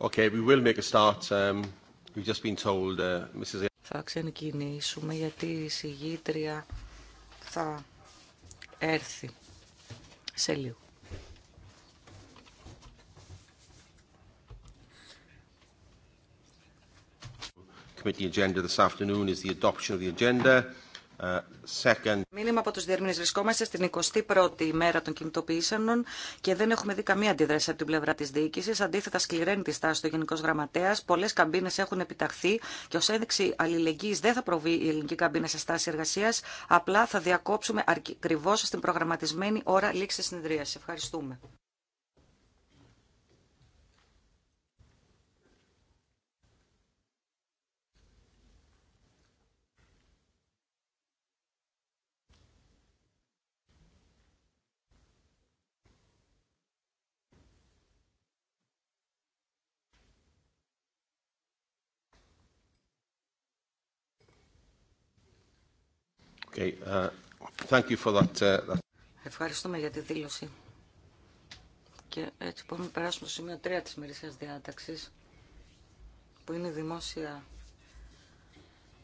Okay, we will make a start. Um, we've just been told, uh, Mrs. Θα ξεκινήσουμε γιατί η συγγήτρια θα έρθει σε λίγο. Committee agenda this afternoon is the adoption of the agenda. Second. Μήνυμα από του διερμηνείς. Βρισκόμαστε στην 21η ημέρα των κινητοποιήσεων και δεν έχουμε δει καμία αντίδραση από την πλευρά τη διοίκηση. Αντίθετα σκληραίνει τη στάση του Γενικού Γραμματέα, Πολλές καμπίνες έχουν επιταχθεί και ω ένδειξη αλληλεγγύη δεν θα προβεί η ελληνική καμπίνα σε στάση εργασία, Απλά θα διακόψουμε ακριβώ στην προγραμματισμένη ώρα λήξης συνεδρίας. Ευχαριστούμε. Uh, uh, Ευχαριστούμε για τη δήλωση. Και έτσι μπορούμε να περάσουμε στο σημείο 3 της μερισσίας διάταξης, που είναι η δημόσια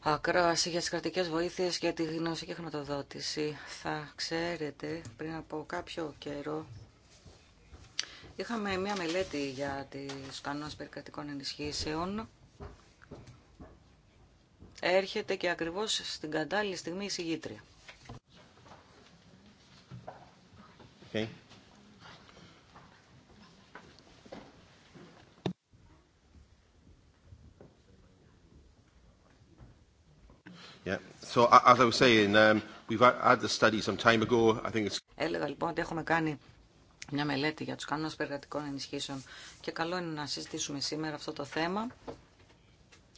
ακρόαση για τις κρατικές βοήθειες και τη γνώση και χρηματοδότηση. Θα ξέρετε, πριν από κάποιο καιρό, είχαμε μια μελέτη για τις κανόνες περικρατικών ενισχύσεων, έρχεται και ακριβώς στην κατάλληλη στιγμή η συγγήτρια. Έλεγα λοιπόν ότι έχουμε κάνει μια μελέτη για τους κανόνες περιγρατικών ενισχύσεων και καλό είναι να συζητήσουμε σήμερα αυτό το θέμα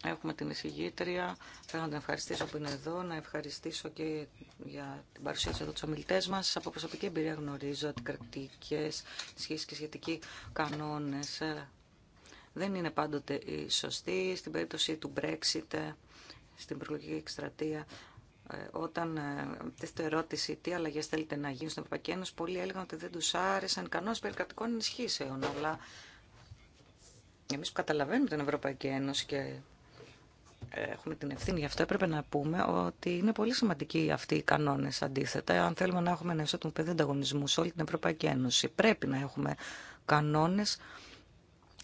Έχουμε την εισηγήτρια. Θέλω να την ευχαριστήσω που είναι εδώ, να ευχαριστήσω και για την παρουσία εδώ του ομιλητέ μα. Από προσωπική εμπειρία γνωρίζω ότι κρατικέ σχέσει και σχετικοί κανόνε ε, δεν είναι πάντοτε οι σωστοί. Στην περίπτωση του Brexit, ε, στην προλογική εκστρατεία, ε, όταν το ερώτηση τι αλλαγέ θέλετε να γίνουν στην Ευρωπαϊκή Ένωση, πολλοί έλεγαν ότι δεν του άρεσαν κανόνε περί κρατικών ενισχύσεων. Αλλά εμεί που καταλαβαίνουμε την Ευρωπαϊκή Ένωση και έχουμε την ευθύνη γι' αυτό, έπρεπε να πούμε ότι είναι πολύ σημαντικοί αυτοί οι κανόνε αντίθετα. Αν θέλουμε να έχουμε ένα ισότιμο πεδίο ανταγωνισμού σε όλη την Ευρωπαϊκή Ένωση, πρέπει να έχουμε κανόνε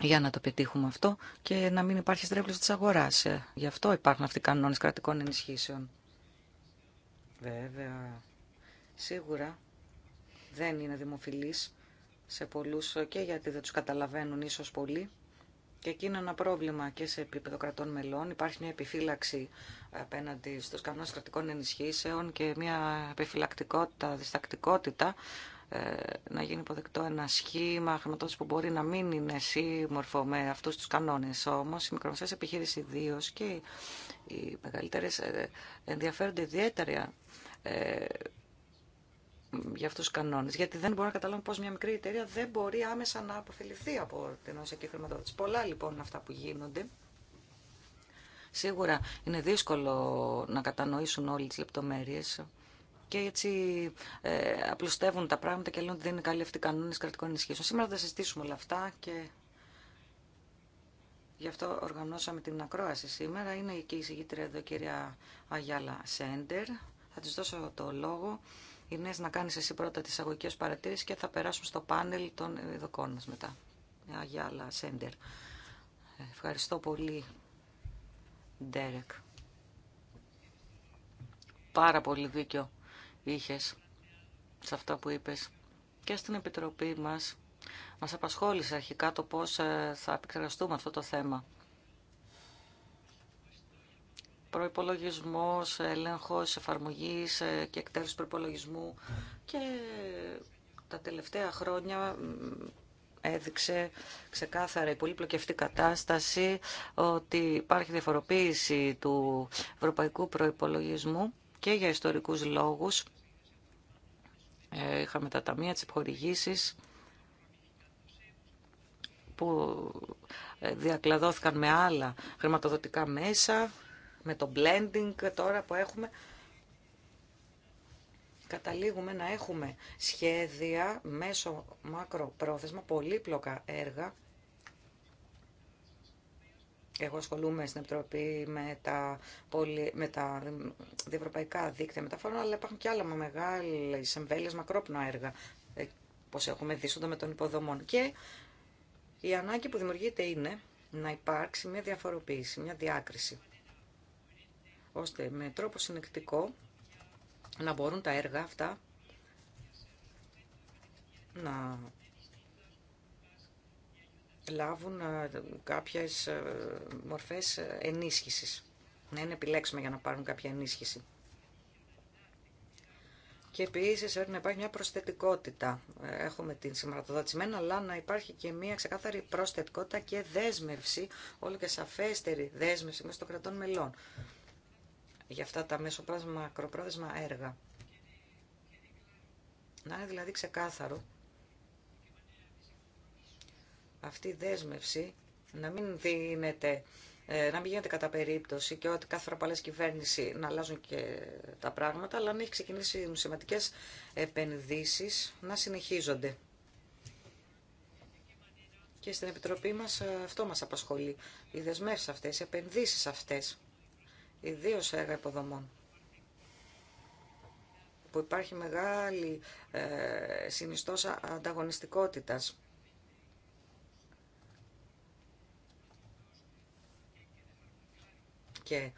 για να το πετύχουμε αυτό και να μην υπάρχει στρέβλωση τη αγορά. Ε, γι' αυτό υπάρχουν αυτοί οι κανόνε κρατικών ενισχύσεων. Βέβαια. Σίγουρα δεν είναι δημοφιλής σε πολλού και γιατί δεν του καταλαβαίνουν ίσω πολύ και εκεί είναι ένα πρόβλημα και σε επίπεδο κρατών μελών. Υπάρχει μια επιφύλαξη απέναντι στους κανόνες κρατικών ενισχύσεων και μια επιφυλακτικότητα, διστακτικότητα ε, να γίνει υποδεκτό ένα σχήμα χρηματοδότηση που μπορεί να μην είναι σύμμορφο με αυτού του κανόνε. Όμω, οι μικρομεσαίε επιχείρησει ιδίω και οι μεγαλύτερε ε, ενδιαφέρονται ιδιαίτερα ε, για αυτού του κανόνες. Γιατί δεν μπορώ να καταλάβω πώ μια μικρή εταιρεία δεν μπορεί άμεσα να αποφεληθεί από την ουσιακή χρηματοδότηση. Πολλά λοιπόν αυτά που γίνονται. Σίγουρα είναι δύσκολο να κατανοήσουν όλες τι λεπτομέρειε. και έτσι ε, απλουστεύουν τα πράγματα και λένε ότι δεν είναι καλή αυτή η κανόνες κρατικών ενισχύσεων. Σήμερα θα συζητήσουμε όλα αυτά και γι' αυτό οργανώσαμε την ακρόαση σήμερα. Είναι και η συγγήτρια εδώ κυρία Αγιάλα Σέντερ. Θα τη δώσω το λόγο. Ινές, να κάνεις εσύ πρώτα τις αγωγικές παρατήρησεις και θα περάσουμε στο πάνελ των ειδοκών μας μετά. Ε, Αγιά Σέντερ. Ε, ευχαριστώ πολύ, Ντέρεκ. Πάρα πολύ δίκιο είχες σε αυτά που είπες και στην Επιτροπή μας. Μας απασχόλησε αρχικά το πώς ε, θα επεξεργαστούμε αυτό το θέμα προϋπολογισμός, έλεγχος εφαρμογής ε, και εκτέλεση προϋπολογισμού και τα τελευταία χρόνια έδειξε ξεκάθαρα η πολύπλοκευτή κατάσταση ότι υπάρχει διαφοροποίηση του ευρωπαϊκού προϋπολογισμού και για ιστορικούς λόγους. Ε, είχαμε τα ταμεία της επιχορηγήσης που ε, διακλαδώθηκαν με άλλα χρηματοδοτικά μέσα με το blending τώρα που έχουμε, καταλήγουμε να έχουμε σχέδια μέσω μακροπρόθεσμα, πολύπλοκα έργα. Εγώ ασχολούμαι στην Επιτροπή με τα, πολυ... με τα διευρωπαϊκά δίκτυα μεταφορών, αλλά υπάρχουν και άλλα με μεγάλες εμβέλειες μακρόπνοα έργα, όπω ε, έχουμε δίσοντα με τον υποδομών. Και η ανάγκη που δημιουργείται είναι να υπάρξει μια διαφοροποίηση, μια διάκριση ώστε με τρόπο συνεκτικό να μπορούν τα έργα αυτά να λάβουν ε, κάποιες ε, μορφές ενίσχυσης. Να είναι επιλέξιμα για να πάρουν κάποια ενίσχυση. Και επίση έρχεται να υπάρχει μια προσθετικότητα. Ε, έχουμε την σηματοδοτημένη, αλλά να υπάρχει και μια ξεκάθαρη προσθετικότητα και δέσμευση, όλο και σαφέστερη δέσμευση μέσα των κρατών μελών για αυτά τα μεσοπλάσμα μακροπρόθεσμα έργα. Να είναι δηλαδή ξεκάθαρο αυτή η δέσμευση να μην δίνεται, ε, να μην γίνεται κατά περίπτωση και ότι κάθε φορά κυβέρνηση να αλλάζουν και τα πράγματα, αλλά να έχει ξεκινήσει σημαντικέ επενδύσεις να συνεχίζονται. Και στην Επιτροπή μας ε, αυτό μας απασχολεί. Οι δεσμεύσεις αυτές, οι επενδύσεις αυτές Ιδίω έργα υποδομών που υπάρχει μεγάλη ε, συνιστόσα ανταγωνιστικότητας. Και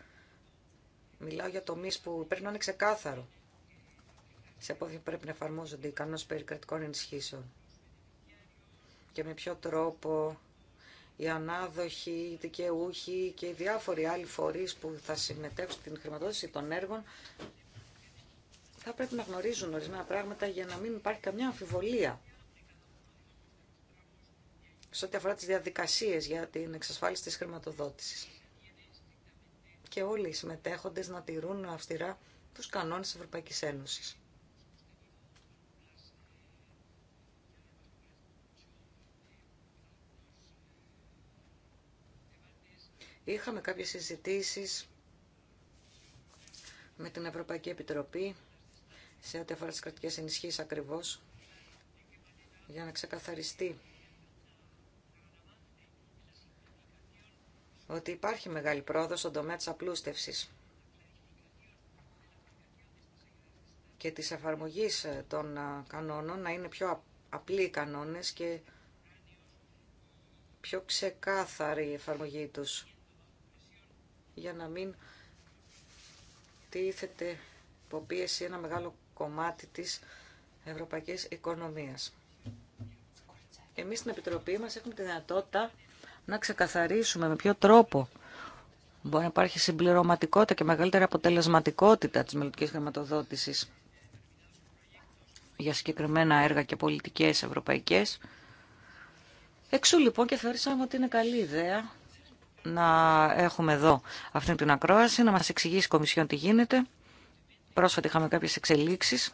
μιλάω για τομείς που πρέπει να είναι ξεκάθαρο σε που πρέπει να εφαρμόζονται οι κανόνες περί ενισχύσεων και με ποιο τρόπο οι ανάδοχοι, οι δικαιούχοι και οι διάφοροι άλλοι φορείς που θα συμμετέχουν στην χρηματοδότηση των έργων θα πρέπει να γνωρίζουν ορισμένα πράγματα για να μην υπάρχει καμιά αμφιβολία σε ό,τι αφορά τις διαδικασίες για την εξασφάλιση της χρηματοδότησης. Και όλοι οι συμμετέχοντες να τηρούν αυστηρά τους κανόνες της Ευρωπαϊκής Ένωσης. Είχαμε κάποιες συζητήσεις με την Ευρωπαϊκή Επιτροπή σε ό,τι αφορά τις κρατικές ενισχύσεις ακριβώς για να ξεκαθαριστεί ότι υπάρχει μεγάλη πρόοδος στον τομέα της απλούστευσης και της εφαρμογής των ε, κανόνων να είναι πιο απλοί οι κανόνες και πιο ξεκάθαρη η εφαρμογή τους για να μην τίθεται υποπίεση ένα μεγάλο κομμάτι της ευρωπαϊκής οικονομίας. Εμείς στην Επιτροπή μας έχουμε τη δυνατότητα να ξεκαθαρίσουμε με ποιο τρόπο μπορεί να υπάρχει συμπληρωματικότητα και μεγαλύτερη αποτελεσματικότητα της μελλοντικής χρηματοδότησης για συγκεκριμένα έργα και πολιτικές ευρωπαϊκές. Εξού λοιπόν και θεωρήσαμε ότι είναι καλή ιδέα να έχουμε εδώ αυτή την ακρόαση, να μας εξηγήσει η Κομισιόν τι γίνεται. Πρόσφατα είχαμε κάποιες εξελίξεις.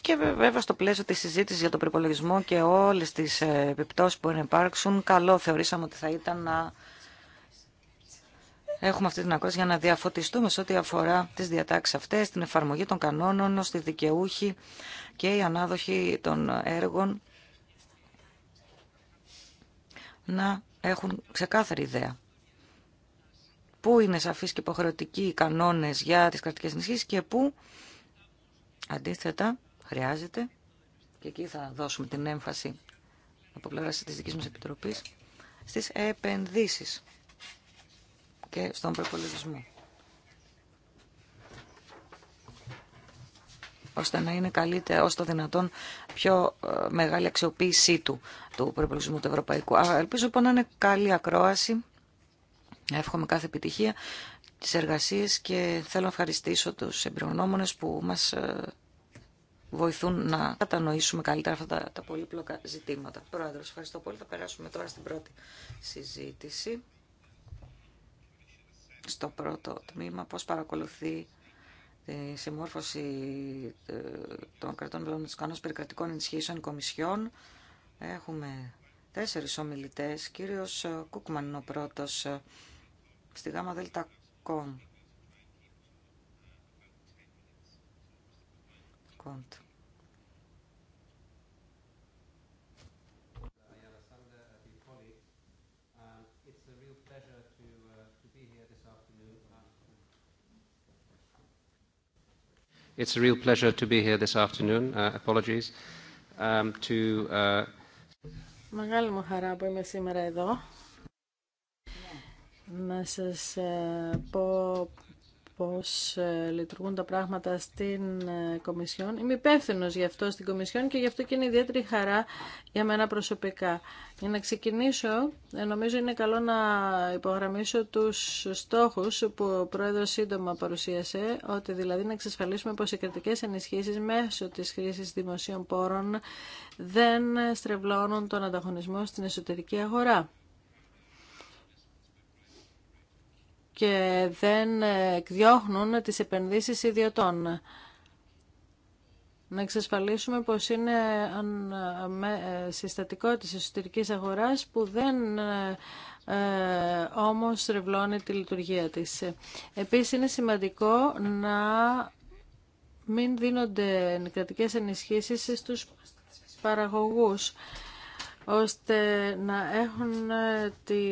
Και βέβαια στο πλαίσιο της συζήτησης για τον προπολογισμό και όλες τις ε, επιπτώσεις που μπορεί να υπάρξουν, καλό θεωρήσαμε ότι θα ήταν να έχουμε αυτή την ακρόαση για να διαφωτιστούμε σε ό,τι αφορά τις διατάξεις αυτές, την εφαρμογή των κανόνων στη δικαιούχη και η ανάδοχη των έργων να έχουν ξεκάθαρη ιδέα. Πού είναι σαφείς και υποχρεωτικοί οι κανόνες για τις κρατικές ενισχύσεις και πού αντίθετα χρειάζεται και εκεί θα δώσουμε την έμφαση από πλευρά της δική μας Επιτροπής στις επενδύσεις και στον προπολογισμό. ώστε να είναι καλύτερα, ώστε το δυνατόν πιο ε, μεγάλη αξιοποίησή του, του προπολογισμού του Ευρωπαϊκού. Ελπίζω λοιπόν να είναι καλή ακρόαση. Εύχομαι κάθε επιτυχία τις εργασίες και θέλω να ευχαριστήσω τους εμπειρογνώμονες που μας ε, βοηθούν να κατανοήσουμε καλύτερα αυτά τα, τα πολύπλοκα ζητήματα. Πρόεδρος, ευχαριστώ πολύ. Θα περάσουμε τώρα στην πρώτη συζήτηση. Στο πρώτο τμήμα, πώς παρακολουθεί τη συμμόρφωση ε, των κρατών μελών με του περικρατικών ενισχύσεων κομισιών. Έχουμε τέσσερι ομιλητέ. Κύριο ε, Κούκμαν είναι ο πρώτο ε, στη ΓΑΜΑ ΔΕΛΤΑ Κοντ. It's a real pleasure to be here this afternoon. Uh Apologies. Um, to, uh... Μεγάλη μου χαρά που είμαι σήμερα εδώ. Να σας πω πώς ε, λειτουργούν τα πράγματα στην ε, Κομισιόν. Είμαι υπεύθυνο γι' αυτό στην Κομισιόν και γι' αυτό και είναι ιδιαίτερη χαρά για μένα προσωπικά. Για να ξεκινήσω, ε, νομίζω είναι καλό να υπογραμμίσω τους στόχους που ο Πρόεδρος σύντομα παρουσίασε, ότι δηλαδή να εξασφαλίσουμε πως οι κρατικές ενισχύσεις μέσω της χρήσης δημοσίων πόρων δεν στρεβλώνουν τον ανταγωνισμό στην εσωτερική αγορά. και δεν εκδιώχνουν τις επενδύσεις ιδιωτών. Να εξασφαλίσουμε πως είναι ε, συστατικό της εσωτερικής αγοράς που δεν ε, όμως ρευλώνει τη λειτουργία της. Επίσης είναι σημαντικό να μην δίνονται κρατικές ενισχύσεις στους παραγωγούς ώστε να έχουν ε, τη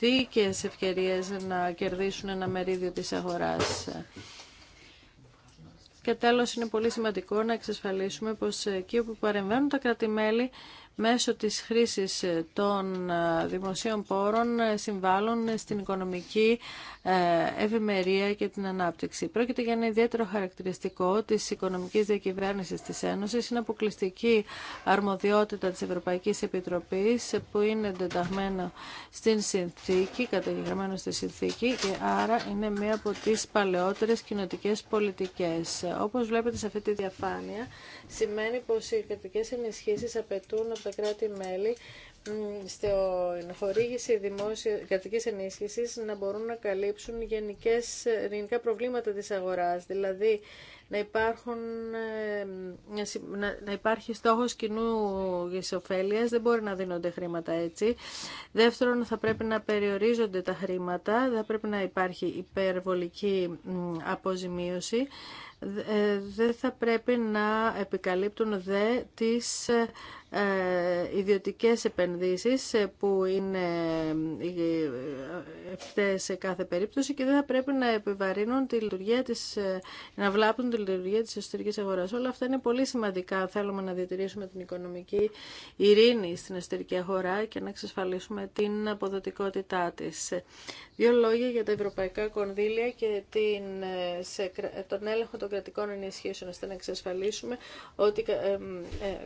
δίκαιες ευκαιρίες να κερδίσουν ένα μερίδιο της αγοράς. Και τέλος είναι πολύ σημαντικό να εξασφαλίσουμε πως εκεί όπου παρεμβαίνουν τα κρατημέλη μέσω της χρήσης των ε, δημοσίων πόρων ε, συμβάλλουν στην οικονομική ε, ευημερία και την ανάπτυξη. Πρόκειται για ένα ιδιαίτερο χαρακτηριστικό της οικονομικής διακυβέρνησης της Ένωσης. Είναι αποκλειστική αρμοδιότητα της Ευρωπαϊκής Επιτροπής που είναι εντεταγμένο στην συνθήκη, καταγεγραμμένο στη συνθήκη και άρα είναι μία από τις παλαιότερες κοινοτικέ πολιτικές. Όπως βλέπετε σε αυτή τη διαφάνεια, σημαίνει πως οι κρατικές ενισχύσεις απαιτούν τα κράτη-μέλη στην χορήγηση δημόσια, κρατικής ενίσχυσης να μπορούν να καλύψουν γενικές, ε, γενικά προβλήματα της αγοράς, δηλαδή να, υπάρχουν, ε, να υπάρχει στόχος κοινού ωφέλειας, δεν μπορεί να δίνονται χρήματα έτσι. Δεύτερον, θα πρέπει να περιορίζονται τα χρήματα, Δεν πρέπει να υπάρχει υπερβολική αποζημίωση, ε, δεν θα πρέπει να επικαλύπτουν δε τις ε, ιδιωτικές επενδύσεις ε, που είναι ευθές ε, σε κάθε περίπτωση και δεν θα πρέπει να επιβαρύνουν τη λειτουργία της, να βλάπτουν τη λειτουργία της εσωτερικής αγοράς. Όλα αυτά είναι πολύ σημαντικά. Θέλουμε να διατηρήσουμε την οικονομική ειρήνη στην εσωτερική αγορά και να εξασφαλίσουμε την αποδοτικότητά της. Δύο λόγια για τα ευρωπαϊκά κονδύλια και την, τον έλεγχο των κρατικών ενισχύσεων, ώστε να εξασφαλίσουμε ότι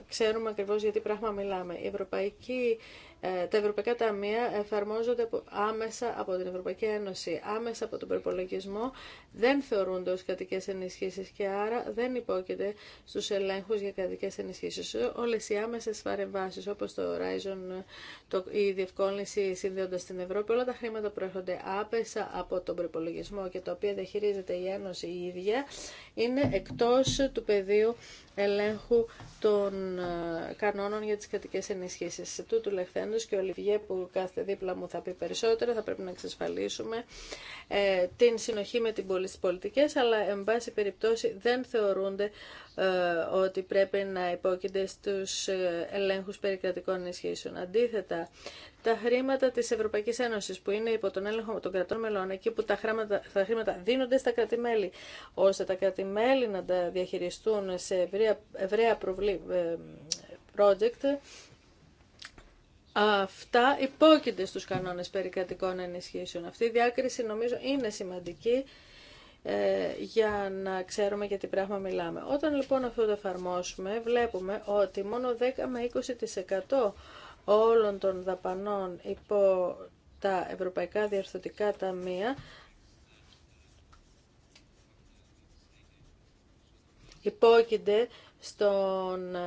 ξέρουμε ακριβώς γιατί τι πράγμα μιλάμε. Η Ευρωπαϊκή, ε, τα ευρωπαϊκά ταμεία εφαρμόζονται άμεσα από την Ευρωπαϊκή Ένωση, άμεσα από τον προπολογισμό, δεν θεωρούνται ως κρατικές ενισχύσεις και άρα δεν υπόκειται στους ελέγχους για κρατικές ενισχύσεις. Όλες οι άμεσες παρεμβάσεις όπως το Horizon, το, η διευκόλυνση συνδέοντας την Ευρώπη, όλα τα χρήματα προέρχονται άμεσα από τον προπολογισμό και τα οποία διαχειρίζεται η Ένωση η ίδια, είναι εκτός του πεδίου ελέγχου των ε, κανόνων για τις κρατικές ενισχύσεις. Σε τούτου λεχθέντος και ο Λιβιέ που κάθε δίπλα μου θα πει περισσότερα, θα πρέπει να εξασφαλίσουμε ε, την συνοχή με την τις πολιτικές, αλλά εν πάση περιπτώσει δεν θεωρούνται ε, ότι πρέπει να υπόκεινται στους ε, ελέγχους περικρατικών ενισχύσεων. Αντίθετα, τα χρήματα της Ευρωπαϊκής Ένωσης που είναι υπό τον έλεγχο των κρατών μελών, εκεί που τα χρήματα, τα χρήματα δίνονται στα κρατημέλη, ώστε τα κρατημέλη να τα διαχειριστούν σε ευρεία, ευρεία προβλή, ε, project, αυτά υπόκεινται στους κανόνες περικρατικών ενισχύσεων. Αυτή η διάκριση νομίζω είναι σημαντική ε, για να ξέρουμε για τι πράγμα μιλάμε. Όταν λοιπόν αυτό το εφαρμόσουμε βλέπουμε ότι μόνο 10 με 20% όλων των δαπανών υπό τα Ευρωπαϊκά Διαρθωτικά Ταμεία υπόκεινται στον ε,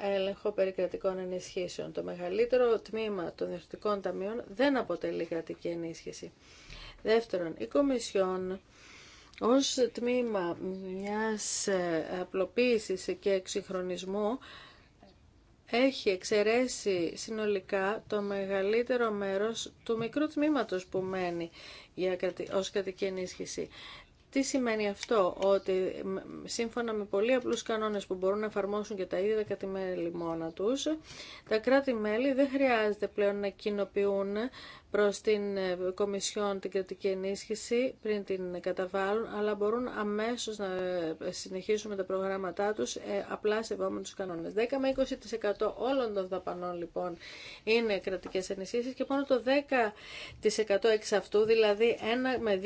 έλεγχο περικρατικών ενισχύσεων. Το μεγαλύτερο τμήμα των διευθυντικών ταμείων δεν αποτελεί κρατική ενίσχυση. Δεύτερον, η Κομισιόν ως τμήμα μιας ε, απλοποίησης και εξυγχρονισμού έχει εξαιρέσει συνολικά το μεγαλύτερο μέρος του μικρού τμήματος που μένει για, ως κρατική ενίσχυση. Τι σημαίνει αυτό, ότι σύμφωνα με πολύ απλούς κανόνες που μπορούν να εφαρμόσουν και τα ίδια τα κατημέλη μόνα τους, τα κράτη-μέλη δεν χρειάζεται πλέον να κοινοποιούν προς την ε, Κομισιόν την κρατική ενίσχυση πριν την καταβάλουν, αλλά μπορούν αμέσως να ε, συνεχίσουν με τα προγράμματά τους ε, απλά σε επόμενους κανόνες. 10 με 20% όλων των δαπανών λοιπόν είναι κρατικές ενισχύσεις και μόνο το 10% εξ αυτού, δηλαδή 1 με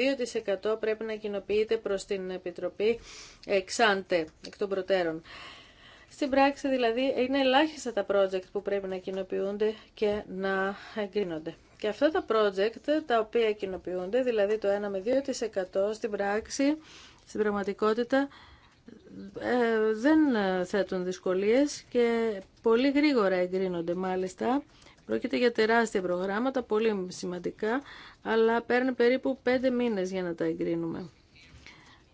2% πρέπει να κοινοποιείται προς την Επιτροπή εξάντε εκ των προτέρων. Στην πράξη δηλαδή είναι ελάχιστα τα project που πρέπει να κοινοποιούνται και να εγκρίνονται. Και αυτά τα project τα οποία κοινοποιούνται, δηλαδή το 1 με 2% στην πράξη, στην πραγματικότητα, ε, δεν θέτουν δυσκολίες και πολύ γρήγορα εγκρίνονται μάλιστα. Πρόκειται για τεράστια προγράμματα, πολύ σημαντικά, αλλά παίρνει περίπου 5 μήνες για να τα εγκρίνουμε.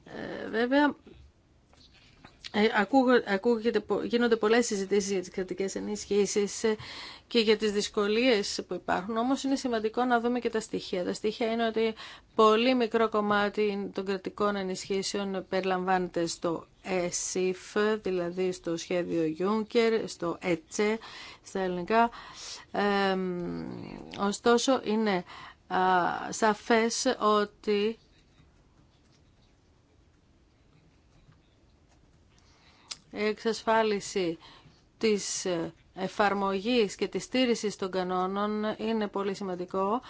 Ε, βέβαια, ε, ακούγεται, γίνονται πολλές συζητήσεις για τις κρατικές ενισχύσεις ε, και για τις δυσκολίες που υπάρχουν. Όμως είναι σημαντικό να δούμε και τα στοιχεία. Τα στοιχεία είναι ότι πολύ μικρό κομμάτι των κρατικών ενισχύσεων περιλαμβάνεται στο ΕΣΥΦ, δηλαδή στο σχέδιο Juncker, στο ΕΤΣΕ, στα ελληνικά. ωστόσο είναι α, σαφές ότι εξασφάλιση της εφαρμογής και της στήριση των κανόνων είναι πολύ σημαντικό.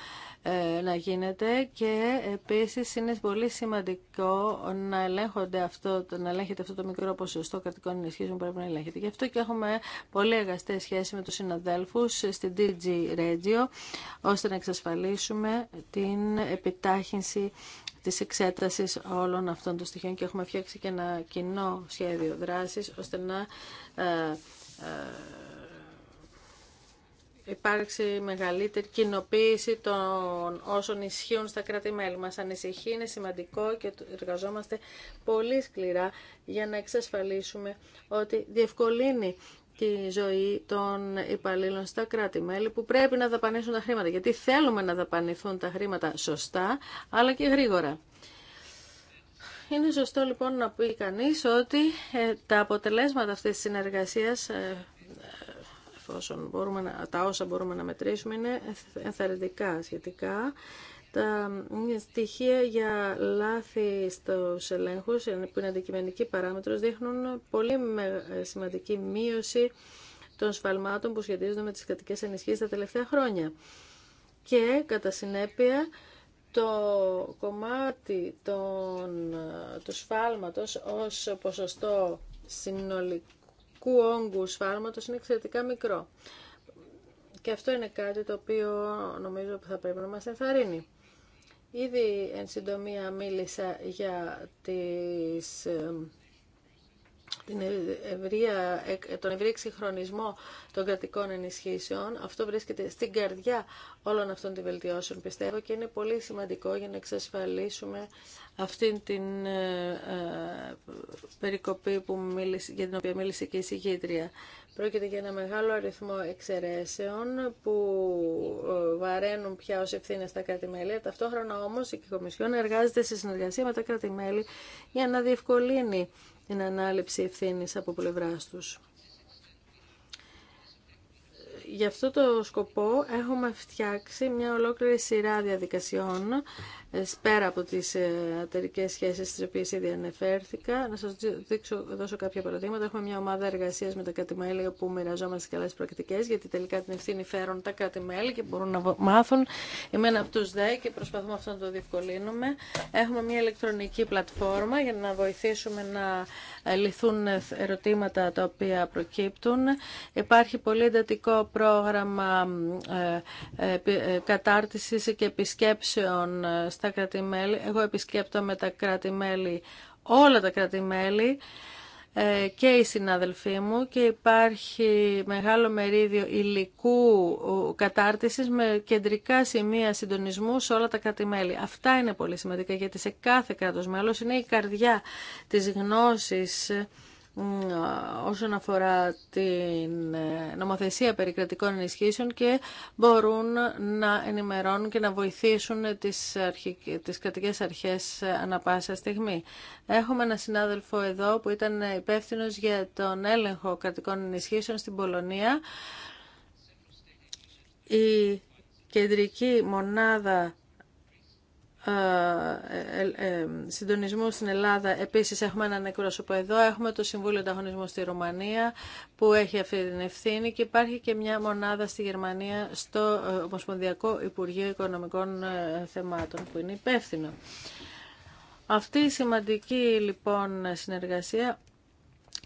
Ε, να γίνεται και επίσης είναι πολύ σημαντικό να, ελέγχονται αυτό, να ελέγχεται αυτό το μικρό ποσοστό κρατικών ενισχύσεων που πρέπει να ελέγχεται. Γι' αυτό και έχουμε πολύ εργαστές σχέση με τους συναδέλφους στην DG Radio ώστε να εξασφαλίσουμε την επιτάχυνση τη εξέταση όλων αυτών των στοιχείων και έχουμε φτιάξει και ένα κοινό σχέδιο δράση ώστε να ε, ε, υπάρξει μεγαλύτερη κοινοποίηση των όσων ισχύουν στα κράτη-μέλη. Μας ανησυχεί, είναι σημαντικό και εργαζόμαστε πολύ σκληρά για να εξασφαλίσουμε ότι διευκολύνει τη ζωή των υπαλλήλων στα κράτη-μέλη που πρέπει να δαπανίσουν τα χρήματα. Γιατί θέλουμε να δαπανηθούν τα χρήματα σωστά, αλλά και γρήγορα. Είναι σωστό λοιπόν να πει κανείς ότι ε, τα αποτελέσματα αυτής της συνεργασίας ε, μπορούμε να, τα όσα μπορούμε να μετρήσουμε είναι ενθαρρυντικά σχετικά. Τα στοιχεία για λάθη στους ελέγχους, που είναι αντικειμενική παράμετρος, δείχνουν πολύ σημαντική μείωση των σφαλμάτων που σχετίζονται με τις κρατικές ενισχύσεις τα τελευταία χρόνια. Και, κατά συνέπεια, το κομμάτι των, του σφάλματος ως ποσοστό συνολικό φαρμακευτικού όγκου φάρματος είναι εξαιρετικά μικρό. Και αυτό είναι κάτι το οποίο νομίζω που θα πρέπει να μας ενθαρρύνει. Ήδη εν συντομία μίλησα για τις την τον ευρύ εξυγχρονισμό των κρατικών ενισχύσεων. Αυτό βρίσκεται στην καρδιά όλων αυτών των βελτιώσεων, πιστεύω, και είναι πολύ σημαντικό για να εξασφαλίσουμε αυτήν την ε, ε περικοπή που μίλησε, για την οποία μίλησε και η συγκήτρια. Πρόκειται για ένα μεγάλο αριθμό εξαιρέσεων που ε, βαραίνουν πια ως ευθύνες τα κράτη-μέλη. Ταυτόχρονα όμως η Κομισιόν εργάζεται σε συνεργασία με τα κράτη-μέλη για να διευκολύνει την ανάληψη ευθύνης από πλευράς τους. Γι' αυτό το σκοπό έχουμε φτιάξει μια ολόκληρη σειρά διαδικασιών πέρα από τις ε, εταιρικέ σχέσεις στις οποίες ήδη ανεφέρθηκα. Να σας δείξω, δώσω κάποια παραδείγματα. Έχουμε μια ομάδα εργασίας με τα κατημέλη που όπου μοιραζόμαστε καλές πρακτικές γιατί τελικά την ευθύνη φέρουν τα κατημέλη και μπορούν να μάθουν. Είμαι ένα από τους ΔΕ και προσπαθούμε αυτό να το διευκολύνουμε. Έχουμε μια ηλεκτρονική πλατφόρμα για να βοηθήσουμε να ε, λυθούν ε, ερωτήματα τα οποία προκύπτουν. Υπάρχει πολύ εντατικό πρόγραμμα κατάρτισης και επισκέψεων στα Εγώ επισκέπτομαι τα κρατη όλα τα κράτη-μέλη ε, και οι συνάδελφοί μου και υπάρχει μεγάλο μερίδιο υλικού κατάρτισης με κεντρικά σημεία συντονισμού σε όλα τα κράτη-μέλη. Αυτά είναι πολύ σημαντικά γιατί σε κάθε κράτος μέλος είναι η καρδιά της γνώσης όσον αφορά την ε, νομοθεσία περί κρατικών ενισχύσεων και μπορούν να ενημερώνουν και να βοηθήσουν τις, αρχι... τις αρχές ε, ανα πάσα στιγμή. Έχουμε ένα συνάδελφο εδώ που ήταν υπεύθυνο για τον έλεγχο κρατικών ενισχύσεων στην Πολωνία. Η κεντρική μονάδα ε, ε, ε, συντονισμού στην Ελλάδα επίσης έχουμε έναν εκπρόσωπο εδώ, έχουμε το Συμβούλιο Ανταγωνισμού στη Ρουμανία που έχει αυτή την ευθύνη και υπάρχει και μια μονάδα στη Γερμανία στο Ομοσπονδιακό Υπουργείο Οικονομικών Θεμάτων που είναι υπεύθυνο. Αυτή η σημαντική λοιπόν συνεργασία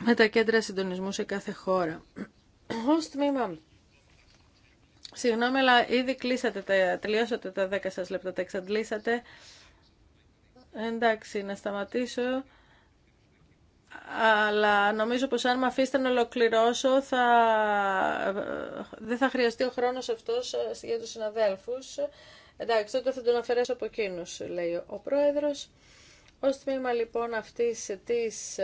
με τα κέντρα συντονισμού σε κάθε χώρα. Ως τμήμα Συγγνώμη, αλλά ήδη κλείσατε τα, τελειώσατε τα 10 σας λεπτά, τα εξαντλήσατε. Εντάξει, να σταματήσω. Αλλά νομίζω πως αν με αφήσετε να ολοκληρώσω, θα... δεν θα χρειαστεί ο χρόνος αυτός ε, για τους συναδέλφους. Εντάξει, τότε θα τον αφαιρέσω από εκείνους, λέει ο Πρόεδρος. Ως τμήμα λοιπόν αυτής της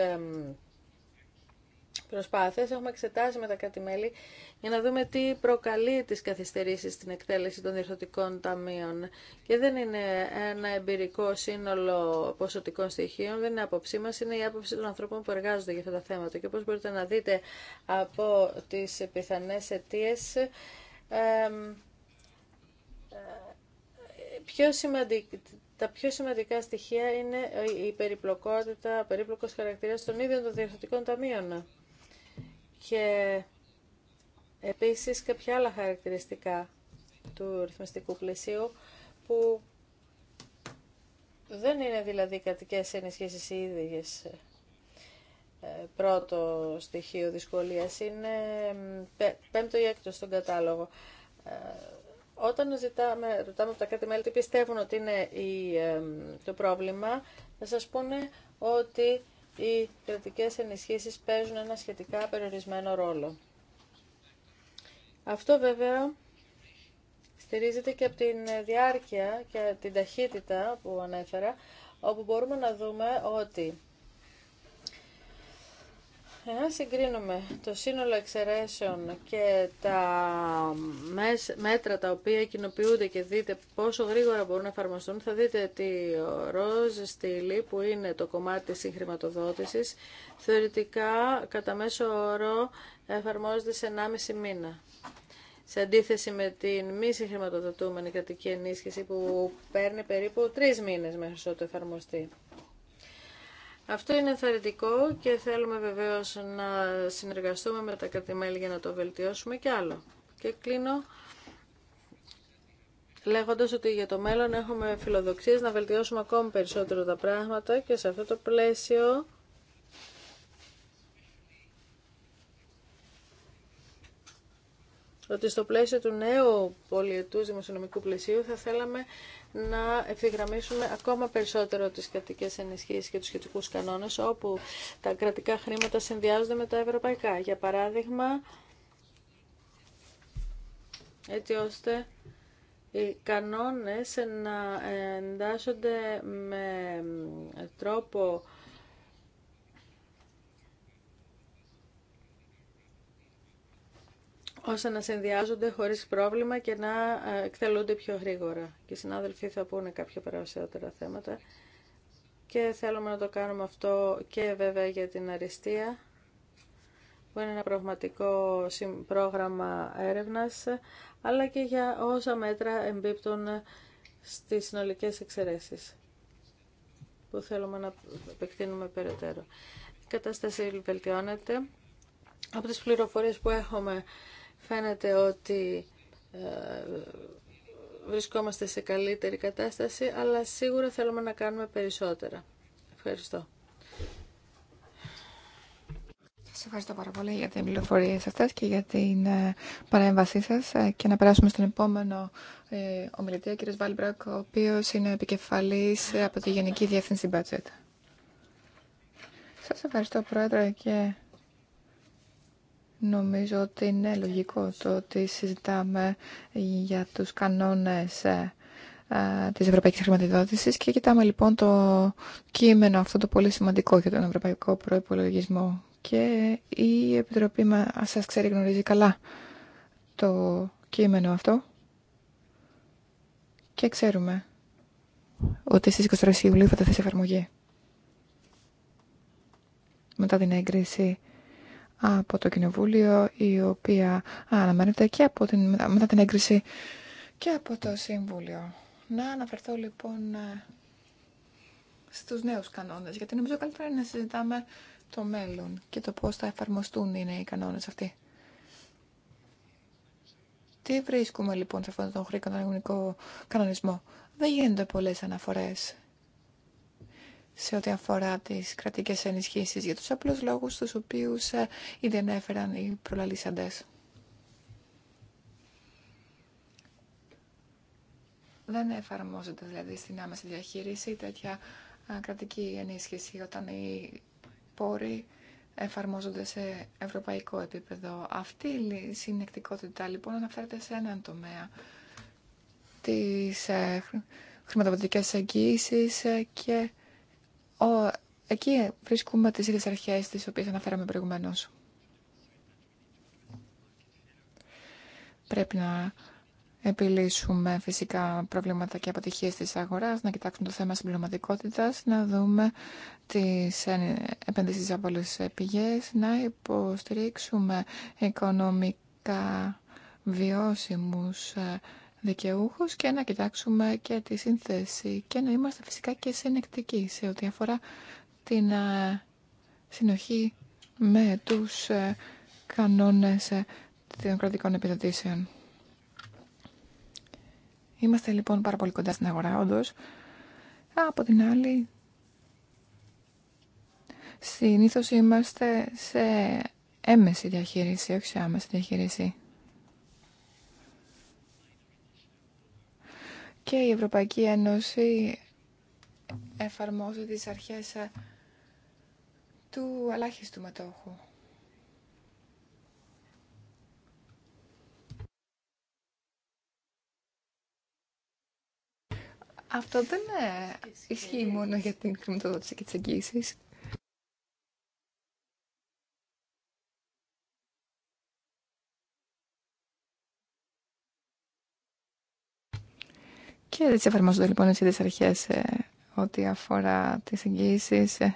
προσπάθειας έχουμε εξετάσει με τα κάτι μελη για να δούμε τι προκαλεί τις καθυστερήσεις στην εκτέλεση των διορθωτικών ταμείων. Και δεν είναι ένα εμπειρικό σύνολο ποσοτικών στοιχείων, δεν είναι άποψή μας, είναι η άποψη των ανθρώπων που εργάζονται για αυτά τα θέματα. Και όπως μπορείτε να δείτε από τις πιθανές αιτίες, τα πιο σημαντικά στοιχεία είναι η περιπλοκότητα, ο περίπλοκος χαρακτήρας των ίδιων των διευθυντικών ταμείων. Και Επίσης, κάποια άλλα χαρακτηριστικά του ρυθμιστικού πλαισίου που δεν είναι δηλαδή κρατικές ενισχύσεις οι ίδιες ε, πρώτο στοιχείο δυσκολίας είναι πέμπτο ή έκτο στον κατάλογο. Ε, όταν ζητάμε, ρωτάμε από τα κάτι μέλη τι πιστεύουν ότι είναι η, ε, το πρόβλημα, θα σας πούνε ότι οι κρατικές ενισχύσεις παίζουν ένα σχετικά περιορισμένο ρόλο. Αυτό βέβαια στηρίζεται και από την διάρκεια και την ταχύτητα που ανέφερα, όπου μπορούμε να δούμε ότι Εάν συγκρίνουμε το σύνολο εξαιρέσεων και τα μέτρα τα οποία κοινοποιούνται και δείτε πόσο γρήγορα μπορούν να εφαρμοστούν, θα δείτε ότι ο ροζ στήλη που είναι το κομμάτι της συγχρηματοδότησης, θεωρητικά κατά μέσο όρο εφαρμόζεται σε 1,5 μήνα. Σε αντίθεση με την μη συγχρηματοδοτούμενη κρατική ενίσχυση που παίρνει περίπου 3 μήνες μέχρι ότου εφαρμοστεί. Αυτό είναι ενθαρρυντικό και θέλουμε βεβαίως να συνεργαστούμε με τα κατημέλη για να το βελτιώσουμε και άλλο. Και κλείνω λέγοντας ότι για το μέλλον έχουμε φιλοδοξίες να βελτιώσουμε ακόμη περισσότερο τα πράγματα και σε αυτό το πλαίσιο ότι στο πλαίσιο του νέου πολιετού δημοσιονομικού πλαισίου θα θέλαμε να ευθυγραμμίσουμε ακόμα περισσότερο τις κρατικέ ενισχύσεις και τους σχετικούς κανόνες όπου τα κρατικά χρήματα συνδυάζονται με τα ευρωπαϊκά. Για παράδειγμα, έτσι ώστε οι κανόνες να εντάσσονται με τρόπο ώστε να συνδυάζονται χωρίς πρόβλημα και να ε, εκτελούνται πιο γρήγορα. Και οι συνάδελφοί θα πούνε κάποια περισσότερα θέματα. Και θέλουμε να το κάνουμε αυτό και βέβαια για την αριστεία, που είναι ένα πραγματικό πρόγραμμα έρευνας, αλλά και για όσα μέτρα εμπίπτουν στις συνολικές εξαιρέσεις, που θέλουμε να επεκτείνουμε περαιτέρω. Η κατάσταση βελτιώνεται. Από τις πληροφορίες που έχουμε φαίνεται ότι ε, βρισκόμαστε σε καλύτερη κατάσταση, αλλά σίγουρα θέλουμε να κάνουμε περισσότερα. Ευχαριστώ. Σας ευχαριστώ πάρα πολύ για την πληροφορία σας και για την ε, παρέμβασή σας ε, και να περάσουμε στον επόμενο ομιλητή, ο κ. Βάλμπρακ, ο οποίος είναι επικεφαλής από τη Γενική Διεύθυνση Budget. Σας ευχαριστώ, Πρόεδρε, και Νομίζω ότι είναι λογικό το ότι συζητάμε για τους κανόνες ε, ε, της Ευρωπαϊκής χρηματοδότηση και κοιτάμε λοιπόν το κείμενο αυτό το πολύ σημαντικό για τον Ευρωπαϊκό Προϋπολογισμό και η Επιτροπή μας σας ξέρει γνωρίζει καλά το κείμενο αυτό και ξέρουμε ότι στις 23 Ιουλίου θα τεθεί εφαρμογή μετά την έγκριση από το Κοινοβούλιο, η οποία αναμένεται και από την, μετά την έγκριση και από το Συμβούλιο. Να αναφερθώ λοιπόν στους νέους κανόνες, γιατί νομίζω καλύτερα είναι να συζητάμε το μέλλον και το πώς θα εφαρμοστούν οι νέοι κανόνες αυτοί. Τι βρίσκουμε λοιπόν σε αυτόν τον χρήκο τον κανονισμό. Δεν γίνονται πολλές αναφορές σε ό,τι αφορά τις κρατικές ενισχύσεις για τους απλούς λόγους τους οποίους ε, ήδη ανέφεραν οι προλαλήσαντες. Δεν εφαρμόζεται δηλαδή στην άμεση διαχείριση τέτοια ε, κρατική ενίσχυση όταν οι πόροι εφαρμόζονται σε ευρωπαϊκό επίπεδο. Αυτή η συνεκτικότητα λοιπόν αναφέρεται σε έναν τομέα της ε, χρηματοδοτικές εγγύησης και ο, εκεί βρίσκουμε τις ίδιες αρχές τις οποίες αναφέραμε προηγουμένως. Πρέπει να επιλύσουμε φυσικά προβλήματα και αποτυχίες της αγοράς, να κοιτάξουμε το θέμα συμπληρωματικότητας, να δούμε τις επενδύσεις από όλες τις πηγές, να υποστηρίξουμε οικονομικά βιώσιμους ε, και να κοιτάξουμε και τη σύνθεση και να είμαστε φυσικά και συνεκτικοί σε ό,τι αφορά την ε, συνοχή με τους ε, κανόνες ε, των κρατικών επιδοτήσεων. Είμαστε λοιπόν πάρα πολύ κοντά στην αγορά, όντω. Από την άλλη, συνήθω είμαστε σε έμεση διαχείριση, όχι σε άμεση διαχείριση. και η Ευρωπαϊκή Ένωση εφαρμόζει τις αρχές ε, του ελάχιστου μετόχου. Αυτό δεν ε, ισχύει μόνο για την χρηματοδότηση και τις εγγύησεις. Και έτσι εφαρμόζονται λοιπόν οι ίδιες αρχές ε, ό,τι αφορά τις εγγύησεις ε.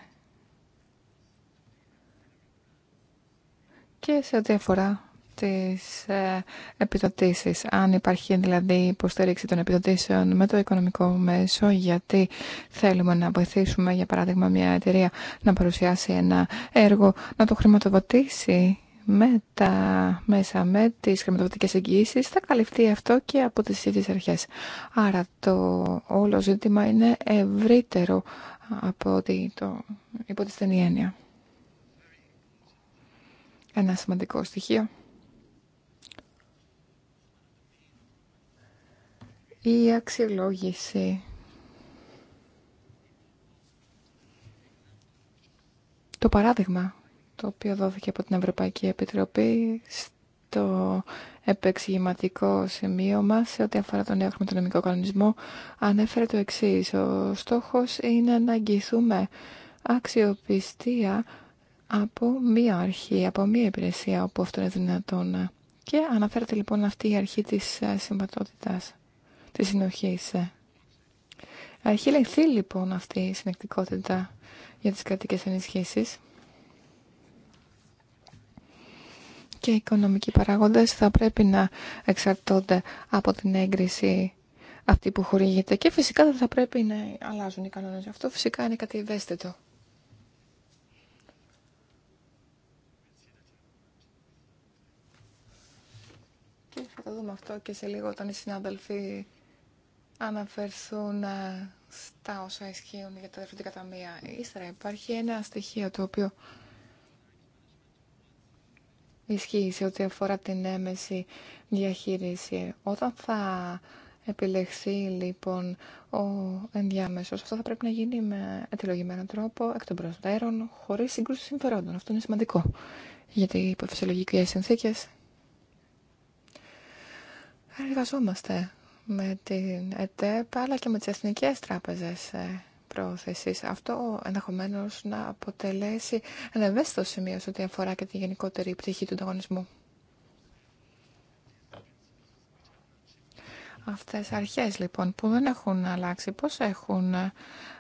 και σε ό,τι αφορά τις ε, επιδοτήσεις. Αν υπάρχει δηλαδή υποστήριξη των επιδοτήσεων με το οικονομικό μέσο, γιατί θέλουμε να βοηθήσουμε, για παράδειγμα, μια εταιρεία να παρουσιάσει ένα έργο, να το χρηματοδοτήσει με τα μέσα, με τις χρηματοδοτικές εγγυήσεις, θα καλυφθεί αυτό και από τις ίδιες αρχές. Άρα το όλο ζήτημα είναι ευρύτερο από ότι το, υπό τη έννοια. Ένα σημαντικό στοιχείο. Η αξιολόγηση. Το παράδειγμα το οποίο δόθηκε από την Ευρωπαϊκή Επιτροπή στο επεξηγηματικό σημείο μας σε ό,τι αφορά τον νέο χρηματονομικό κανονισμό ανέφερε το εξής. Ο στόχος είναι να αγγιθούμε αξιοπιστία από μία αρχή, από μία υπηρεσία όπου αυτό είναι δυνατόν. Και αναφέρεται λοιπόν αυτή η αρχή της ε, συμβατότητας, της συνοχής. Έχει λεχθεί λοιπόν αυτή η συνεκτικότητα για τις κρατικές ενισχύσεις. και οι οικονομικοί παράγοντες θα πρέπει να εξαρτώνται από την έγκριση αυτή που χορηγείται και φυσικά δεν θα πρέπει να αλλάζουν οι κανόνες. Αυτό φυσικά είναι κάτι ευαίσθητο. Και θα το δούμε αυτό και σε λίγο όταν οι συνάδελφοι αναφερθούν ε, στα όσα ισχύουν για τα δεύτερη ταμεία. Ύστερα υπάρχει ένα στοιχείο το οποίο ισχύει σε ό,τι αφορά την έμεση διαχείριση. Όταν θα επιλεχθεί λοιπόν ο ενδιάμεσος, αυτό θα πρέπει να γίνει με ετυλογημένο τρόπο, εκ των προσδέρων, χωρίς σύγκρουση συμφερόντων. Αυτό είναι σημαντικό, γιατί υπό φυσιολογικέ συνθήκε. εργαζόμαστε με την ΕΤΕΠ αλλά και με τις εθνικές τράπεζες ε, πρόθεσης. Αυτό ενδεχομένως να αποτελέσει ένα ευαίσθητο σημείο σε ό,τι αφορά και τη γενικότερη πτυχή του ανταγωνισμού. Αυτές αρχές λοιπόν που δεν έχουν αλλάξει, πώς έχουν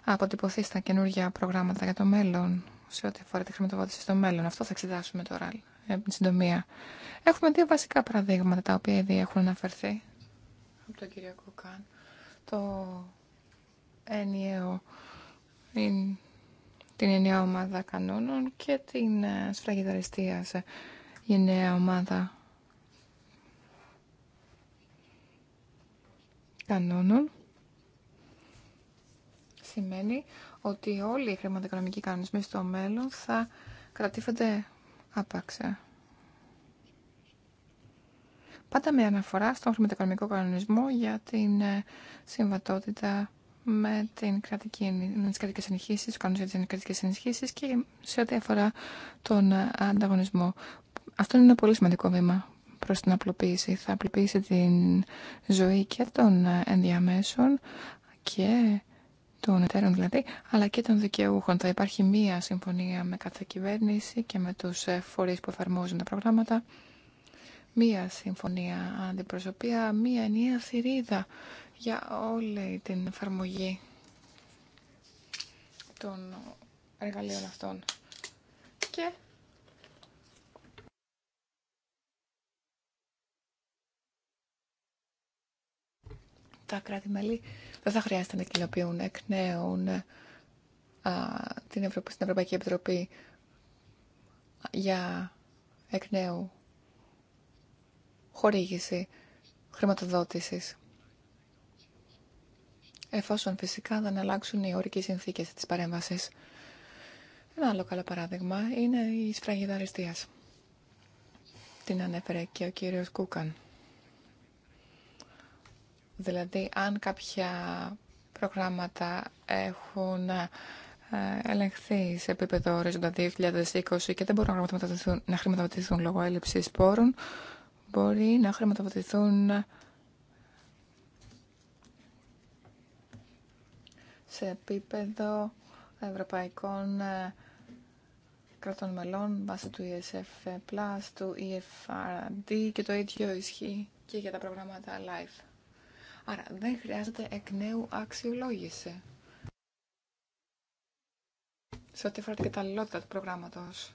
αποτυπωθεί στα καινούργια προγράμματα για το μέλλον, σε ό,τι αφορά τη χρηματοδότηση στο μέλλον. Αυτό θα εξετάσουμε τώρα, στην ε, συντομία. Έχουμε δύο βασικά παραδείγματα τα οποία ήδη έχουν αναφερθεί από τον κύριο Κουκάν. Το ενιαίο, την ενιαία ομάδα κανόνων και την ε, σφραγιδαριστία σε ενιαία ομάδα κανόνων σημαίνει ότι όλοι οι χρηματοοικονομικοί κανονισμοί στο μέλλον θα κρατήφονται άπαξα. Ε. Πάντα με αναφορά στον χρηματοοικονομικό κανονισμό για την ε, συμβατότητα με, την κρατική, με τις κρατικές ενισχύσεις, τις κρατικές και σε ό,τι αφορά τον ε, ανταγωνισμό. Αυτό είναι ένα πολύ σημαντικό βήμα προς την απλοποίηση. Θα απλοποιήσει την ζωή και των ε, ενδιαμέσων και των εταίρων δηλαδή, αλλά και των δικαιούχων. Θα υπάρχει μία συμφωνία με κάθε κυβέρνηση και με τους ε, φορείς που εφαρμόζουν τα προγράμματα. Μία συμφωνία αντιπροσωπεία, μία ενιαία θηρίδα για όλη την εφαρμογή των εργαλείων αυτών. Και τα κράτη-μέλη δεν θα χρειάζεται να κοινοποιούν εκ νέου την, Ευρωπαϊκή, την Ευρωπαϊκή Επιτροπή για εκ νέου χορήγηση χρηματοδότησης εφόσον φυσικά δεν αλλάξουν οι όρικοι συνθήκε τη παρέμβαση. Ένα άλλο καλό παράδειγμα είναι η σφραγίδα αριστεία. Την ανέφερε και ο κύριο Κούκαν. Δηλαδή, αν κάποια προγράμματα έχουν ε, ελεγχθεί σε επίπεδο ορίζοντα 2020 και δεν μπορούν να χρηματοδοτηθούν, να χρηματοδοτηθούν λόγω έλλειψης πόρων, μπορεί να χρηματοδοτηθούν σε επίπεδο ευρωπαϊκών ε, κρατών μελών βάσει του ESF+, του EFRD και το ίδιο ισχύει και για τα προγράμματα LIFE. Άρα δεν χρειάζεται εκ νέου αξιολόγηση. Σε ό,τι αφορά την καταλληλότητα του προγράμματος.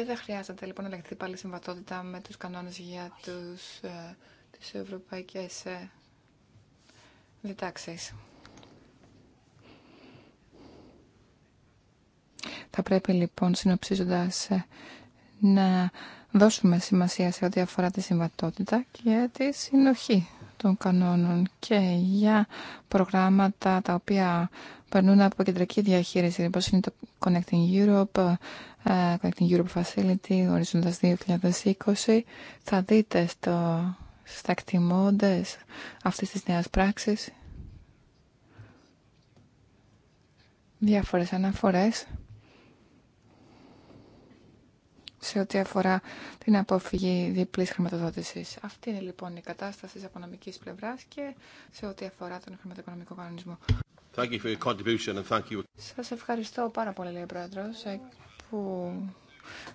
Και δεν χρειάζεται λοιπόν να λεχθεί πάλι συμβατότητα με τους κανόνες για τους, ε, τις ευρωπαϊκές ε, διτάξεις. Θα πρέπει λοιπόν συνοψίζοντας ε, να δώσουμε σημασία σε ό,τι αφορά τη συμβατότητα και τη συνοχή των κανόνων και για προγράμματα τα οποία περνούν από κεντρική διαχείριση, όπως είναι το Connecting Europe, ε, Connecting Europe Facility, ορίζοντας 2020. Θα δείτε στο, στα εκτιμώντες αυτής της νέας πράξης διάφορες αναφορές σε ό,τι αφορά την αποφυγή διπλής χρηματοδότησης. Αυτή είναι λοιπόν η κατάσταση της οικονομικής πλευράς και σε ό,τι αφορά τον χρηματοοικονομικό κανονισμό. Σα Σας ευχαριστώ πάρα πολύ, λέει ο Πρόεδρος, ε, που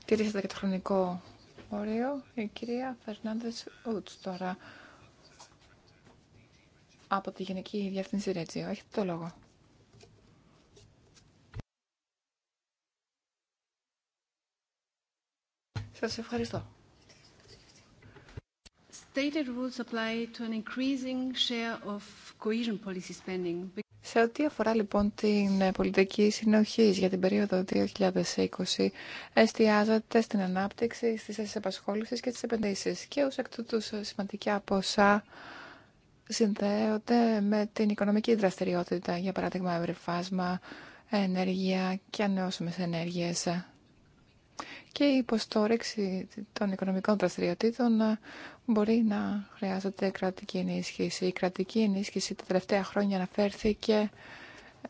τηρήσατε και το χρονικό όριο. Η κυρία Φερνάνδες Ούτς τώρα από τη Γενική Διεύθυνση Ρέτζιο. Έχετε το λόγο. Σας ευχαριστώ. rules apply to an increasing share of cohesion policy spending. Σε ό,τι αφορά λοιπόν την ε, πολιτική συνοχή για την περίοδο 2020, εστιάζεται στην ανάπτυξη, στι θέσει απασχόληση και τι επενδύσει. Και ω εκ τούτου σημαντικά ποσά συνδέονται με την οικονομική δραστηριότητα, για παράδειγμα ευρυφάσμα, ενέργεια και ανεώσιμε ενέργειε και η υποστόρεξη των οικονομικών δραστηριοτήτων ε, μπορεί να χρειάζεται κρατική ενίσχυση. Η κρατική ενίσχυση τα τελευταία χρόνια αναφέρθηκε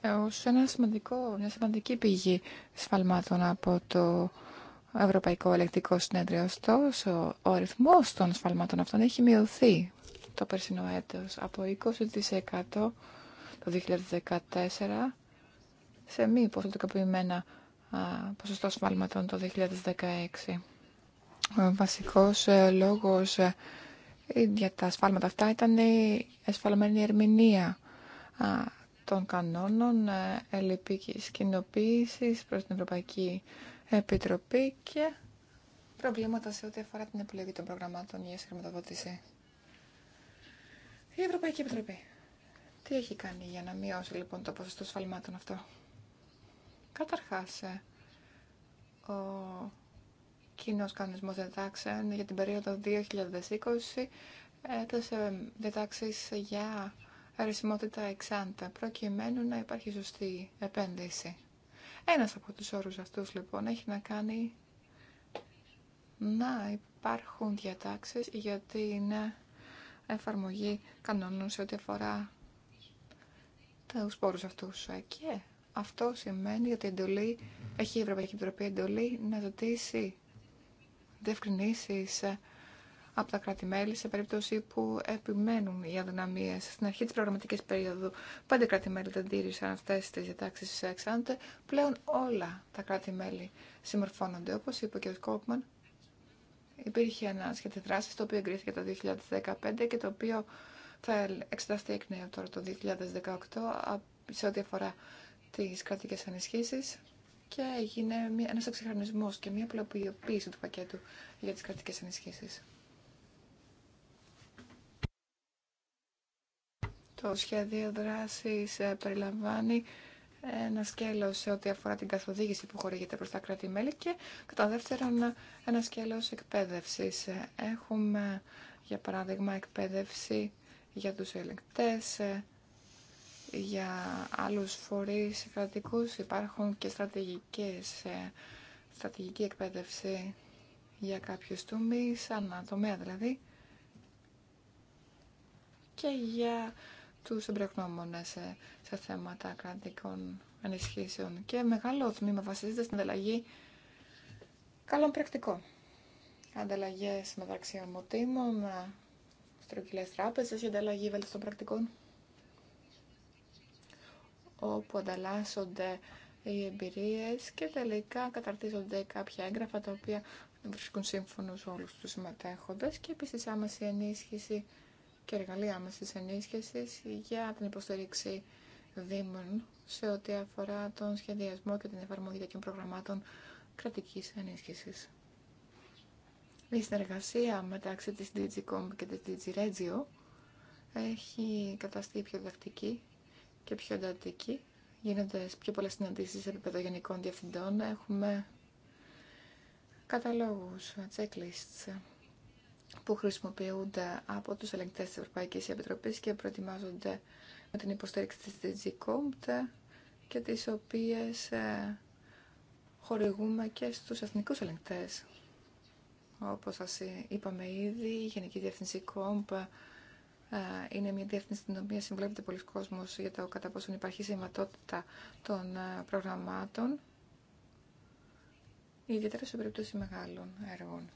ε, ως ένα σημαντικό, μια σημαντική πηγή σφαλμάτων από το Ευρωπαϊκό Ελεκτικό Συνέδριο. Ωστόσο, ο αριθμός των σφαλμάτων αυτών έχει μειωθεί το περσινό έτος από 20% το 2014 σε μη ποσοτικοποιημένα ποσοστό σφάλματων το 2016. Ο βασικός ε, λόγος ε, για τα σφάλματα αυτά ήταν η εσφαλμένη ερμηνεία των κανόνων ε, ελληπίκης κοινοποίησης προς την Ευρωπαϊκή Επιτροπή και προβλήματα σε ό,τι αφορά την επιλογή των προγραμμάτων για συγχρηματοδότηση. Η Ευρωπαϊκή Επιτροπή. Τι έχει κάνει για να μειώσει λοιπόν το ποσοστό σφαλμάτων αυτό. Καταρχάς, ε, ο κοινός κανονισμός διατάξεων για την περίοδο 2020 έδωσε διατάξεις για αρισιμότητα εξάντα, προκειμένου να υπάρχει σωστή επένδυση. Ένας από τους όρους αυτούς λοιπόν έχει να κάνει να υπάρχουν διατάξεις για την εφαρμογή κανόνων σε ό,τι αφορά τους πόρους αυτούς. Ε, και αυτό σημαίνει ότι εντολή, έχει η Ευρωπαϊκή Επιτροπή εντολή να ζητήσει διευκρινήσει ε, από τα κράτη-μέλη σε περίπτωση που επιμένουν οι αδυναμίε. Στην αρχή τη προγραμματική περίοδου, πέντε κράτη-μέλη δεν τήρησαν αυτέ τι διατάξει εξάντε. Πλέον όλα τα κράτη-μέλη συμμορφώνονται. Όπω είπε και ο κ. υπήρχε ένα σχέδιο δράση το οποίο εγκρίθηκε το 2015 και το οποίο θα εξεταστεί εκ νέου τώρα το 2018 σε ό,τι αφορά τις κρατικές ενισχύσεις και έγινε ένας εξυγχρονισμός και μια απλοποιηποίηση του πακέτου για τις κρατικές ενισχύσεις. Το σχέδιο δράσης ε, περιλαμβάνει ένα σκέλο σε ό,τι αφορά την καθοδήγηση που χορηγείται προ τα κράτη-μέλη και κατά δεύτερον ένα σκέλο εκπαίδευση. Ε, έχουμε, για παράδειγμα, εκπαίδευση για τους ελεγκτές, ε, για άλλους φορείς κρατικούς υπάρχουν και στρατηγικές, ε, στρατηγική εκπαίδευση για κάποιους τομείς, ανατομέα δηλαδή, και για τους εμπρεκνόμονες σε, σε θέματα κρατικών ενισχύσεων. Και μεγάλο τμήμα βασίζεται στην ανταλλαγή καλών πρακτικών. Ανταλλαγές μεταξύ ομοτήμων, ε, στρογγυλές τράπεζες, και ανταλλαγή βέλτιστων πρακτικών όπου ανταλλάσσονται οι εμπειρίες και τελικά καταρτίζονται κάποια έγγραφα τα οποία βρίσκουν σύμφωνο όλους τους συμμετέχοντες και επίσης άμεση ενίσχυση και εργαλεία άμεσης ενίσχυσης για την υποστήριξη δήμων σε ό,τι αφορά τον σχεδιασμό και την εφαρμογή τέτοιων προγραμμάτων κρατικής ενίσχυσης. Η συνεργασία μεταξύ της DigiComp και της DigiRegio έχει καταστεί πιο δεκτική και πιο εντατική. Γίνονται πιο πολλές συναντήσεις σε επίπεδο γενικών διευθυντών. Έχουμε καταλόγους, checklists που χρησιμοποιούνται από τους ελεγκτές της Ευρωπαϊκής Επιτροπής και προετοιμάζονται με την υποστήριξη της DigiCompt και τις οποίες ε, χορηγούμε και στους εθνικούς ελεγκτές. Όπως σας είπαμε ήδη, η Γενική Διεύθυνση ΚΟΜΠ είναι μια διεύθυνση στην οποία συμβουλεύεται πολλοί κόσμος για το κατά πόσον υπάρχει συμβατότητα των προγραμμάτων, ιδιαίτερα σε περίπτωση μεγάλων έργων.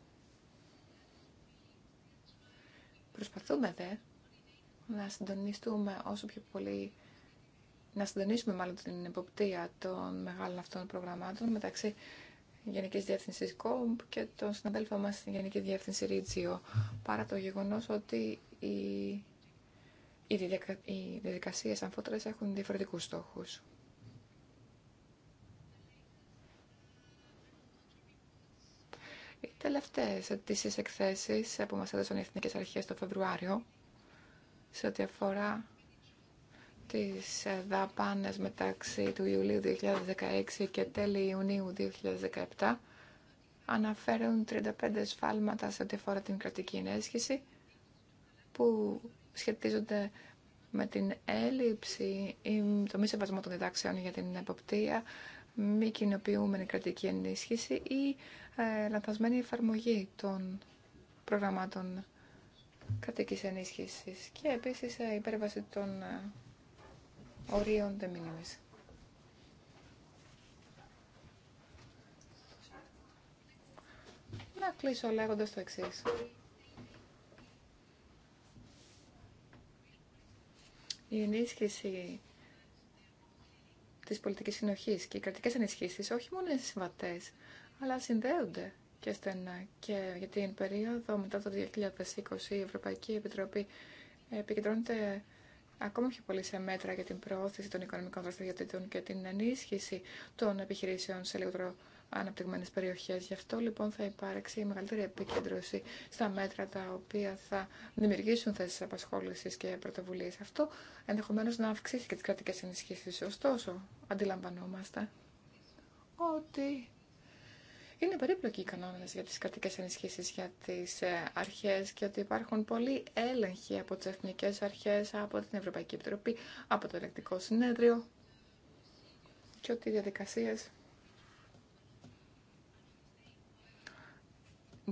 Προσπαθούμε δε να συντονιστούμε όσο πιο πολύ να συντονίσουμε μάλλον την εποπτεία των μεγάλων αυτών προγραμμάτων μεταξύ Γενικής Διεύθυνσης ΚΟΜΠ και των συναδέλφων μας στην Γενική Διεύθυνση Ρίτσιο, παρά το γεγονός ότι η οι διαδικασίες αμφότερες έχουν διαφορετικούς στόχους. Οι τελευταίες αιτήσεις εκθέσεις που μας έδωσαν οι Εθνικές Αρχές το Φεβρουάριο σε ό,τι αφορά τις ε, δαπάνες μεταξύ του Ιουλίου 2016 και τέλη Ιουνίου 2017 αναφέρουν 35 σφάλματα σε ό,τι αφορά την κρατική ενέσχυση που σχετίζονται με την έλλειψη ή το μη σεβασμό των διδάξεων για την εποπτεία, μη κοινοποιούμενη κρατική ενίσχυση ή ε, λανθασμένη εφαρμογή των προγραμμάτων κρατικής ενίσχυσης και επίσης η λανθασμενη εφαρμογη των προγραμματων ε, κρατικης ενισχυση και επισης η υπερβαση των οριων de Να κλείσω λέγοντας το εξής. η ενίσχυση της πολιτικής συνοχής και οι κρατικές ενισχύσεις όχι μόνο είναι συμβατέ, αλλά συνδέονται και στενά. Και για την περίοδο μετά το 2020 η Ευρωπαϊκή Επιτροπή επικεντρώνεται ακόμα πιο πολύ σε μέτρα για την προώθηση των οικονομικών δραστηριοτήτων και την ενίσχυση των επιχειρήσεων σε λιγότερο Αναπτυγμένε περιοχέ, Γι' αυτό λοιπόν θα υπάρξει η μεγαλύτερη επικέντρωση στα μέτρα τα οποία θα δημιουργήσουν θέσει απασχόληση και πρωτοβουλίε Αυτό Ενδεχομένω να αυξήσει και τι κρατικέ ενισχύσει, Ωστόσο, αντιλαμβανόμαστε ότι είναι περίπλοκοι οι κανόνε για τι κρατικέ ενισχύσει για τι ε, αρχέ και ότι υπάρχουν πολλοί έλεγχοι από τι εθνικέ αρχέ, από την Ευρωπαϊκή Επιτροπή, από το Ελεκτικό Συνέδριο και ότι οι διαδικασίε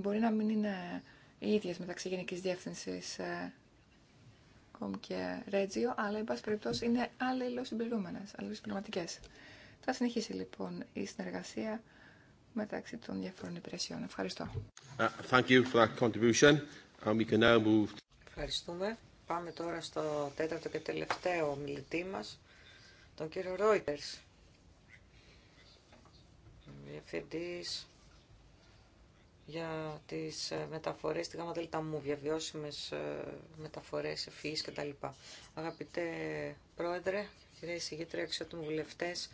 μπορεί να μην είναι οι ίδιες μεταξύ Γενικής Διεύθυνσης ε, Κομ και Ρέτζιο, αλλά, εν πάση περιπτώσει, είναι αλληλοσυμπληρούμενε, αλληλοσυμπληρωματικές. Θα συνεχίσει, λοιπόν, η συνεργασία μεταξύ των διαφορών υπηρεσιών. Ευχαριστώ. Thank Ευχαριστούμε. Πάμε τώρα στο τέταρτο και τελευταίο μιλητή μα τον κύριο Ρόιτερς, για τις ε, μεταφορές στη ΓΑΜΑ ΜΟΥ, για ε, μεταφορές ευφυής κτλ. Αγαπητέ Πρόεδρε, και κύριοι αξιότιμοι βουλευτές,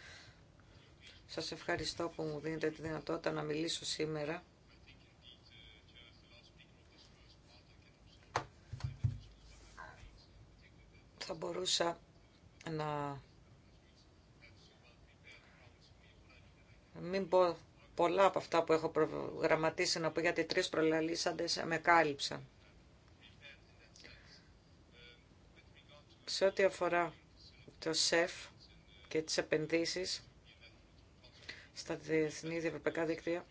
σας ευχαριστώ που μου δίνετε τη δυνατότητα να μιλήσω σήμερα. Θα μπορούσα να μην πω πολλά από αυτά που έχω προγραμματίσει να πω γιατί τρεις προλαλήσαντες με κάλυψαν. Σε ό,τι αφορά το ΣΕΦ και τις επενδύσεις στα διεθνή διευρωπαϊκά δίκτυα,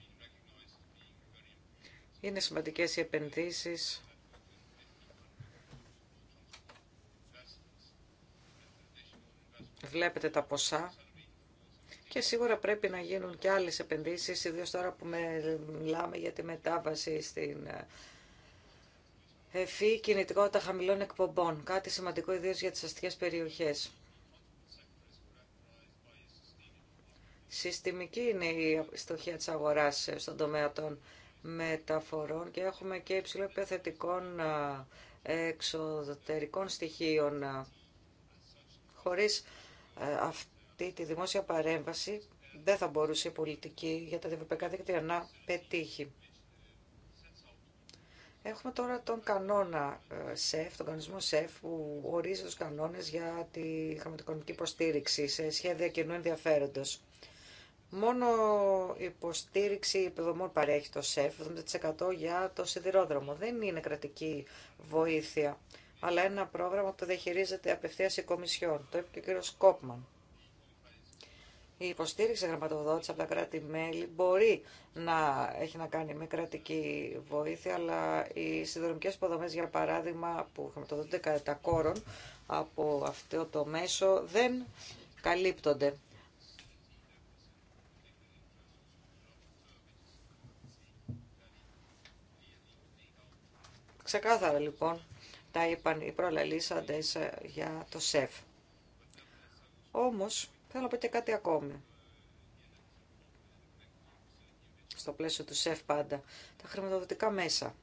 είναι σημαντικές οι επενδύσεις βλέπετε τα ποσά και σίγουρα πρέπει να γίνουν και άλλες επενδύσεις, ιδίως τώρα που μιλάμε για τη μετάβαση στην ευφύ κινητικότητα χαμηλών εκπομπών. Κάτι σημαντικό ιδίως για τις αστικές περιοχές. Συστημική είναι η στοχεία της αγοράς ε, στον τομέα των μεταφορών και έχουμε και υψηλό επιθετικών ε, εξωτερικών στοιχείων ε, χωρίς αυτό αυτή τη δημόσια παρέμβαση δεν θα μπορούσε η πολιτική για τα ευρωπαϊκά δίκτυα να πετύχει. Έχουμε τώρα τον κανόνα ε, ΣΕΦ, τον κανονισμό ΣΕΦ που ορίζει τους κανόνες για τη χρηματοοικονομική υποστήριξη σε σχέδια κοινού ενδιαφέροντος. Μόνο υποστήριξη υποδομών παρέχει το ΣΕΦ, 70% για το σιδηρόδρομο. Δεν είναι κρατική βοήθεια, αλλά ένα πρόγραμμα που διαχειρίζεται απευθείας η Κομισιόν. Το είπε και ο Κόπμαν η υποστήριξη γραμματοδότηση από τα κράτη-μέλη μπορεί να έχει να κάνει με κρατική βοήθεια, αλλά οι συνδρομικέ υποδομέ, για παράδειγμα, που χρηματοδοτούνται κατά κόρον από αυτό το μέσο, δεν καλύπτονται. Ξεκάθαρα λοιπόν τα είπαν οι προλαλήσαντες ε, για το ΣΕΦ. Όμως, Θέλω να πω και κάτι ακόμη. Στο πλαίσιο του ΣΕΦ πάντα. Τα χρηματοδοτικά μέσα.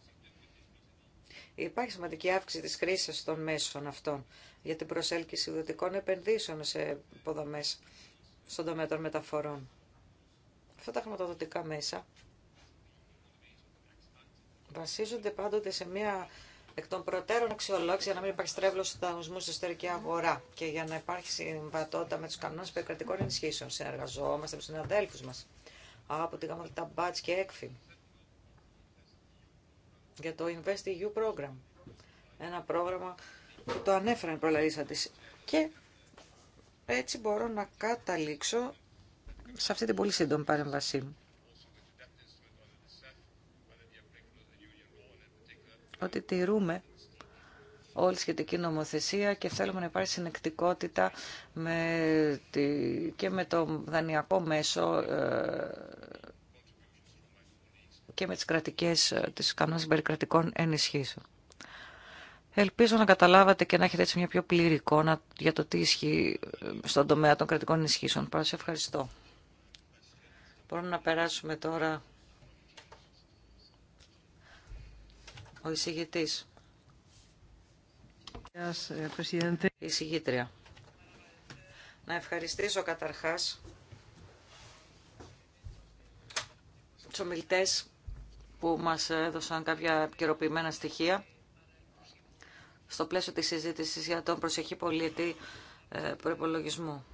Υπάρχει σημαντική αύξηση της χρήσης των μέσων αυτών για την προσέλκυση ιδιωτικών επενδύσεων σε υποδομές στον τομέα των μεταφορών. Αυτά τα χρηματοδοτικά μέσα βασίζονται πάντοτε σε μια εκ των προτέρων αξιολόγηση για να μην υπάρχει στρέβλωση του ανταγωνισμού στην εσωτερική αγορά και για να υπάρχει συμβατότητα με του κανόνε περικρατικών ενισχύσεων. Συνεργαζόμαστε με του συναδέλφου μα από την Γαμαλτά Μπάτ και ΕΚΦΙ για το InvestEU Program. Ένα πρόγραμμα που το ανέφεραν προλαλήσα Και έτσι μπορώ να καταλήξω σε αυτή την πολύ σύντομη παρέμβασή μου. ότι τηρούμε όλη σχετική νομοθεσία και θέλουμε να υπάρχει συνεκτικότητα με τη, και με το δανειακό μέσο ε, και με τις κρατικές, ε, τις κανόνες περικρατικών ενισχύσεων. Ελπίζω να καταλάβατε και να έχετε έτσι μια πιο πλήρη εικόνα για το τι ισχύει ε, στον τομέα των κρατικών ενισχύσεων. Πάρα σε ευχαριστώ. Μπορούμε να περάσουμε τώρα Ο εισηγητής. Ε, Η εισηγήτρια. Να ευχαριστήσω καταρχάς τους ομιλητές που μας έδωσαν κάποια επικαιροποιημένα στοιχεία στο πλαίσιο της συζήτησης για τον προσεχή πολίτη ε, προπολογισμού.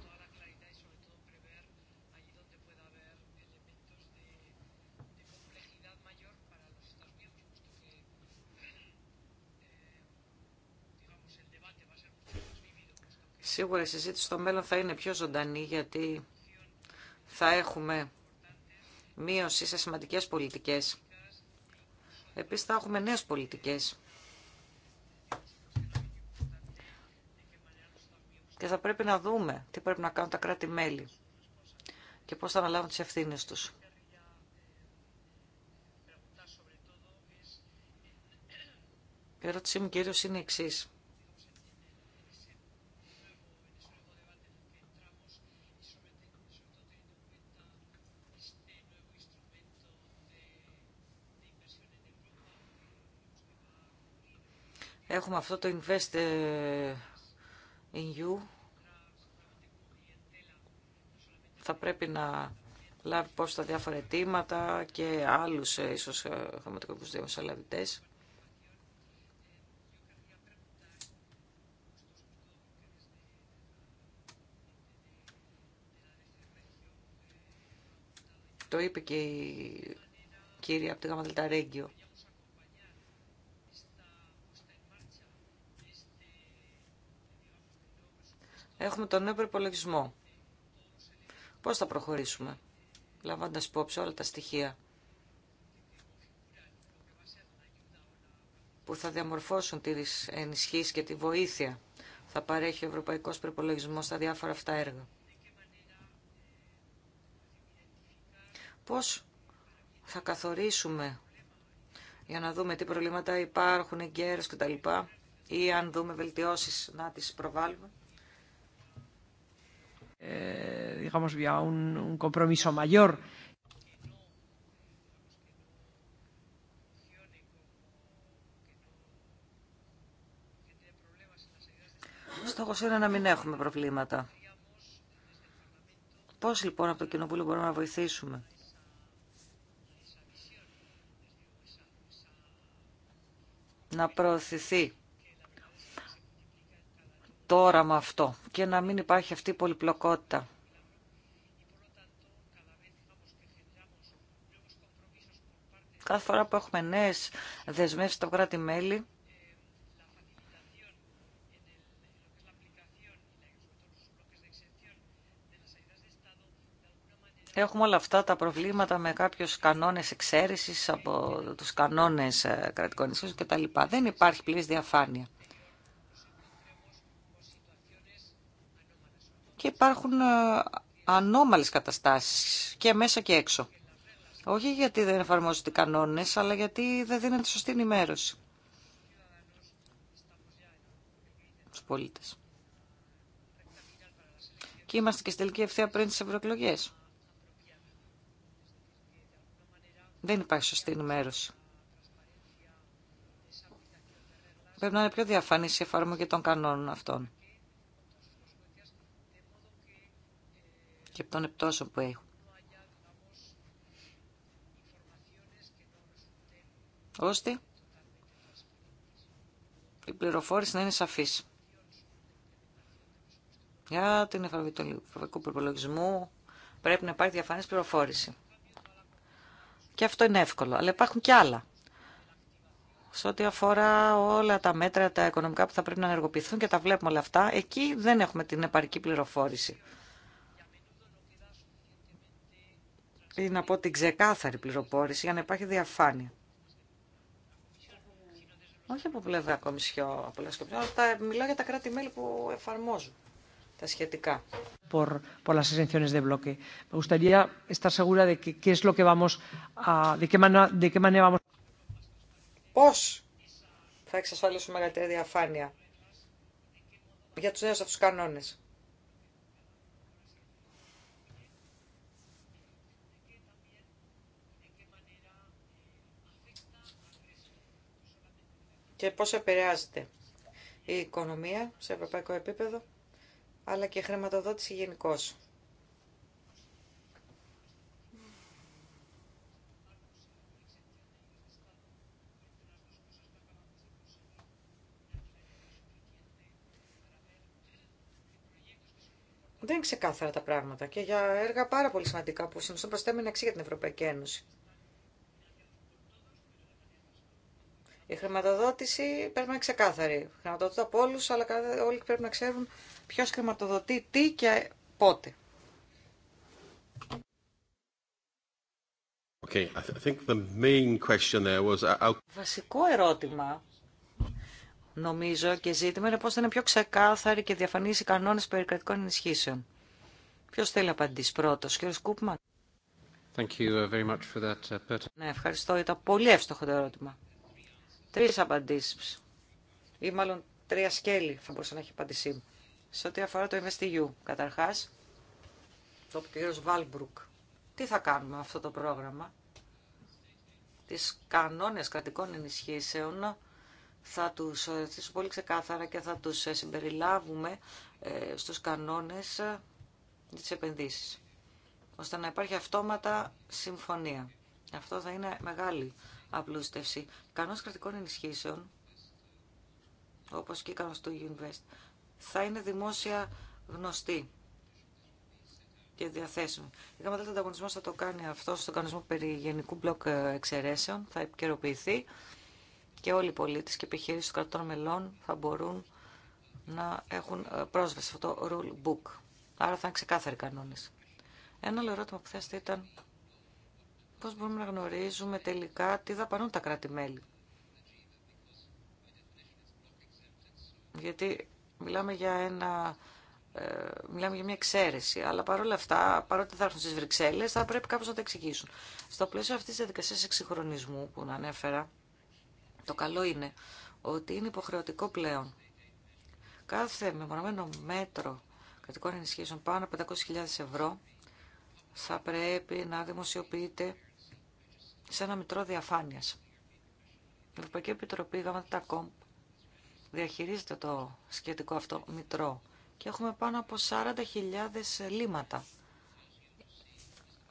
Σίγουρα η συζήτηση στο μέλλον θα είναι πιο ζωντανή γιατί θα έχουμε μείωση σε σημαντικές πολιτικές. Επίσης θα έχουμε νέες πολιτικές. Και θα πρέπει να δούμε τι πρέπει να κάνουν τα κράτη-μέλη και πώς θα αναλάβουν τις ευθύνες τους. Η ερώτησή μου κυρίως είναι η εξής. έχουμε αυτό το Invest ε, in You, θα πρέπει να λάβει πώς τα διάφορα αιτήματα και άλλους ε, ίσως χρηματικοπούς ε, διαμεσολαβητές. Το είπε και η κυρία από τη Γαμαδελτα Ρέγγιο. έχουμε τον νέο προπολογισμό. Πώς θα προχωρήσουμε, λαμβάνοντας υπόψη όλα τα στοιχεία που θα διαμορφώσουν τις ενισχύσεις και τη βοήθεια θα παρέχει ο Ευρωπαϊκός προπολογισμό στα διάφορα αυτά έργα. Πώς θα καθορίσουμε για να δούμε τι προβλήματα υπάρχουν, εγκαίρες κτλ. ή αν δούμε βελτιώσεις να τις προβάλλουμε eh, digamos, vía un, un compromiso mayor. να μην έχουμε προβλήματα. Πώς λοιπόν από το Κοινοβούλιο μπορούμε να βοηθήσουμε. Να προωθηθεί το όραμα αυτό και να μην υπάρχει αυτή η πολυπλοκότητα. Κάθε φορά που έχουμε νέε δεσμεύσει στα κράτη-μέλη, Έχουμε όλα αυτά τα προβλήματα με κάποιους κανόνε εξαίρεση από τους κανόνες ε, κρατικών ισχύσεων κτλ. Δεν υπάρχει πλήρης διαφάνεια. και υπάρχουν ε, ανώμαλες καταστάσεις και μέσα και έξω. Όχι γιατί δεν εφαρμόζονται οι κανόνες, αλλά γιατί δεν δίνεται σωστή ενημέρωση στους πολίτες. Και είμαστε και στην τελική ευθεία πριν τις ευρωεκλογέ. Δεν υπάρχει σωστή ενημέρωση. Πρέπει να είναι πιο διαφανής η εφαρμογή των κανόνων αυτών. και των επιπτώσεων που έχουν. ώστε η πληροφόρηση να είναι σαφής. Για την εφαρμογή του ευρωπαϊκού προπολογισμού πρέπει να υπάρχει διαφανής πληροφόρηση. Και αυτό είναι εύκολο, αλλά υπάρχουν και άλλα. Σε ό,τι αφορά όλα τα μέτρα, τα οικονομικά που θα πρέπει να ενεργοποιηθούν και τα βλέπουμε όλα αυτά, εκεί δεν έχουμε την επαρκή πληροφόρηση. ή να πω την ξεκάθαρη πληροφόρηση για να υπάρχει διαφάνεια. Όχι από πλευρά κομισιό, από αλλά μιλάω για τα κράτη-μέλη που εφαρμόζουν τα σχετικά. Por, por las exenciones de bloque. θα εξασφαλίσουμε μεγαλύτερη διαφάνεια για τους νέους αυτούς κανόνες. και πώς επηρεάζεται η οικονομία σε ευρωπαϊκό επίπεδο, αλλά και η χρηματοδότηση γενικώ. Δεν είναι ξεκάθαρα τα πράγματα και για έργα πάρα πολύ σημαντικά που συνιστούν στην αξία για την Ευρωπαϊκή Ένωση. Η χρηματοδότηση πρέπει να είναι ξεκάθαρη. Χρηματοδοτείται από όλου, αλλά όλοι πρέπει να ξέρουν ποιο χρηματοδοτεί τι και πότε. Okay, I think the main question there was... Uh, Βασικό ερώτημα, νομίζω και ζήτημα, είναι πώς θα είναι πιο ξεκάθαρη και διαφανείς οι κανόνες κρατικών ενισχύσεων. Ποιος θέλει να απαντήσει πρώτος, κύριε Κούπμαν. Thank you uh, very much for that. Uh, ναι, ευχαριστώ. Ήταν πολύ εύστοχο το ερώτημα. Τρει απαντήσει. Ή μάλλον τρία σκέλη θα μπορούσε να έχει απαντησή Σε ό,τι αφορά το MSTU, καταρχάς, το κ. Βάλμπρουκ. Τι θα κάνουμε με αυτό το πρόγραμμα. Τις κανόνες κρατικών ενισχύσεων θα τους θέσω πολύ ξεκάθαρα και θα τους συμπεριλάβουμε ε, στους κανόνες ε, της επενδύσεις. Ώστε να υπάρχει αυτόματα συμφωνία. Αυτό θα είναι μεγάλη απλούστευση. Κανόνας κρατικών ενισχύσεων, όπως και κανόνας του UNVEST θα είναι δημόσια γνωστή και διαθέσιμη. Η ΓΑΜΑ ανταγωνισμό θα το κάνει αυτό στον κανονισμό περί γενικού μπλοκ ε, εξαιρέσεων, θα επικαιροποιηθεί και όλοι οι πολίτες και επιχειρήσεις των κρατών μελών θα μπορούν να έχουν ε, πρόσβαση σε αυτό το rule book. Άρα θα είναι ξεκάθαροι κανόνες. Ένα άλλο ερώτημα που θέσατε ήταν Πώς μπορούμε να γνωρίζουμε τελικά τι δαπανούν τα κράτη-μέλη. Γιατί μιλάμε για ένα ε, μιλάμε για μια εξαίρεση. Αλλά παρόλα αυτά, παρότι θα έρθουν στι Βρυξέλλες, θα πρέπει κάπως να τα εξηγήσουν. Στο πλαίσιο αυτή τη διαδικασία εξυγχρονισμού που ανέφερα, το καλό είναι ότι είναι υποχρεωτικό πλέον κάθε μεμονωμένο μέτρο κατοικών ενισχύσεων πάνω από 500.000 ευρώ θα πρέπει να δημοσιοποιείται σε ένα μητρό διαφάνεια. Η Ευρωπαϊκή Επιτροπή ΓΑΜΑΤΑΚΟΜ διαχειρίζεται το σχετικό αυτό μητρό και έχουμε πάνω από 40.000 λίματα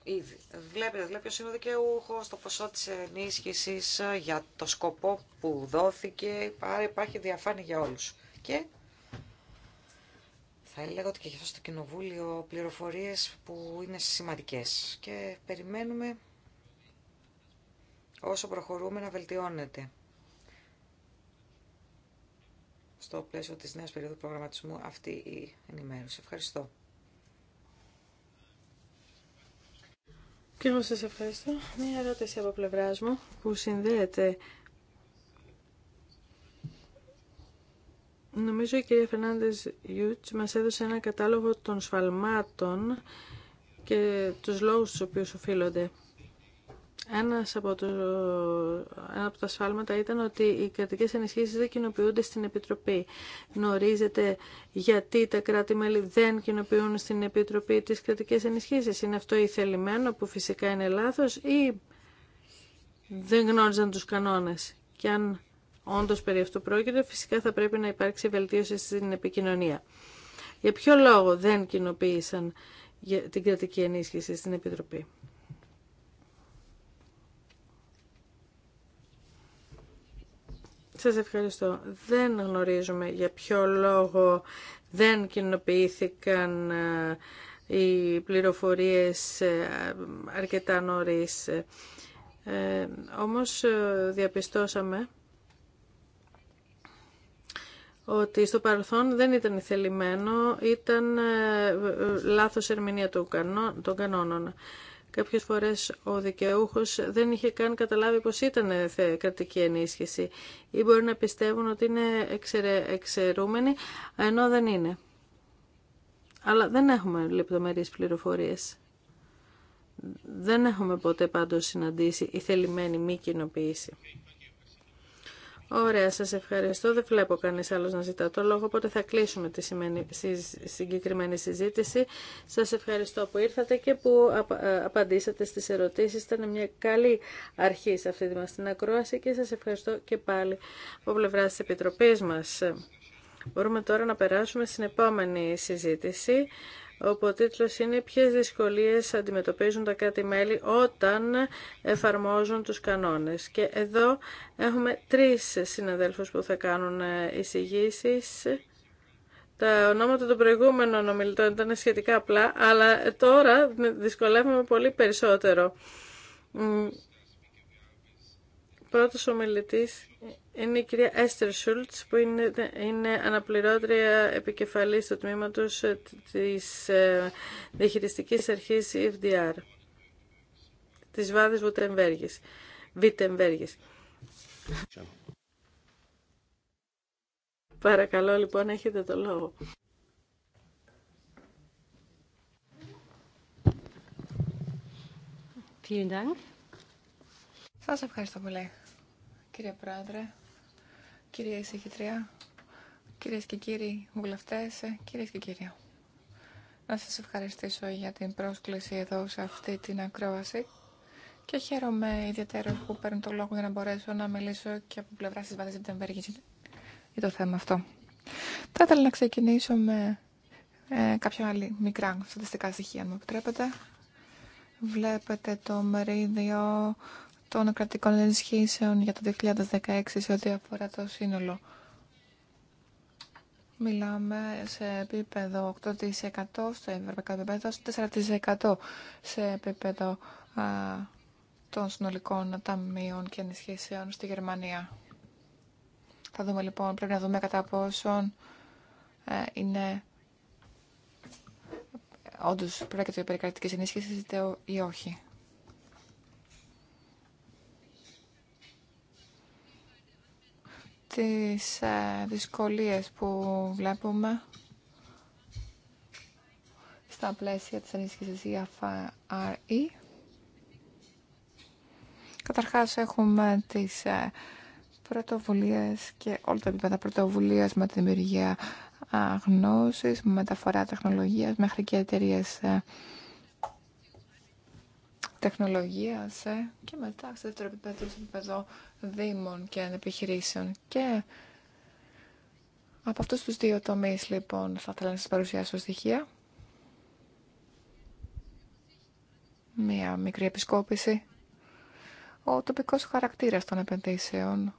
ήδη. Βλέπετε, βλέπετε ποιο είναι ο δικαιούχο, το ποσό τη ενίσχυση ε, για το σκοπό που δόθηκε. Άρα υπάρχει διαφάνεια για όλου. Και θα έλεγα ότι και γι' αυτό στο Κοινοβούλιο πληροφορίε που είναι σημαντικέ. Και περιμένουμε όσο προχωρούμε να βελτιώνεται στο πλαίσιο της νέας περίοδου προγραμματισμού αυτή η ενημέρωση. Ευχαριστώ. Και εγώ σας ευχαριστώ. Μία ερώτηση από πλευράς μου που συνδέεται Νομίζω η κυρία Φερνάντες Γιούτς μας έδωσε ένα κατάλογο των σφαλμάτων και τους λόγους στους οποίους οφείλονται. Ένας από ένα από τα σφάλματα ήταν ότι οι κρατικές ενισχύσεις δεν κοινοποιούνται στην Επιτροπή. Γνωρίζετε γιατί τα κράτη-μέλη δεν κοινοποιούν στην Επιτροπή τις κρατικές ενισχύσεις. Είναι αυτό ή θελημένο που φυσικά είναι λάθος ή δεν γνώριζαν τους κανόνες. Και αν όντως περί αυτού πρόκειται, φυσικά θα πρέπει να υπάρξει βελτίωση στην επικοινωνία. Για ποιο λόγο δεν κοινοποίησαν την κρατική ενίσχυση στην Επιτροπή. Σας ευχαριστώ. Δεν γνωρίζουμε για ποιο λόγο δεν κοινοποιήθηκαν ε, οι πληροφορίες ε, αρκετά νωρίς. Ε, όμως ε, διαπιστώσαμε ότι στο παρελθόν δεν ήταν θελημένο, ήταν λάθος ερμηνεία των κανόνων. Κάποιες φορές ο δικαιούχος δεν είχε καν καταλάβει πως ήταν κρατική ενίσχυση ή μπορεί να πιστεύουν ότι είναι εξαιρε... εξαιρούμενοι, ενώ δεν είναι. Αλλά δεν έχουμε λεπτομερείς πληροφορίες. Δεν έχουμε ποτέ πάντως συναντήσει η θελημένη μη κοινοποίηση. Ωραία, σας ευχαριστώ. Δεν βλέπω κανείς άλλος να ζητά το λόγο, οπότε θα κλείσουμε τη συγκεκριμένη συζήτηση. Σας ευχαριστώ που ήρθατε και που ε, απαντήσατε στις ερωτήσεις. Ήταν μια καλή αρχή σε αυτή τη μας την ακρόαση και σας ευχαριστώ και πάλι από πλευρά της Επιτροπής μας. Μπορούμε τώρα να περάσουμε στην επόμενη συζήτηση όπου ο τίτλος είναι «Ποιες δυσκολίες αντιμετωπίζουν τα κράτη-μέλη όταν εφαρμόζουν τους κανόνες». Και εδώ έχουμε τρεις συναδέλφους που θα κάνουν εισηγήσει. Τα ονόματα των προηγούμενων ομιλητών ήταν σχετικά απλά, αλλά τώρα δυσκολεύομαι πολύ περισσότερο. Πρώτος ομιλητής είναι η κυρία Έστερ Σούλτ, που είναι, είναι αναπληρώτρια επικεφαλής του τμήματο τη ε, της ε, αρχή αρχής EFDR της Βάδης Βουτεμβέργης. Παρακαλώ λοιπόν έχετε το λόγο. Σα Σας ευχαριστώ πολύ κύριε Πρόεδρε. Κυρία Εισηγητρία, κυρίε και κύριοι βουλευτέ, ε, κύριε και κύριοι. Να σα ευχαριστήσω για την πρόσκληση εδώ σε αυτή την ακρόαση και χαίρομαι ιδιαίτερα που παίρνω το λόγο για να μπορέσω να μιλήσω και από πλευρά τη Βάδα για το θέμα αυτό. Θα ήθελα να ξεκινήσω με ε, κάποια άλλη μικρά στατιστικά στοιχεία, αν μου επιτρέπετε. Βλέπετε το μερίδιο των κρατικών ενισχύσεων για το 2016 σε ό,τι αφορά το σύνολο. Μιλάμε σε επίπεδο 8% στο ευρωπαϊκό επίπεδο, 4% σε επίπεδο των συνολικών ταμείων και ενισχύσεων στη Γερμανία. Θα δούμε λοιπόν, πρέπει να δούμε κατά πόσον ε, είναι όντω πρόκειται για περικρατική ενίσχυση ή όχι. τις ε, δυσκολίες που βλέπουμε στα πλαίσια της ενίσχυσης EFRE. E. Καταρχάς έχουμε τις ε, πρωτοβουλίες και όλα τα επίπεδα πρωτοβουλίας με τη δημιουργία ε, γνώσης, μεταφορά τεχνολογίας μέχρι και εταιρείε τεχνολογίας ε, και μετά σε δεύτερο επίπεδο, σε επίπεδο δήμων και επιχειρήσεων. Και από αυτούς τους δύο τομείς, λοιπόν, θα ήθελα να σας παρουσιάσω στοιχεία. Μία μικρή επισκόπηση. Ο τοπικός χαρακτήρας των επενδύσεων,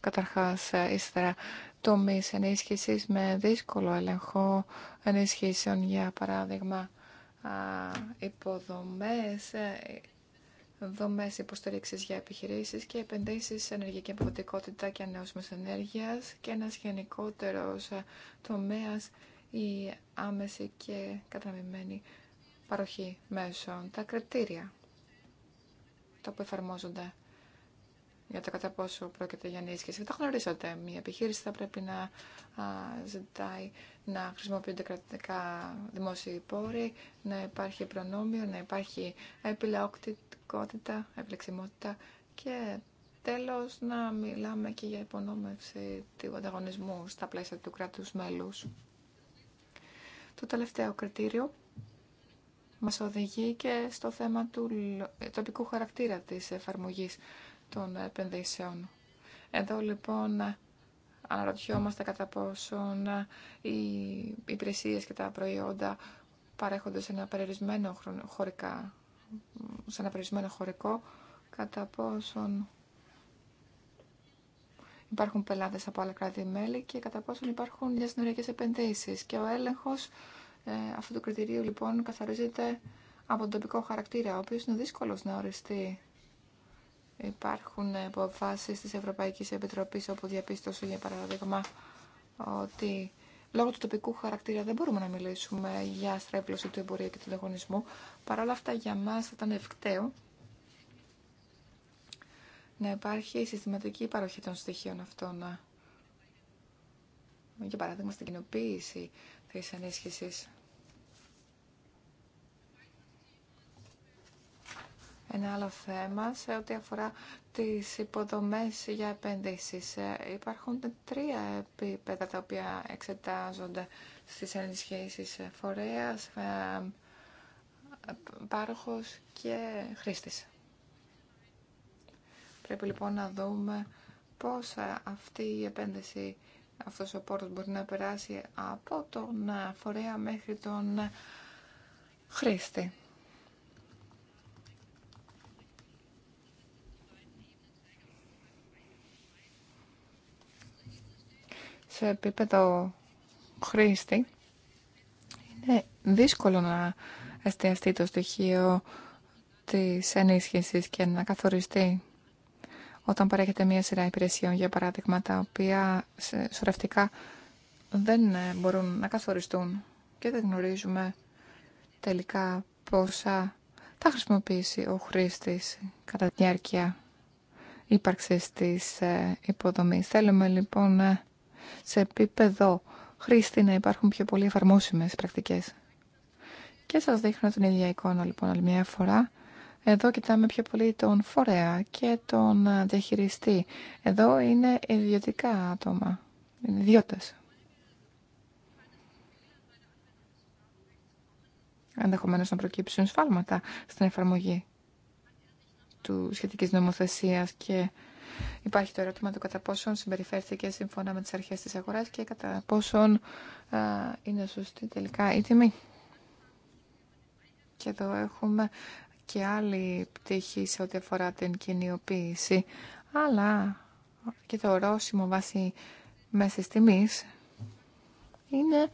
καταρχάς ε, ύστερα τομείς ενίσχυσης με δύσκολο έλεγχο ενίσχυσεων, για παράδειγμα, υποδομές, ε, δομές υποστήριξης για επιχειρήσεις και επενδύσεις σε ενεργειακή αποδοτικότητα και ανανεώσιμες ενέργειας και ένας γενικότερος ε, τομέας η άμεση και καταναμημένη παροχή μέσων, τα κριτήρια τα που εφαρμόζονται για το κατά πόσο πρόκειται για ενίσχυση. Τα γνωρίζετε. Μια επιχείρηση θα πρέπει να ζητάει να χρησιμοποιούνται κρατικά δημόσιοι πόροι, να υπάρχει προνόμιο, να υπάρχει επιλεκτικότητα, επιλεξιμότητα και τέλος να μιλάμε και για υπονόμευση του ανταγωνισμού στα πλαίσια του κράτους μέλους. Το τελευταίο κριτήριο μας οδηγεί και στο θέμα του τοπικού χαρακτήρα της εφαρμογής των επενδύσεων. Εδώ λοιπόν αναρωτιόμαστε κατά πόσον οι υπηρεσίε και τα προϊόντα παρέχονται σε ένα περιορισμένο χωρικά, σε ένα περιορισμένο χωρικό, κατά πόσον υπάρχουν πελάτες από άλλα κράτη-μέλη και κατά πόσον υπάρχουν διασυνοριακές επενδύσεις. Και ο έλεγχος ε, αυτού του κριτηρίου λοιπόν καθαρίζεται από τον τοπικό χαρακτήρα, ο οποίος είναι δύσκολος να οριστεί Υπάρχουν αποφάσεις της Ευρωπαϊκής Επιτροπής όπου διαπίστωσε για παράδειγμα ότι λόγω του τοπικού χαρακτήρα δεν μπορούμε να μιλήσουμε για στρέπλωση του εμπορίου και του ανταγωνισμού. Παρ' όλα αυτά για μας θα ήταν ευκταίο να υπάρχει συστηματική παροχή των στοιχείων αυτών. Για παράδειγμα στην κοινοποίηση της ενίσχυση. Ένα άλλο θέμα σε ό,τι αφορά τις υποδομές για επενδύσεις. Ε, υπάρχουν τρία επίπεδα τα οποία εξετάζονται στις ενισχύσεις ε, φορέας, ε, πάροχος και χρήστης. Πρέπει λοιπόν να δούμε πώς αυτή η επένδυση, αυτός ο πόρος μπορεί να περάσει από τον φορέα μέχρι τον χρήστη. σε επίπεδο χρήστη, είναι δύσκολο να εστιαστεί το στοιχείο της ενίσχυσης και να καθοριστεί όταν παρέχεται μία σειρά υπηρεσιών, για παράδειγμα, τα οποία σωρευτικά δεν μπορούν να καθοριστούν και δεν γνωρίζουμε τελικά πόσα θα χρησιμοποιήσει ο χρήστης κατά τη διάρκεια ύπαρξης της ε, υποδομής. Θέλουμε λοιπόν ε, σε επίπεδο χρήστη να υπάρχουν πιο πολύ εφαρμόσιμε πρακτικές. Και σας δείχνω την ίδια εικόνα λοιπόν άλλη μια φορά. Εδώ κοιτάμε πιο πολύ τον φορέα και τον ε, διαχειριστή. Εδώ είναι ιδιωτικά άτομα, είναι Ενδεχομένω να προκύψουν σφάλματα στην εφαρμογή του σχετικής νομοθεσίας και Υπάρχει το ερώτημα του κατά πόσον συμπεριφέρθηκε σύμφωνα με τις αρχές της αγοράς και κατά πόσον είναι σωστή τελικά η τιμή. Και εδώ έχουμε και άλλη πτυχή σε ό,τι αφορά την κοινιοποίηση. Αλλά και το ορόσημο βάσει μέσης τιμής είναι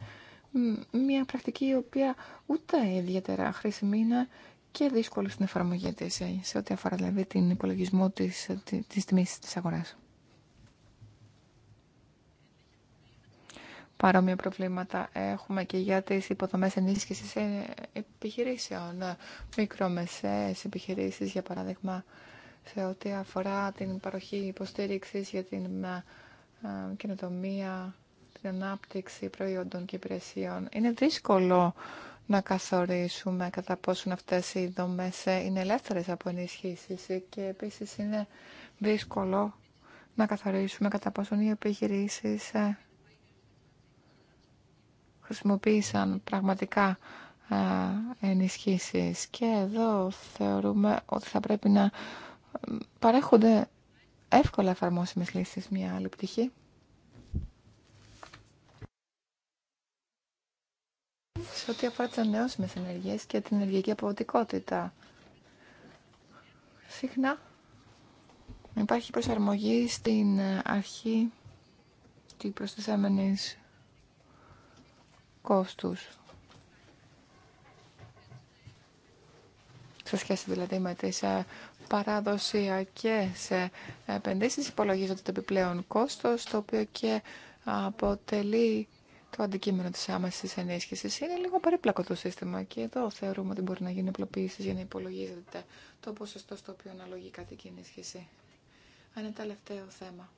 μια πρακτική η οποία ούτε ιδιαίτερα χρήσιμη είναι και δύσκολη στην εφαρμογή της ε, σε ό,τι αφορά δηλαδή, την υπολογισμό της, ε, της τιμής της αγοράς. Παρόμοια προβλήματα έχουμε και για τις υποδομές ενίσχυσης ε, επιχειρήσεων, Μικρομεσές επιχειρήσεις για παράδειγμα σε ό,τι αφορά την παροχή υποστήριξης για την καινοτομία, την ανάπτυξη προϊόντων και υπηρεσιών. Είναι δύσκολο να καθορίσουμε κατά πόσον αυτές οι δομές ε, είναι ελεύθερες από ενισχύσεις ε, και επίσης είναι δύσκολο να καθορίσουμε κατά πόσον οι επιχειρήσει ε, χρησιμοποίησαν πραγματικά ενισχύσεις και εδώ θεωρούμε ότι θα πρέπει να παρέχονται εύκολα εφαρμόσιμες λύσεις μια άλλη πτυχή ό,τι αφορά τι ανανεώσιμε ενέργειε και την ενεργειακή αποδοτικότητα. Συχνά υπάρχει προσαρμογή στην αρχή τη προστιθέμενη κόστους. σε σχέση δηλαδή με τις ε, παραδοσιακές ε, επενδύσεις υπολογίζονται το επιπλέον κόστος το οποίο και αποτελεί το αντικείμενο της άμεσης ενίσχυσης. Είναι λίγο περίπλακο το σύστημα και εδώ θεωρούμε ότι μπορεί να γίνει απλοποίηση για να υπολογίζεται το ποσοστό στο οποίο αναλογεί κάτι και ενίσχυση. Αν είναι τελευταίο θέμα.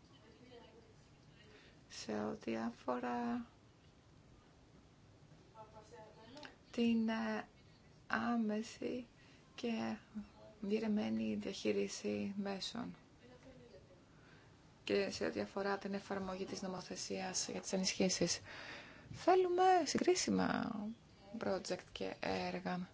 Σε ό,τι αφορά την ε, άμεση και διερεμένη διαχείριση μέσων και σε ό,τι αφορά την εφαρμογή της νομοθεσίας για τις ενισχύσεις. Θέλουμε συγκρίσιμα project και έργα.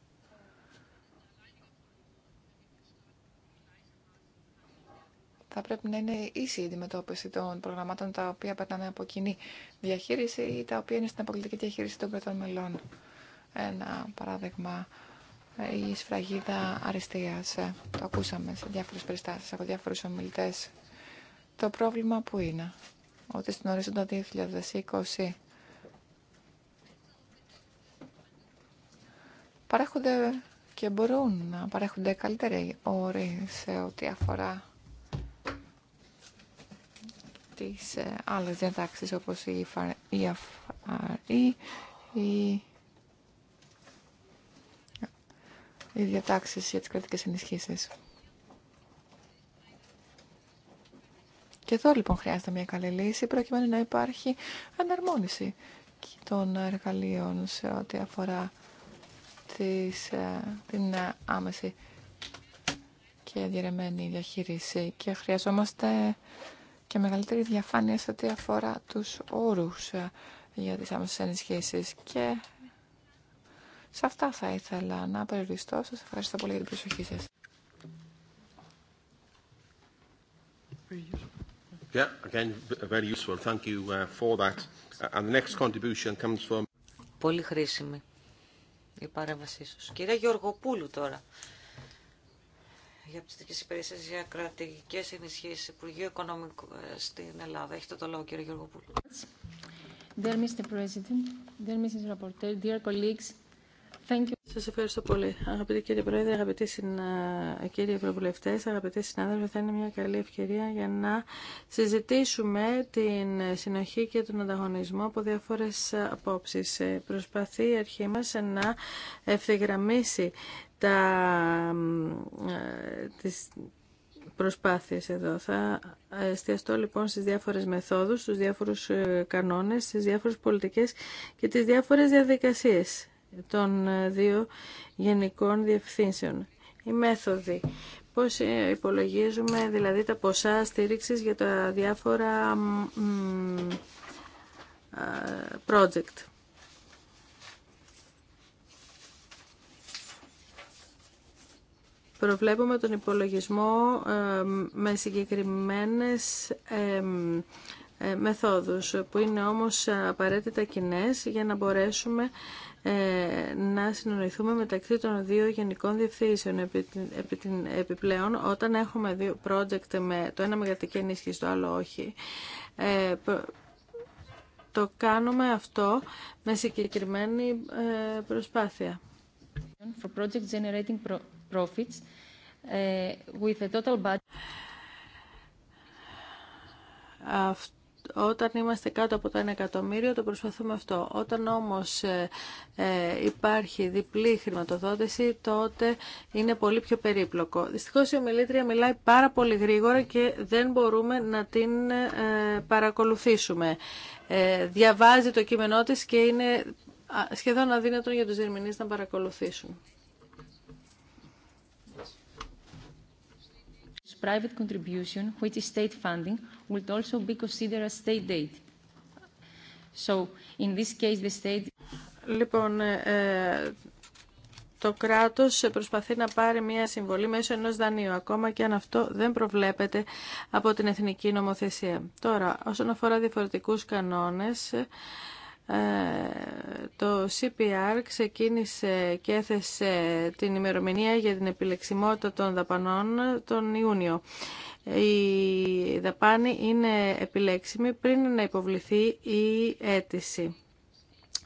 Θα πρέπει να είναι ίση η αντιμετώπιση των προγραμμάτων τα οποία περνάνε από κοινή διαχείριση ή τα οποία είναι στην πολιτική διαχείριση των κρατών μελών. Ένα παράδειγμα, η σφραγίδα αριστείας. Το ακούσαμε σε διάφορες περιστάσεις από διάφορους ομιλητές. Το πρόβλημα που είναι ότι στην αποκλειστικη διαχειριση των κρατων μελων ενα παραδειγμα η σφραγιδα αριστειας το ακουσαμε σε διαφορες περιστασεις απο διαφορους ομιλητες το προβλημα που ειναι οτι στην οριζοντα 2020 παρέχονται και μπορούν να παρέχονται καλύτεροι όροι σε ό,τι αφορά τις ε, άλλες διατάξεις όπως η EFRE, η οι διατάξεις για τις κρατικές ενισχύσεις. Και εδώ λοιπόν χρειάζεται μια καλή λύση προκειμένου να υπάρχει αναρμόνιση των εργαλείων σε ό,τι αφορά της, ε, την ε, άμεση και διαιρεμένη διαχείριση και χρειαζόμαστε και μεγαλύτερη διαφάνεια σε ό,τι αφορά τους όρους ε, για τις άμεσες ενισχύσεις και σε αυτά θα ήθελα να περιοριστώ. Σας ευχαριστώ πολύ για την προσοχή σας. Πολύ χρήσιμη η παρέμβασή σας. Κυρία Γεωργοπούλου τώρα, για πιστικέ υπηρεσίε για κρατικέ ενισχύσει Υπουργείου Οικονομικού ε, στην Ελλάδα. Έχετε το λόγο κύριε Γεωργοπούλου. Dear Mr. President, dear Mrs. Rapporteur, dear colleagues, thank you. Σας ευχαριστώ πολύ. Αγαπητοί κύριε Πρόεδρε, αγαπητοί αγαπητές ε, κύριοι Ευρωβουλευτέ, αγαπητοί συνάδελφοι, θα είναι μια καλή ευκαιρία για να συζητήσουμε την συνοχή και τον ανταγωνισμό από διάφορες απόψεις. Ε, προσπαθεί η αρχή μας να ευθυγραμμίσει τα... Ε, τις προσπάθειες εδώ. Θα εστιαστώ λοιπόν στις διάφορες μεθόδους, στους διάφορους κανόνες, στις διάφορες πολιτικές και τις διάφορες διαδικασίες των ε, δύο γενικών διευθύνσεων. Η μέθοδοι. Πώς ε, υπολογίζουμε δηλαδή τα ποσά στήριξης για τα διάφορα project. Προβλέπουμε τον υπολογισμό ε, με συγκεκριμένες μεθόδους που είναι όμως απαραίτητα κοινέ για να μπορέσουμε ε, να συνοηθούμε μεταξύ των δύο γενικών διευθύνσεων. Επί, επί την, επιπλέον, όταν έχουμε δύο project με το ένα μεγατική ενίσχυση, το άλλο όχι, ε, το κάνουμε αυτό με συγκεκριμένη ε, προσπάθεια. For project generating profits, with a total Αυτό όταν είμαστε κάτω από τα 1 εκατομμύριο το προσπαθούμε αυτό. Όταν όμως ε, ε, υπάρχει διπλή χρηματοδότηση τότε είναι πολύ πιο περίπλοκο. Δυστυχώς η ομιλήτρια μιλάει πάρα πολύ γρήγορα και δεν μπορούμε να την ε, παρακολουθήσουμε. Ε, διαβάζει το κείμενό της και είναι σχεδόν αδύνατον για τους ερμηνείς να παρακολουθήσουν. private contribution, which is state funding, would also be considered as state aid. So, in this case, the state... Λοιπόν, ε, το κράτος προσπαθεί να πάρει μια συμβολή μέσω ενός δανείου, ακόμα και αν αυτό δεν προβλέπεται από την εθνική νομοθεσία. Τώρα, όσον αφορά διαφορετικούς κανόνες, ε, το CPR ξεκίνησε και έθεσε την ημερομηνία για την επιλεξιμότητα των δαπανών τον Ιούνιο. Η δαπάνη είναι επιλέξιμη πριν να υποβληθεί η αίτηση.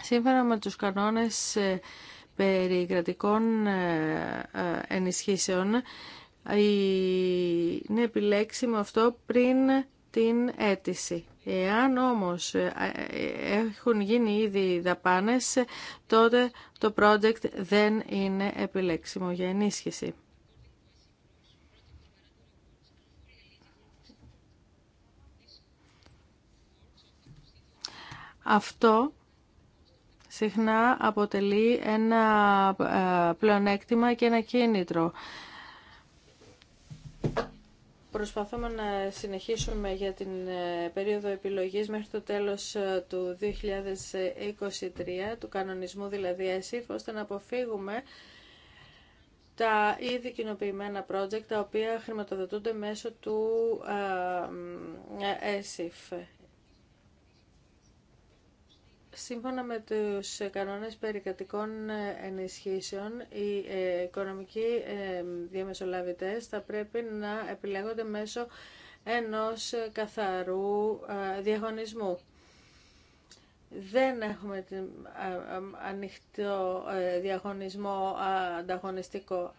Σύμφωνα με τους κανόνες ε, περί κρατικών ε, ενισχύσεων, είναι επιλέξιμο αυτό πριν την αίτηση. Εάν όμως ε, ε, έχουν γίνει ήδη δαπάνες, τότε το project δεν είναι επιλέξιμο για ενίσχυση. Αυτό συχνά αποτελεί ένα ε, πλεονέκτημα και ένα κίνητρο. Προσπαθούμε να συνεχίσουμε για την ε, περίοδο επιλογής μέχρι το τέλος ε, του 2023, του κανονισμού δηλαδή ΕΣΥΦ, ώστε να αποφύγουμε τα ήδη κοινοποιημένα project τα οποία χρηματοδοτούνται μέσω του ε, ΕΣΥΦ. Σύμφωνα με τους κανόνες περικατικών ε, ενισχύσεων, οι ε, οικονομικοί ε, διαμεσολαβητές θα πρέπει να επιλέγονται μέσω ενός καθαρού διαγωνισμού. Δεν έχουμε ανοιχτό διαγωνισμό ανταγωνιστικό.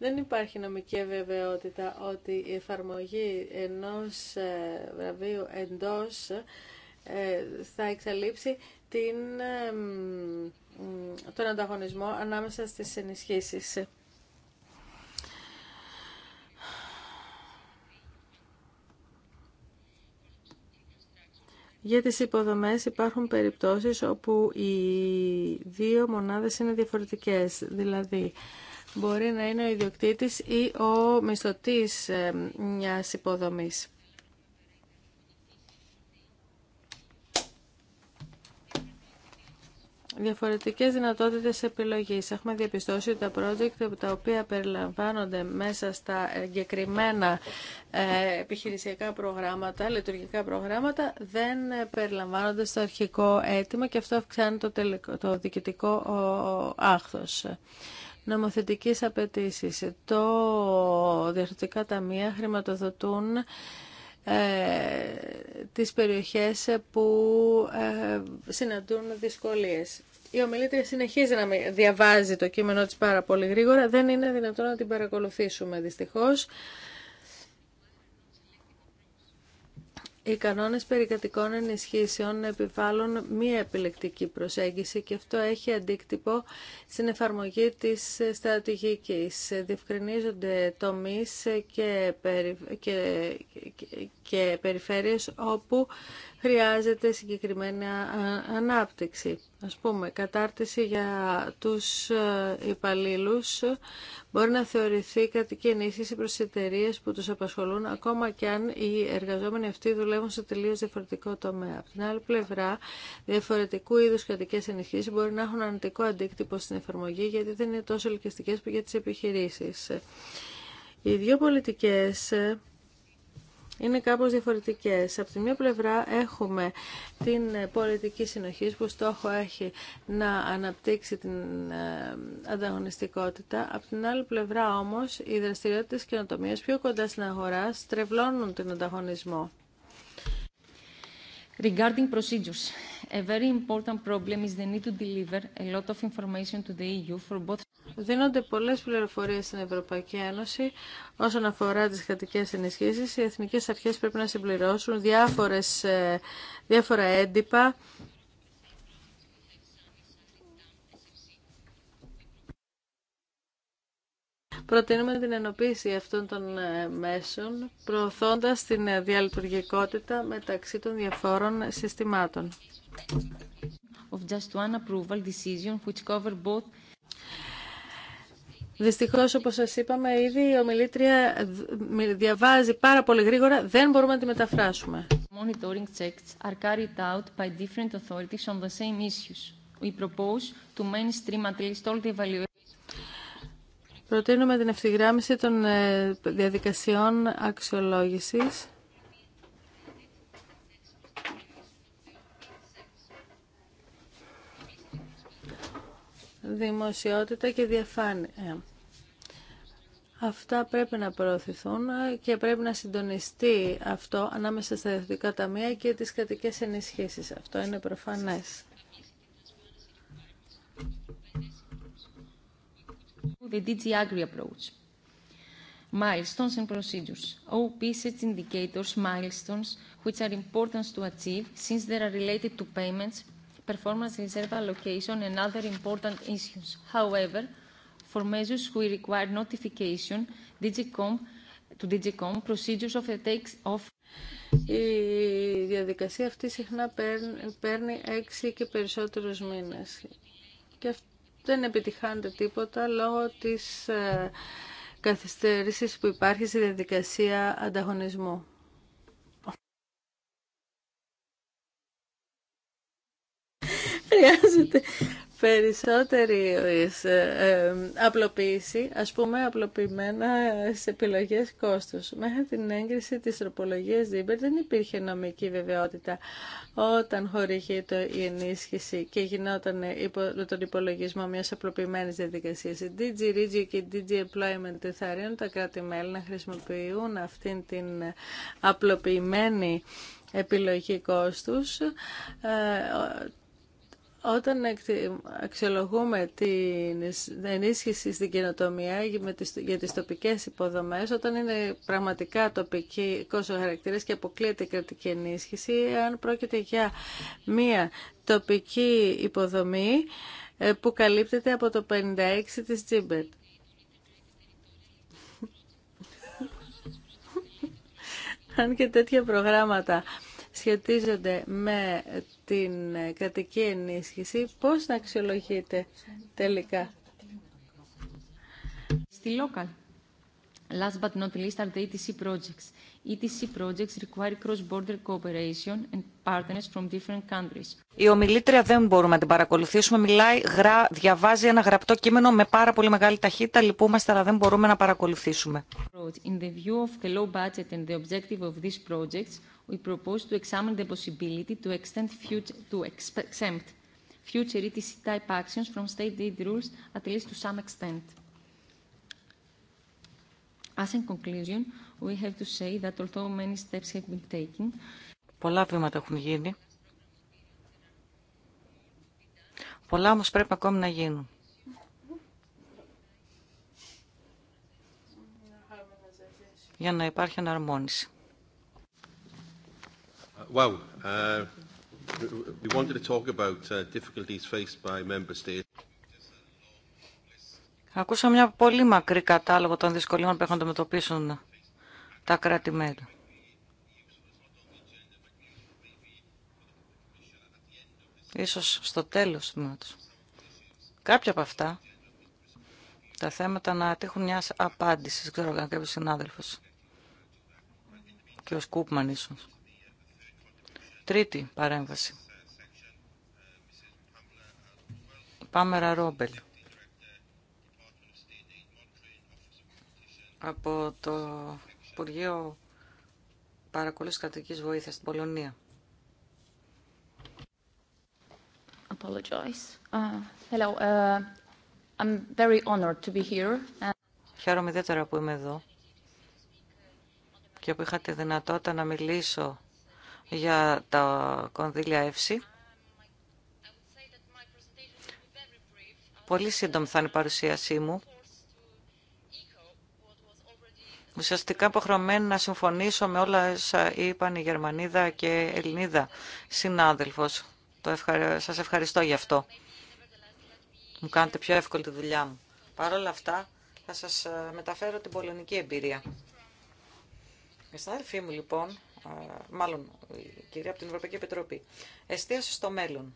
Δεν υπάρχει νομική βεβαιότητα ότι η εφαρμογή ενός ε, βραβείου εντός ε, θα εξαλείψει την, τον ανταγωνισμό ανάμεσα στις ενισχύσεις. Για τις υποδομές υπάρχουν περιπτώσεις όπου οι δύο μονάδες είναι διαφορετικές. Δηλαδή, μπορεί να είναι ο ιδιοκτήτης ή ο μισθωτής ε, μιας υποδομής. Διαφορετικές δυνατότητες επιλογής. Έχουμε διαπιστώσει ότι τα project τα οποία περιλαμβάνονται μέσα στα εγκεκριμένα ε, επιχειρησιακά προγράμματα, λειτουργικά προγράμματα, δεν περιλαμβάνονται στο αρχικό αίτημα και αυτό αυξάνει το, τελικό, το διοικητικό άχθος νομοθετικής απαιτήσεις. Το διαρθρωτικά ταμεία χρηματοδοτούν ε, τις περιοχές που ε, συναντούν δυσκολίες. Η ομιλήτρια συνεχίζει να διαβάζει το κείμενό της πάρα πολύ γρήγορα. Δεν είναι δυνατόν να την παρακολουθήσουμε δυστυχώς. Οι κανόνες περικατικών ενισχύσεων επιβάλλουν μία επιλεκτική προσέγγιση και αυτό έχει αντίκτυπο στην εφαρμογή της στρατηγικής. Διευκρινίζονται τομείς και, περιφέρειες όπου χρειάζεται συγκεκριμένη ανάπτυξη. Ας πούμε, κατάρτιση για τους ε, υπαλλήλους μπορεί να θεωρηθεί κατοική ενίσχυση προς εταιρείε που τους απασχολούν, ακόμα και αν οι εργαζόμενοι αυτοί δουλεύουν σε τελείως διαφορετικό τομέα. Από την άλλη πλευρά, διαφορετικού είδους κρατικές ενισχύσεις μπορεί να έχουν αρνητικό αντίκτυπο στην εφαρμογή, γιατί δεν είναι τόσο ελκυστικές για τις επιχειρήσεις. Οι δύο πολιτικές είναι κάπως διαφορετικές. Από τη μία πλευρά έχουμε την πολιτική συνοχή που στόχο έχει να αναπτύξει την ε, ανταγωνιστικότητα. Από την άλλη πλευρά όμως οι δραστηριότητες καινοτομία πιο κοντά στην αγορά στρεβλώνουν τον ανταγωνισμό. Regarding procedures, a very important problem is the need to deliver a lot of information to the EU for both Δίνονται πολλές πληροφορίες στην Ευρωπαϊκή Ένωση όσον αφορά τις κρατικές ενισχύσεις. Οι εθνικές αρχές πρέπει να συμπληρώσουν διάφορες, ε, διάφορα έντυπα Προτείνουμε την ενοποίηση αυτών των ε, μέσων, προωθώντας την ε, διαλειτουργικότητα μεταξύ των διαφόρων συστημάτων. Of just one approval decision which cover both... Δυστυχώς, όπως σας είπαμε, ήδη η ομιλήτρια διαβάζει πάρα πολύ γρήγορα, δεν μπορούμε να τη μεταφράσουμε. Monitoring checks are carried out by different authorities on the same issues. We propose to mainstream at least all the evaluations. Προτείνουμε την ευθυγράμμιση των ε, διαδικασιών αξιολόγησης δημοσιότητα και διαφάνεια. Αυτά πρέπει να προωθηθούν και πρέπει να συντονιστεί αυτό ανάμεσα στα ιδιωτικά ταμεία και τις κρατικές ενισχύσεις. Αυτό είναι προφανές. The DG Agri approach. Milestones and procedures. OP sets indicators, milestones, which are important to achieve since they are related to payments performance reserve allocation and other important issues. However, for measures which require notification, DGCOM, to DGCOM, procedures of the takes off. Η διαδικασία αυτή συχνά παίρνει έξι και περισσότερους μήνες. Και δεν επιτυχάνεται τίποτα λόγω της ε, καθυστέρησης που υπάρχει στη διαδικασία ανταγωνισμού. χρειάζεται περισσότερη ε, ε, απλοποίηση, ας πούμε απλοποιημένα σε επιλογές κόστους. Μέχρι την έγκριση της τροπολογίας Δίμπερ δεν υπήρχε νομική βεβαιότητα όταν χορηγείται η ενίσχυση και γινόταν υπο, τον υπολογισμό μιας απλοποιημένης διαδικασίας. Η DG Regio και η DG Employment θα τα κράτη-μέλη να χρησιμοποιούν αυτήν την απλοποιημένη επιλογή κόστους ε, όταν αξιολογούμε την ενίσχυση στην καινοτομία για τις τοπικές υποδομές, όταν είναι πραγματικά τοπική κόσμο χαρακτήρες και αποκλείεται η κρατική ενίσχυση, αν πρόκειται για μία τοπική υποδομή ε, που καλύπτεται από το 56 της Τζίμπετ. Αν και τέτοια προγράμματα σχετίζονται με την κρατική ενίσχυση, πώς να αξιολογείτε τελικά. Στη local. Last but not least are the ETC projects. ETC projects require cross-border cooperation and partners from different countries. Η ομιλήτρια δεν μπορούμε να την παρακολουθήσουμε. Μιλάει, γρα, διαβάζει ένα γραπτό κείμενο με πάρα πολύ μεγάλη ταχύτητα. Λυπούμαστε, αλλά δεν μπορούμε να παρακολουθήσουμε. In the view of the low budget and the objective of these projects, we propose to examine the possibility to extend future, to exempt future ETC type actions from state aid rules at least to some extent. As in conclusion, we have to say that although many steps have been taken, Πολλά βήματα έχουν γίνει. Πολλά όμως πρέπει ακόμη να γίνουν. για να υπάρχει αναρμόνιση. Wow. Uh, we wanted to talk about uh, difficulties faced by member states. Ακούσαμε μια πολύ μακρή κατάλογο των δυσκολιών που έχουν αντιμετωπίσουν τα κράτη-μέλη. Ίσως στο τέλος του μάτους. Κάποια από αυτά τα θέματα να τύχουν μια απάντηση, ξέρω αν κάποιο συνάδελφο. Και ο Σκούπμαν ίσως. Τρίτη παρέμβαση. Πάμερα Ρόμπελ. Από το Υπουργείο Παρακολούθηση Κατοική Βοήθεια στην Πολωνία. Uh, uh, Χαίρομαι ιδιαίτερα που είμαι εδώ και που είχα τη δυνατότητα να μιλήσω για τα κονδύλια εύση. Πολύ σύντομη θα είναι η παρουσίασή μου. Ουσιαστικά υποχρεωμένη να συμφωνήσω με όλα όσα είπαν η Γερμανίδα και η Ελληνίδα συνάδελφος. Το ευχαρι... Σας ευχαριστώ γι' αυτό. Μου κάνετε πιο εύκολη τη δουλειά μου. Παρ' όλα αυτά θα σας ε, μεταφέρω την πολωνική εμπειρία. Οι συνάδελφοί μου λοιπόν μάλλον η κυρία από την Ευρωπαϊκή Επιτροπή. Εστίαση στο μέλλον.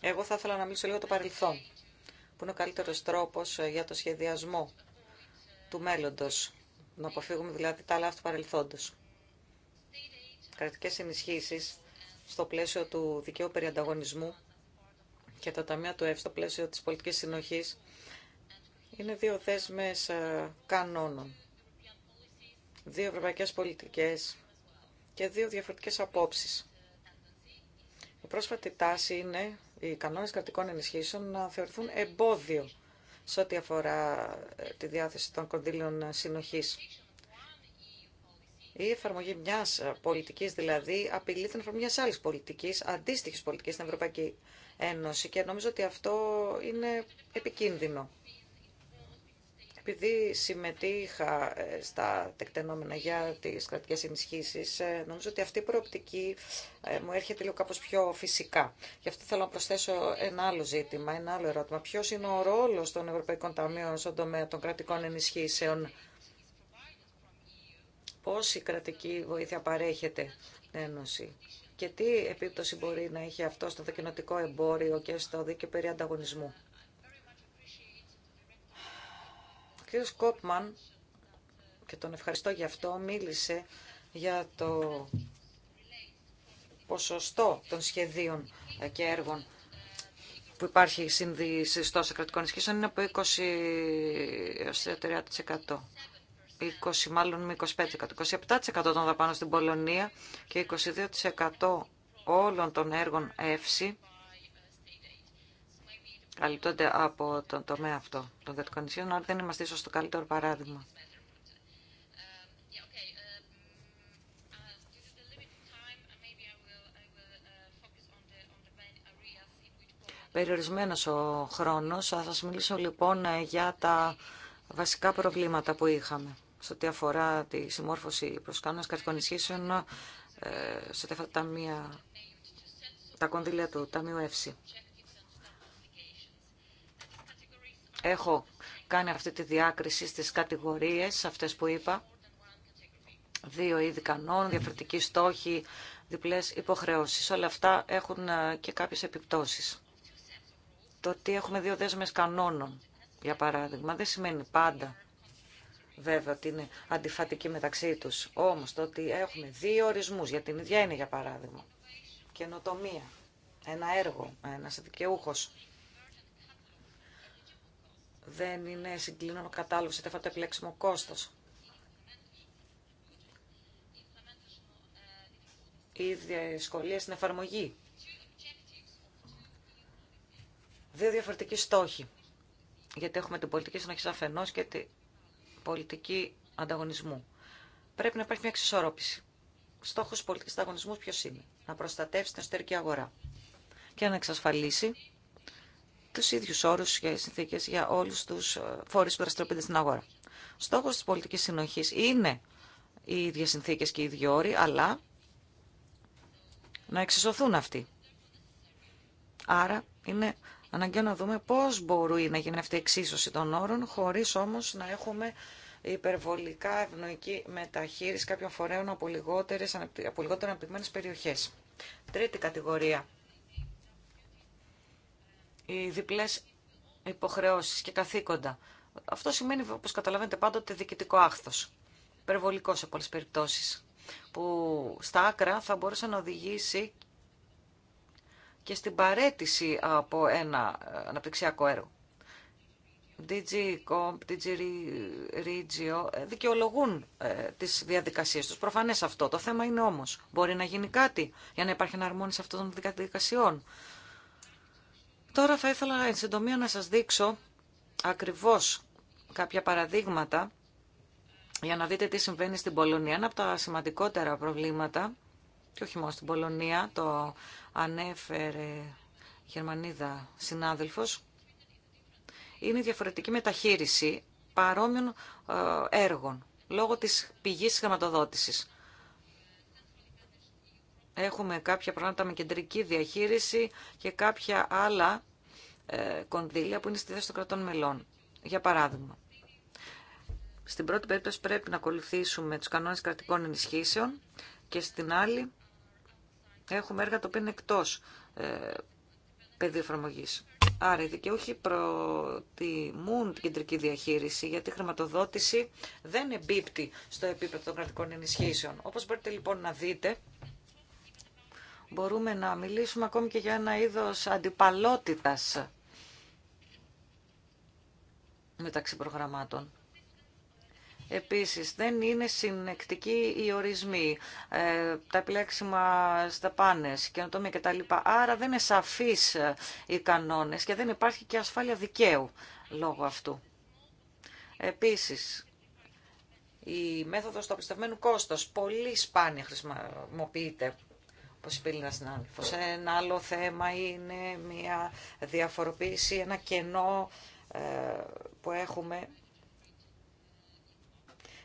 Εγώ θα ήθελα να μιλήσω λίγο το παρελθόν, που είναι ο καλύτερος τρόπος ε, για το σχεδιασμό του μέλλοντος, να αποφύγουμε δηλαδή τα λάθη του παρελθόντος. Κρατικές ενισχύσεις στο πλαίσιο του δικαίου περιανταγωνισμού και τα ταμεία του ΕΦ ΕΕ στο πλαίσιο της πολιτικής συνοχής είναι δύο δέσμες ε, κανόνων δύο ευρωπαϊκές πολιτικές και δύο διαφορετικές απόψεις. Η πρόσφατη τάση είναι οι κανόνες κρατικών ενισχύσεων να θεωρηθούν εμπόδιο σε ό,τι αφορά ε, τη διάθεση των κονδύλων ε, συνοχής. Η εφαρμογή μια ε, πολιτική δηλαδή απειλεί την εφαρμογή μια άλλη πολιτική, αντίστοιχη πολιτική στην Ευρωπαϊκή Ένωση και νομίζω ότι αυτό είναι επικίνδυνο επειδή συμμετείχα ε, στα τεκτενόμενα για τις κρατικές ενισχύσεις, ε, νομίζω ότι αυτή η προοπτική ε, μου έρχεται λίγο κάπως πιο φυσικά. Γι' αυτό θέλω να προσθέσω ένα άλλο ζήτημα, ένα άλλο ερώτημα. Ποιος είναι ο ρόλος των Ευρωπαϊκών Ταμείων στον τομέα των κρατικών ενισχύσεων, πόση κρατική βοήθεια παρέχεται την Ένωση και τι επίπτωση μπορεί να έχει αυτό στο δοκινοτικό εμπόριο και στο δίκαιο περί ανταγωνισμού. κ. Κόπμαν, και τον ευχαριστώ για αυτό, μίλησε για το ποσοστό των σχεδίων και έργων που υπάρχει συνδύση τόσο κρατικών ισχύσεων είναι από 20 30%. 20 μάλλον με 25%. 27% των δαπάνων στην Πολωνία και 22% όλων των έργων έύση καλυπτώνται από το τομέα αυτό των κρατικών νησιών, αλλά δεν είμαστε ίσως το καλύτερο παράδειγμα. Περιορισμένος ο χρόνος. Θα σας μιλήσω λοιπόν για τα βασικά προβλήματα που είχαμε σε ό,τι αφορά τη συμμόρφωση προς κανόνες ε, σε τα ταμεία, τα κονδύλια του Ταμείου ΕΦΣΥ. έχω κάνει αυτή τη διάκριση στις κατηγορίες αυτές που είπα. Δύο είδη κανόν, διαφορετικοί στόχοι, διπλές υποχρεώσεις. Όλα αυτά έχουν ε, και κάποιες επιπτώσεις. Το ότι έχουμε δύο δέσμες κανόνων, για παράδειγμα, δεν σημαίνει πάντα βέβαια ότι είναι αντιφατική μεταξύ τους. Όμως το ότι έχουμε δύο ορισμούς για την ίδια είναι για παράδειγμα. Καινοτομία, ένα έργο, ένας δικαιούχος δεν είναι συγκλίνων κατάλογο σε αυτό το επιλέξιμο κόστος. Η σχολεία στην εφαρμογή. Δύο διαφορετικοί στόχοι. Γιατί έχουμε την πολιτική συνοχή αφενό και την πολιτική ανταγωνισμού. Πρέπει να υπάρχει μια εξισορρόπηση. Στόχο πολιτική ανταγωνισμού ποιο είναι, να προστατεύσει την εσωτερική αγορά και να εξασφαλίσει του ίδιου όρου και συνθήκε για όλους τους ε, φορείς που δραστηριοποιούνται στην αγορά. Στόχος της πολιτικής συνοχή είναι οι ίδιε συνθήκες και οι ίδιοι όροι, αλλά να εξισωθούν αυτοί. Άρα είναι αναγκαίο να δούμε πώς μπορεί να γίνει αυτή η εξίσωση των όρων, χωρίς όμως να έχουμε υπερβολικά ευνοϊκή μεταχείριση κάποιων φορέων από, λιγότερες, αναπτυγμένε Τρίτη κατηγορία οι διπλές υποχρεώσεις και καθήκοντα. Αυτό σημαίνει, όπως καταλαβαίνετε, πάντοτε διοικητικό άχθος, Περιβολικό σε πολλές περιπτώσεις, που στα άκρα θα μπορούσε να οδηγήσει και στην παρέτηση από ένα αναπτυξιακό έργο. DG Comp, DG Regio ε, δικαιολογούν ε, τις διαδικασίες τους. Προφανές αυτό. Το θέμα είναι όμως, μπορεί να γίνει κάτι για να υπάρχει εναρμόνιση αυτών των διαδικασιών. Τώρα θα ήθελα εν συντομία να σας δείξω ακριβώς κάποια παραδείγματα για να δείτε τι συμβαίνει στην Πολωνία. Ένα από τα σημαντικότερα προβλήματα, και όχι μόνο στην Πολωνία, το ανέφερε η Γερμανίδα συνάδελφος, είναι η διαφορετική μεταχείριση παρόμοιων ε, έργων λόγω της πηγής χρηματοδότησης. Έχουμε κάποια πράγματα με κεντρική διαχείριση και κάποια άλλα ε, κονδύλια που είναι στη θέση των κρατών μελών. Για παράδειγμα, στην πρώτη περίπτωση πρέπει να ακολουθήσουμε τους κανόνες κρατικών ενισχύσεων και στην άλλη έχουμε έργα τα οποία είναι εκτός ε, πεδίου εφαρμογή. Άρα οι δικαιούχοι προτιμούν την κεντρική διαχείριση γιατί η χρηματοδότηση δεν εμπίπτει στο επίπεδο των κρατικών ενισχύσεων. Όπως μπορείτε λοιπόν να δείτε μπορούμε να μιλήσουμε ακόμη και για ένα είδος αντιπαλότητας μεταξύ προγραμμάτων. Επίσης, δεν είναι συνεκτικοί οι ορισμοί, ε, τα επιλέξιμα στα πάνες, καινοτομία κτλ. Άρα δεν είναι σαφείς οι κανόνες και δεν υπάρχει και ασφάλεια δικαίου λόγω αυτού. Επίσης, η μέθοδος του απιστευμένου κόστος πολύ σπάνια χρησιμοποιείται όπως είπε Ένα άλλο θέμα είναι μια διαφοροποίηση, ένα κενό ε, που έχουμε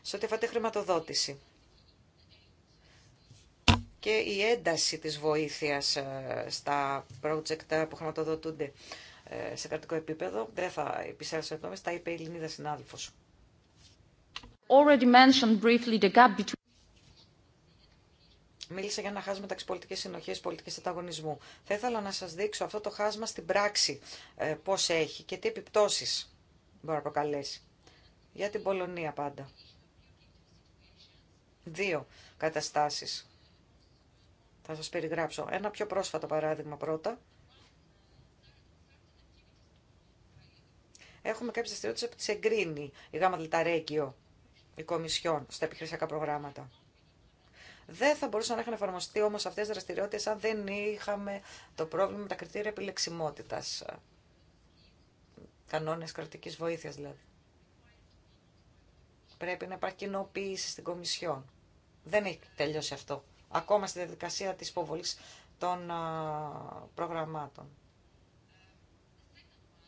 σε ό,τι αφορά τη χρηματοδότηση και η ένταση της βοήθειας ε, στα project που χρηματοδοτούνται ε, σε κρατικό επίπεδο. Δεν θα επισέλθω σε τα είπε η Ελληνίδα συνάδελφος. Already mentioned briefly the gap between... Μίλησε για ένα χάσμα μεταξύ πολιτική συνοχή και πολιτική ανταγωνισμού. Θα ήθελα να σα δείξω αυτό το χάσμα στην πράξη ε, πώ έχει και τι επιπτώσει μπορεί να προκαλέσει. Για την Πολωνία πάντα. Δύο καταστάσεις. Θα σας περιγράψω. Ένα πιο πρόσφατο παράδειγμα πρώτα. Έχουμε κάποιε δραστηριότητε που τις εγκρίνει η ΓΑΜΑ η Κομισιόν, στα επιχειρησιακά προγράμματα. Δεν θα μπορούσαν να είχαν εφαρμοστεί όμω αυτέ τι δραστηριότητε αν δεν είχαμε το πρόβλημα με τα κριτήρια επιλεξιμότητα. Κανόνε κρατική βοήθεια δηλαδή. Πρέπει να υπάρχει κοινοποίηση στην Κομισιόν. Δεν έχει τελειώσει αυτό. Ακόμα στη διαδικασία της υποβολή των προγραμμάτων.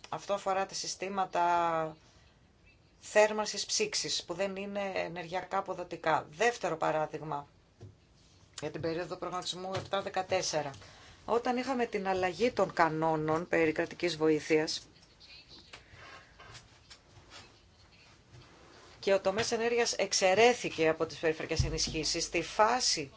Αυτό αφορά τα συστήματα θέρμανσης ψήξης που δεν είναι ενεργειακά αποδοτικά. Δεύτερο παράδειγμα για την περίοδο προγραμματισμού 7-14. Όταν είχαμε την αλλαγή των κανόνων περί κρατικής βοήθειας και ο τομέας ενέργειας εξαιρέθηκε από τις περιφερειακές ενισχύσεις, στη φάση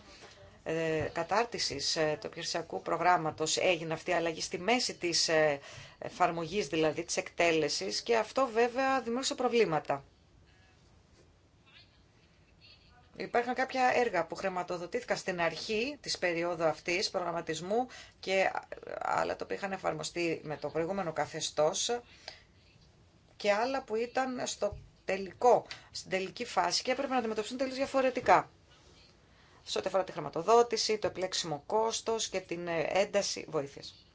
ε, κατάρτισης ε, του επιχειρησιακού προγράμματος έγινε αυτή η αλλαγή στη μέση της ε, εφαρμογής δηλαδή της εκτέλεσης και αυτό βέβαια δημιούργησε προβλήματα. Υπάρχουν κάποια έργα που χρηματοδοτήθηκαν στην αρχή της περίοδου αυτής προγραμματισμού και άλλα τα οποία είχαν εφαρμοστεί με το προηγούμενο καθεστώς και άλλα που ήταν στο τελικό, στην τελική φάση και έπρεπε να αντιμετωπιστούν τελείως διαφορετικά. Σε ό,τι αφορά τη χρηματοδότηση, το επιλέξιμο κόστος και την ένταση βοήθειας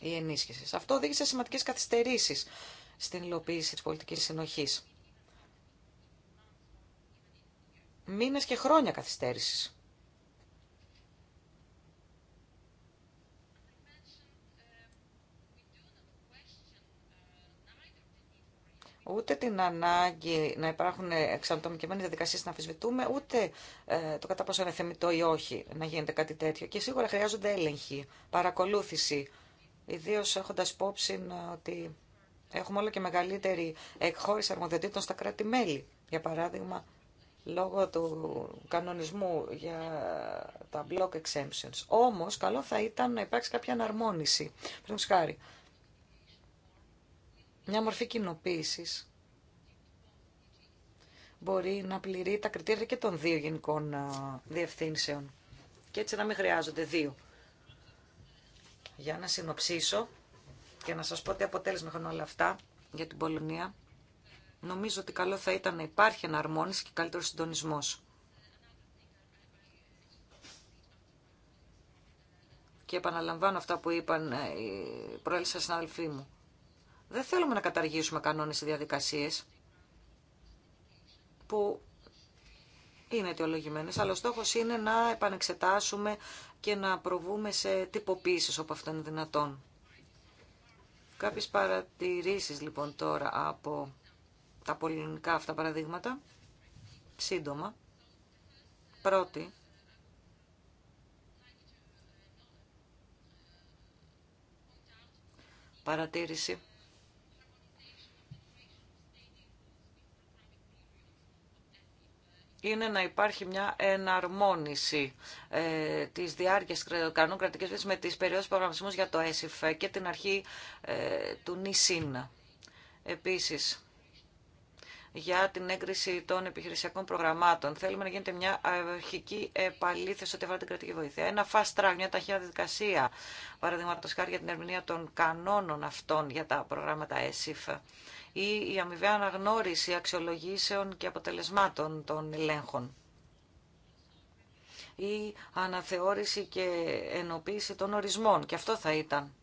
ή ενίσχυση. Αυτό οδήγησε σε σημαντικές καθυστερήσεις στην υλοποίηση της πολιτικής συνοχής. μήνες και χρόνια καθυστέρησης. ούτε την ανάγκη να υπάρχουν εξατομικευμένε διαδικασίε να αφισβητούμε, ούτε ε, το κατά πόσο είναι θεμητό ή όχι να γίνεται κάτι τέτοιο. Και σίγουρα χρειάζονται έλεγχοι, παρακολούθηση, ιδίω έχοντα υπόψη ότι έχουμε όλο και μεγαλύτερη εκχώρηση αρμοδιοτήτων στα κράτη-μέλη. Για παράδειγμα, λόγω του κανονισμού για τα block exemptions. Όμως, καλό θα ήταν να υπάρξει κάποια αναρμόνιση. Πρέπει μια μορφή κοινοποίηση μπορεί να πληρεί τα κριτήρια και των δύο γενικών διευθύνσεων. Και έτσι να μην χρειάζονται δύο. Για να συνοψίσω και να σας πω τι αποτέλεσμα έχουν όλα αυτά για την Πολωνία. Νομίζω ότι καλό θα ήταν να υπάρχει εναρμόνιση και καλύτερο συντονισμό. Και επαναλαμβάνω αυτά που είπαν ε, οι προέλισσα συναδελφοί μου. Δεν θέλουμε να καταργήσουμε κανόνες και διαδικασίες που είναι αιτιολογημένες, αλλά ο στόχος είναι να επανεξετάσουμε και να προβούμε σε τυποποίησεις όπου αυτό είναι δυνατόν. Κάποιες παρατηρήσεις λοιπόν τώρα από τα πολυελληνικά αυτά παραδείγματα, σύντομα. Πρώτη, παρατήρηση. είναι να υπάρχει μια εναρμόνιση ε, τη διάρκεια κανόνων κρατική με τι περιόδου προγραμματισμού για το ΕΣΥΦ και την αρχή ε, του ΝΙΣΥΝ. Επίσης, για την έγκριση των επιχειρησιακών προγραμμάτων. Θέλουμε να γίνεται μια αρχική επαλήθευση ό,τι αφορά την κρατική βοήθεια. Ένα fast track, μια ταχεία διαδικασία, παραδείγματο χάρη για την ερμηνεία των κανόνων αυτών για τα προγράμματα ESIF ή η αμοιβαία αναγνώριση αξιολογήσεων και αποτελεσμάτων των ελέγχων ή αναθεώρηση και ενοποίηση των ορισμών. Και αυτό θα ήταν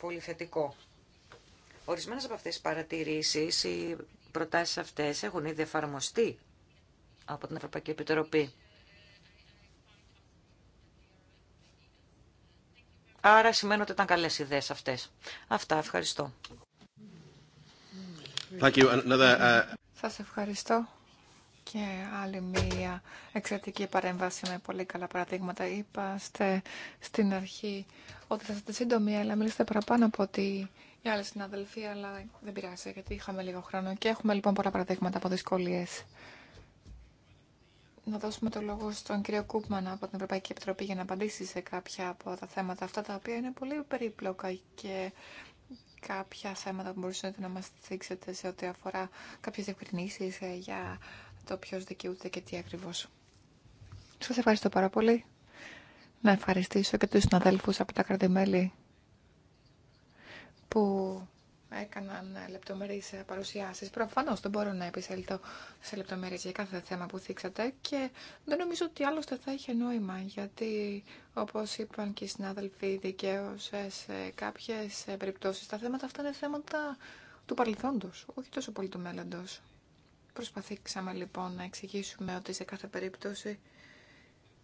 πολύ θετικό. Ορισμένες από αυτές τις παρατηρήσεις, οι προτάσεις αυτές έχουν ήδη εφαρμοστεί από την Ευρωπαϊκή Επιτροπή. Άρα σημαίνει ότι ήταν καλές ιδέες αυτές. Αυτά, ευχαριστώ. Thank you. Another, uh... Σας ευχαριστώ και άλλη μία εξαιρετική παρέμβαση με πολύ καλά παραδείγματα. Είπαστε στην αρχή ότι θα είστε σύντομοι, αλλά μιλήσατε παραπάνω από ότι τη για άλλε συναδελφοί, αλλά δεν πειράζει γιατί είχαμε λίγο χρόνο και έχουμε λοιπόν πολλά παραδείγματα από δυσκολίε. Να δώσουμε το λόγο στον κύριο Κούπμαν από την Ευρωπαϊκή Επιτροπή για να απαντήσει σε κάποια από τα θέματα αυτά, τα οποία είναι πολύ περίπλοκα και κάποια θέματα που μπορούσατε να μας δείξετε σε ό,τι αφορά κάποιες διευκρινήσεις ε, για το ποιο δικαιούται και τι ακριβώς. Σας ευχαριστώ πάρα πολύ. Να ευχαριστήσω και τους συναδέλφους από τα κρατημέλη που έκαναν λεπτομερείς παρουσιάσεις. Προφανώς δεν μπορώ να επισέλθω σε λεπτομερείς για κάθε θέμα που θίξατε και δεν νομίζω ότι άλλωστε θα είχε νόημα γιατί όπως είπαν και οι συνάδελφοι δικαίω σε κάποιες περιπτώσεις τα θέματα αυτά είναι θέματα του παρελθόντος, όχι τόσο πολύ του μέλλοντος. Προσπαθήσαμε λοιπόν να εξηγήσουμε ότι σε κάθε περίπτωση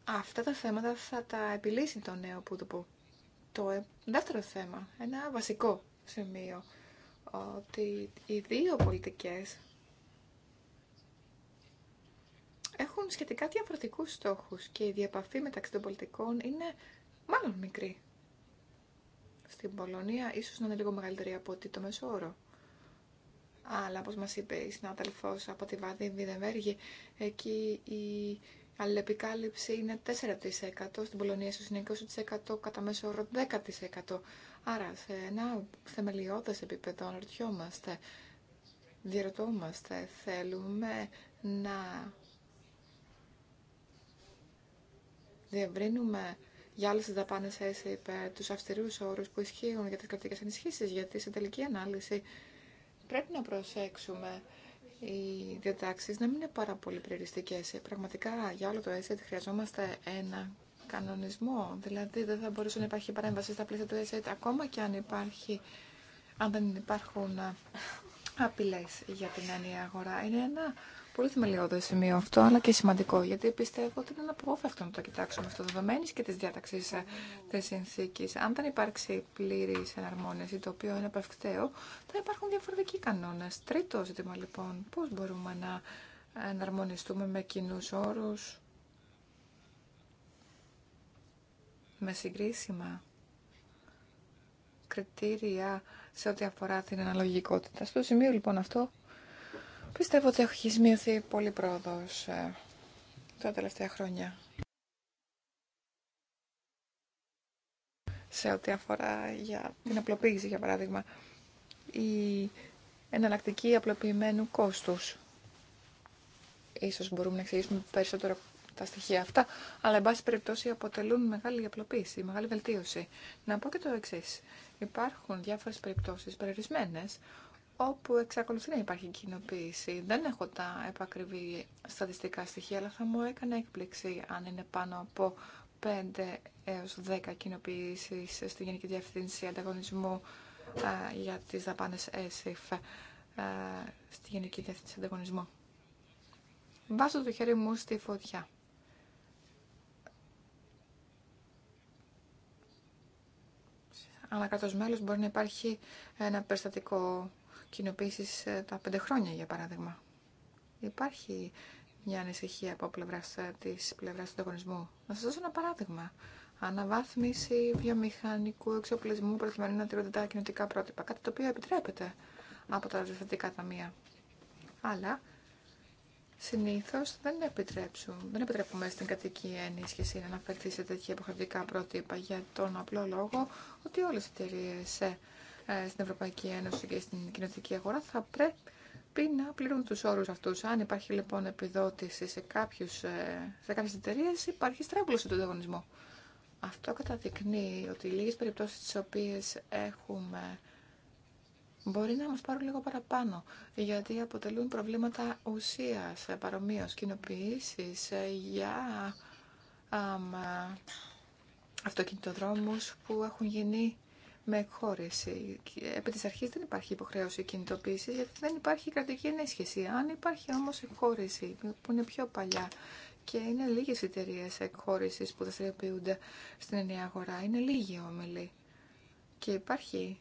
αυτά τα θέματα θα τα επιλύσει το νέο που το Το ε, δεύτερο θέμα, ένα βασικό σημείο ότι οι δύο πολιτικές έχουν σχετικά διαφορετικούς στόχους και η διαπαφή μεταξύ των πολιτικών είναι μάλλον μικρή. Στην Πολωνία ίσως να είναι λίγο μεγαλύτερη από ότι το Μεσόωρο. Αλλά όπως μας είπε η συνάδελφος από τη Βάδη Δεμέργη, εκεί η αλληλεπικάλυψη είναι 4%, στην Πολωνία ίσως είναι 20%, κατά μέσο όρο 10%. Άρα σε ένα θεμελιώδες επίπεδο αναρωτιόμαστε, διαρωτόμαστε, θέλουμε να διευρύνουμε για άλλε δαπάνε έτσι υπέρ του αυστηρού όρου που ισχύουν για τι κρατικέ ενισχύσει, γιατί σε τελική ανάλυση πρέπει να προσέξουμε οι διατάξει να μην είναι πάρα πολύ περιοριστικέ. Πραγματικά για όλο το asset χρειαζόμαστε ένα κανονισμό. Δηλαδή δεν θα μπορούσε να υπάρχει παρέμβαση στα πλαίσια του asset ακόμα και αν, υπάρχει, αν δεν υπάρχουν απειλέ για την έννοια αγορά. Είναι ένα Πολύ θεμελιώδη σημείο αυτό, αλλά και σημαντικό, γιατί πιστεύω ότι είναι αναπόφευκτο να το κοιτάξουμε αυτό δεδομένη και τη διάταξη ε, τη συνθήκη. Αν δεν υπάρξει πλήρη εναρμόνιση, το οποίο είναι απευκταίο, θα υπάρχουν διαφορετικοί κανόνε. Τρίτο ζήτημα, λοιπόν, πώ μπορούμε να εναρμονιστούμε με κοινού όρου, με συγκρίσιμα κριτήρια σε ό,τι αφορά την αναλογικότητα. Στο σημείο λοιπόν αυτό Πιστεύω ότι έχει σημειωθεί πολύ πρόοδος ε, τα τελευταία χρόνια. Σε ό,τι αφορά για την απλοποίηση, για παράδειγμα, η εναλλακτική απλοποιημένου κόστους. Ίσως μπορούμε να εξηγήσουμε περισσότερο τα στοιχεία αυτά, αλλά εν πάση περιπτώσει αποτελούν μεγάλη απλοποίηση, μεγάλη βελτίωση. Να πω και το εξή. Υπάρχουν διάφορες περιπτώσεις περιορισμένες όπου εξακολουθεί να υπάρχει κοινοποίηση. Δεν έχω τα επακριβή στατιστικά στοιχεία, αλλά θα μου έκανε έκπληξη αν είναι πάνω από 5 έως 10 κοινοποιήσει στη Γενική Διευθύνση Ανταγωνισμού ε, για τις δαπάνες ΕΣΥΦ ε, στη Γενική Διεύθυνση Ανταγωνισμού. Βάζω το χέρι μου στη φωτιά. Αλλά μέλος μπορεί να υπάρχει ένα περιστατικό κοινοποίησης ε, τα πέντε χρόνια, για παράδειγμα. Υπάρχει μια ανησυχία από πλευρά ε, τη πλευρά του ανταγωνισμού. Να σα δώσω ένα παράδειγμα. Αναβάθμιση βιομηχανικού εξοπλισμού προκειμένου να τηρούνται τα κοινωτικά πρότυπα. Κάτι το οποίο επιτρέπεται από τα διευθυντικά ταμεία. Αλλά συνήθω δεν επιτρέψουν, δεν επιτρέπουμε στην κατοικία ενίσχυση να αναφερθεί σε τέτοια υποχρεωτικά πρότυπα για τον απλό λόγο ότι όλε οι εταιρείε ε, ε, στην Ευρωπαϊκή Ένωση και στην κοινωτική αγορά θα πρέπει να πληρούν τους όρους αυτούς. Αν υπάρχει λοιπόν επιδότηση σε, κάποιους, ε, σε κάποιες εταιρείε, υπάρχει στρέβλωση του ανταγωνισμού. Αυτό καταδεικνύει ότι οι λίγες περιπτώσεις τις οποίες έχουμε μπορεί να μας πάρουν λίγο παραπάνω, γιατί αποτελούν προβλήματα ουσίας, ε, παρομοίως, κοινοποιήσεις για αμ, αυτοκινητοδρόμους που έχουν γίνει με εκχώρηση. Επί της αρχής δεν υπάρχει υποχρέωση κινητοποίηση γιατί δεν υπάρχει κρατική ενίσχυση. Αν υπάρχει όμως εκχώρηση που είναι πιο παλιά και είναι λίγες εταιρείε εκχώρηση που δραστηριοποιούνται στην ενιαία αγορά, είναι λίγοι όμιλοι και υπάρχει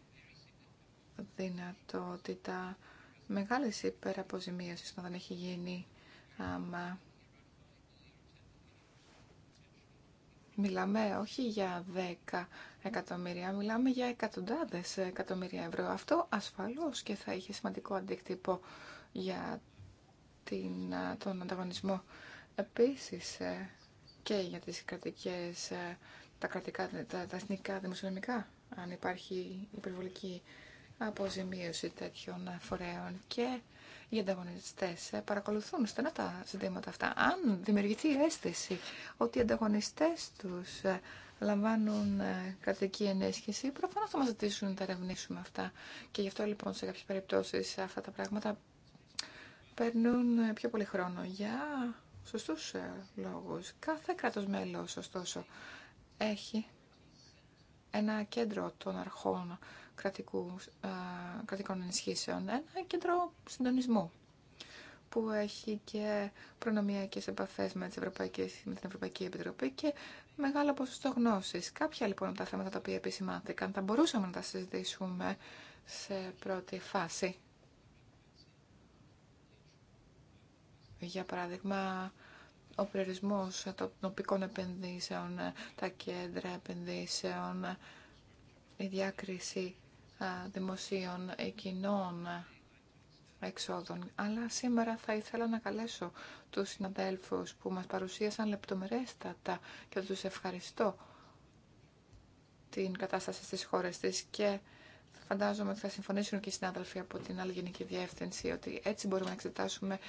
δυνατότητα μεγάλης υπέραποζημίωση όταν έχει γίνει άμα Μιλάμε όχι για 10 εκατομμύρια, μιλάμε για εκατοντάδες εκατομμύρια ευρώ. Αυτό ασφαλώς και θα είχε σημαντικό αντίκτυπο για την, τον ανταγωνισμό. Επίσης ε, και για τις κρατικές, ε, τα, κρατικά, τα, τα εθνικά δημοσιονομικά, αν υπάρχει υπερβολική αποζημίωση τέτοιων φορέων και οι ανταγωνιστέ ε, παρακολουθούν στενά τα ζητήματα αυτά. Αν δημιουργηθεί η αίσθηση ότι οι ανταγωνιστέ του ε, λαμβάνουν ε, κρατική ενέσχυση, προφανώ θα μα ζητήσουν να τα ερευνήσουμε αυτά. Και γι' αυτό λοιπόν σε κάποιε περιπτώσει αυτά τα πράγματα παίρνουν πιο πολύ χρόνο για σωστού λόγου. Κάθε κράτο μέλο, ωστόσο, έχει ένα κέντρο των αρχών κρατικού, κρατικών ενισχύσεων. Ένα κέντρο συντονισμού που έχει και προνομιακές επαφές με, τις με την Ευρωπαϊκή Επιτροπή και μεγάλο ποσοστό γνώσης. Κάποια λοιπόν από τα θέματα τα οποία επισημάνθηκαν θα μπορούσαμε να τα συζητήσουμε σε πρώτη φάση. Για παράδειγμα, ο περιορισμός των τοπικών επενδύσεων, τα κέντρα επενδύσεων, η διάκριση δημοσίων ε, κοινών ε, εξόδων. Αλλά σήμερα θα ήθελα να καλέσω τους συναδέλφους που μας παρουσίασαν λεπτομερέστατα και τους ευχαριστώ την κατάσταση στις χώρες της και φαντάζομαι ότι θα συμφωνήσουν και οι συνάδελφοι από την άλλη Γενική Διεύθυνση ότι έτσι μπορούμε να εξετάσουμε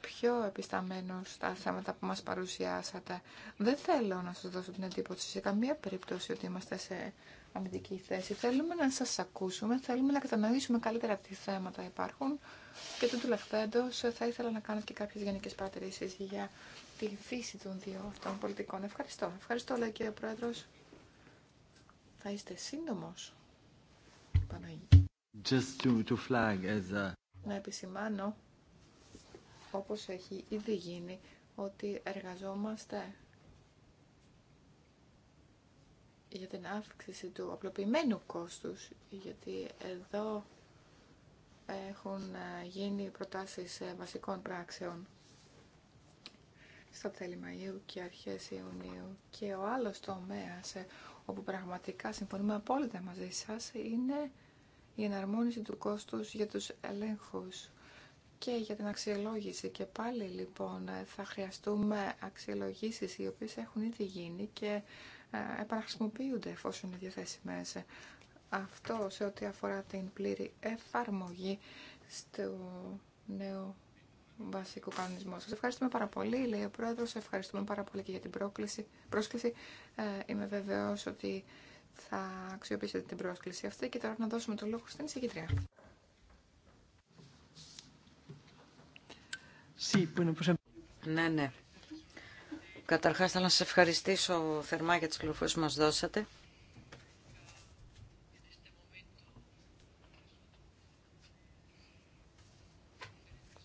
πιο επισταμένους τα θέματα που μας παρουσιάσατε. Δεν θέλω να σας δώσω την εντύπωση σε καμία περίπτωση ότι είμαστε σε αμυντική θέση. Θέλουμε να σας ακούσουμε, θέλουμε να κατανοήσουμε καλύτερα τι θέματα υπάρχουν και το τουλαχθέντος θα ήθελα να κάνω και κάποιες γενικές παρατηρήσεις για τη φύση των δύο αυτών πολιτικών. Ευχαριστώ. Ευχαριστώ, λέει και ο Πρόεδρος. Θα είστε σύντομος. Just to, flag as Να επισημάνω, όπως έχει ήδη γίνει, ότι εργαζόμαστε για την αύξηση του απλοποιημένου κόστους, γιατί εδώ έχουν ε, γίνει προτάσεις ε, βασικών πράξεων στα τέλη Μαΐου και αρχές Ιουνίου. Και ο άλλος τομέας ε, όπου πραγματικά συμφωνούμε απόλυτα μαζί σας είναι η εναρμόνιση του κόστους για τους ελέγχους και για την αξιολόγηση. Και πάλι λοιπόν θα χρειαστούμε αξιολογήσεις οι οποίες έχουν ήδη γίνει και ε, επαναχρησιμοποιούνται εφόσον είναι διαθέσιμες. Αυτό σε ό,τι αφορά την πλήρη εφαρμογή στο νέο βασικό κανονισμό. Σας ευχαριστούμε πάρα πολύ, λέει ο Πρόεδρος. Ευχαριστούμε πάρα πολύ και για την πρόκληση, πρόσκληση. Ε, είμαι βεβαίως ότι θα αξιοποιήσετε την πρόσκληση αυτή και τώρα να δώσουμε το λόγο στην εισηγητρία. Ναι, ναι. Καταρχάς θέλω να σας ευχαριστήσω θερμά για τις πληροφορίες που μας δώσατε.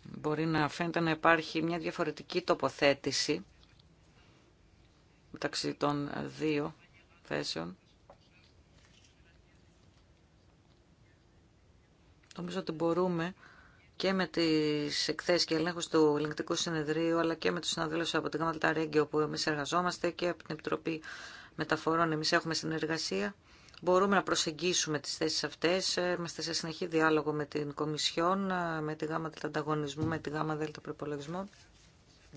Μπορεί να φαίνεται να υπάρχει μια διαφορετική τοποθέτηση μεταξύ των δύο θέσεων. Νομίζω ότι μπορούμε και με τις εκθέσεις και ελέγχου του Ελεγκτικού Συνεδρίου, αλλά και με του συναδέλφους από την ΓΑΜΑΛΤΑ Ρέγκιο που εμείς εργαζόμαστε και από την Επιτροπή Μεταφορών εμείς έχουμε συνεργασία. Μπορούμε να προσεγγίσουμε τι θέσεις αυτές. Είμαστε σε συνεχή διάλογο με την Κομισιόν, με τη ΓΑΜΑ Ανταγωνισμού, με τη ΓΑΜΑ Δέλτα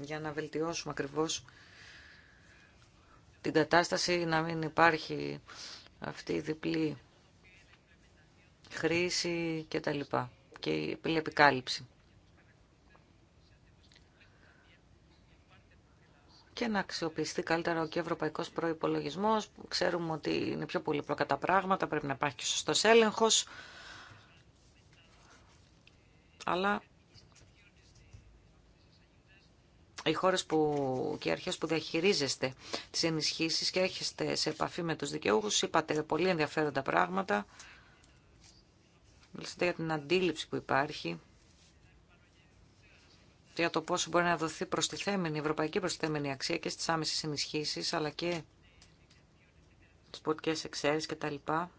για να βελτιώσουμε ακριβώ την κατάσταση, να μην υπάρχει αυτή η διπλή χρήση κτλ και η επικάλυψη. και να αξιοποιηθεί καλύτερα ο και ο ευρωπαϊκός προϋπολογισμός. Ξέρουμε ότι είναι πιο πολύ τα πράγματα, πρέπει να υπάρχει και σωστός έλεγχος. Αλλά οι χώρες που, και οι αρχές που διαχειρίζεστε τις ενισχύσεις και έχετε σε επαφή με τους δικαιούχους, είπατε πολύ ενδιαφέροντα πράγματα μιλήσατε για την αντίληψη που υπάρχει για το πόσο μπορεί να δοθεί προστιθέμενη, ευρωπαϊκή προστιθέμενη αξία και στις άμεσες ενισχύσεις, αλλά και τις πολιτικές εξαίρεσεις και τα λοιπά,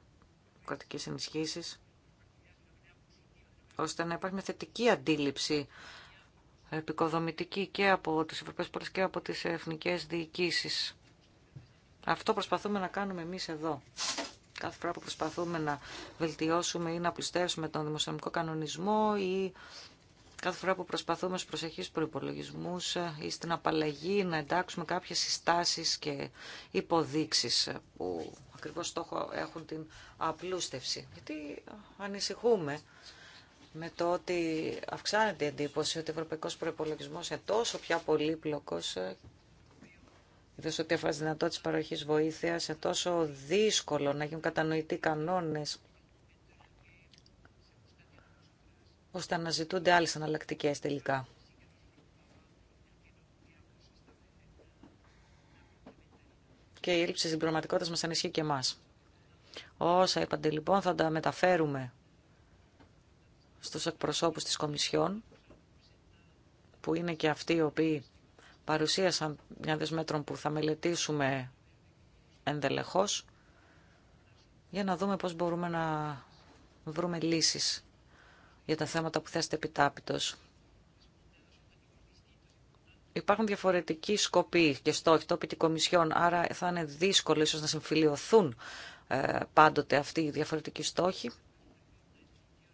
κρατικές ενισχύσεις, ώστε να υπάρχει μια θετική αντίληψη επικοδομητική και από τις Ευρωπαϊκές Πόλεις και από τις εθνικές διοικήσεις. Αυτό προσπαθούμε να κάνουμε εμείς εδώ. Κάθε φορά που προσπαθούμε να βελτιώσουμε ή να πλουστεύσουμε τον δημοσιονομικό κανονισμό ή κάθε φορά που προσπαθούμε στους προσεχείς προϋπολογισμούς ε, ή στην απαλλαγή να εντάξουμε κάποιες συστάσεις και υποδείξεις ε, που ακριβώς στόχο έχουν την απλούστευση. Γιατί ανησυχούμε με το ότι αυξάνεται η εντύπωση ότι ο ευρωπαϊκός προϋπολογισμός είναι τόσο πια πολύπλοκος ε, ιδίως ό,τι αφορά δυνατότητε παροχή παροχής βοήθειας, είναι τόσο δύσκολο να γίνουν κατανοητοί κανόνες, ώστε να ζητούνται άλλες αναλλακτικέ τελικά. Και η έλλειψη πραγματικότητα μας ανισχύει και εμάς. Όσα είπατε λοιπόν θα τα μεταφέρουμε στους εκπροσώπους της Κομισιόν, που είναι και αυτοί οι οποίοι παρουσίασαν μια δεσμέτρων που θα μελετήσουμε ενδελεχώς για να δούμε πώς μπορούμε να βρούμε λύσεις για τα θέματα που θέσετε επιτάπητος. Υπάρχουν διαφορετικοί σκοποί και στόχοι τόποι Κομισιόν, άρα θα είναι δύσκολο ίσως να συμφιλειωθούν ε, πάντοτε αυτοί οι διαφορετικοί στόχοι.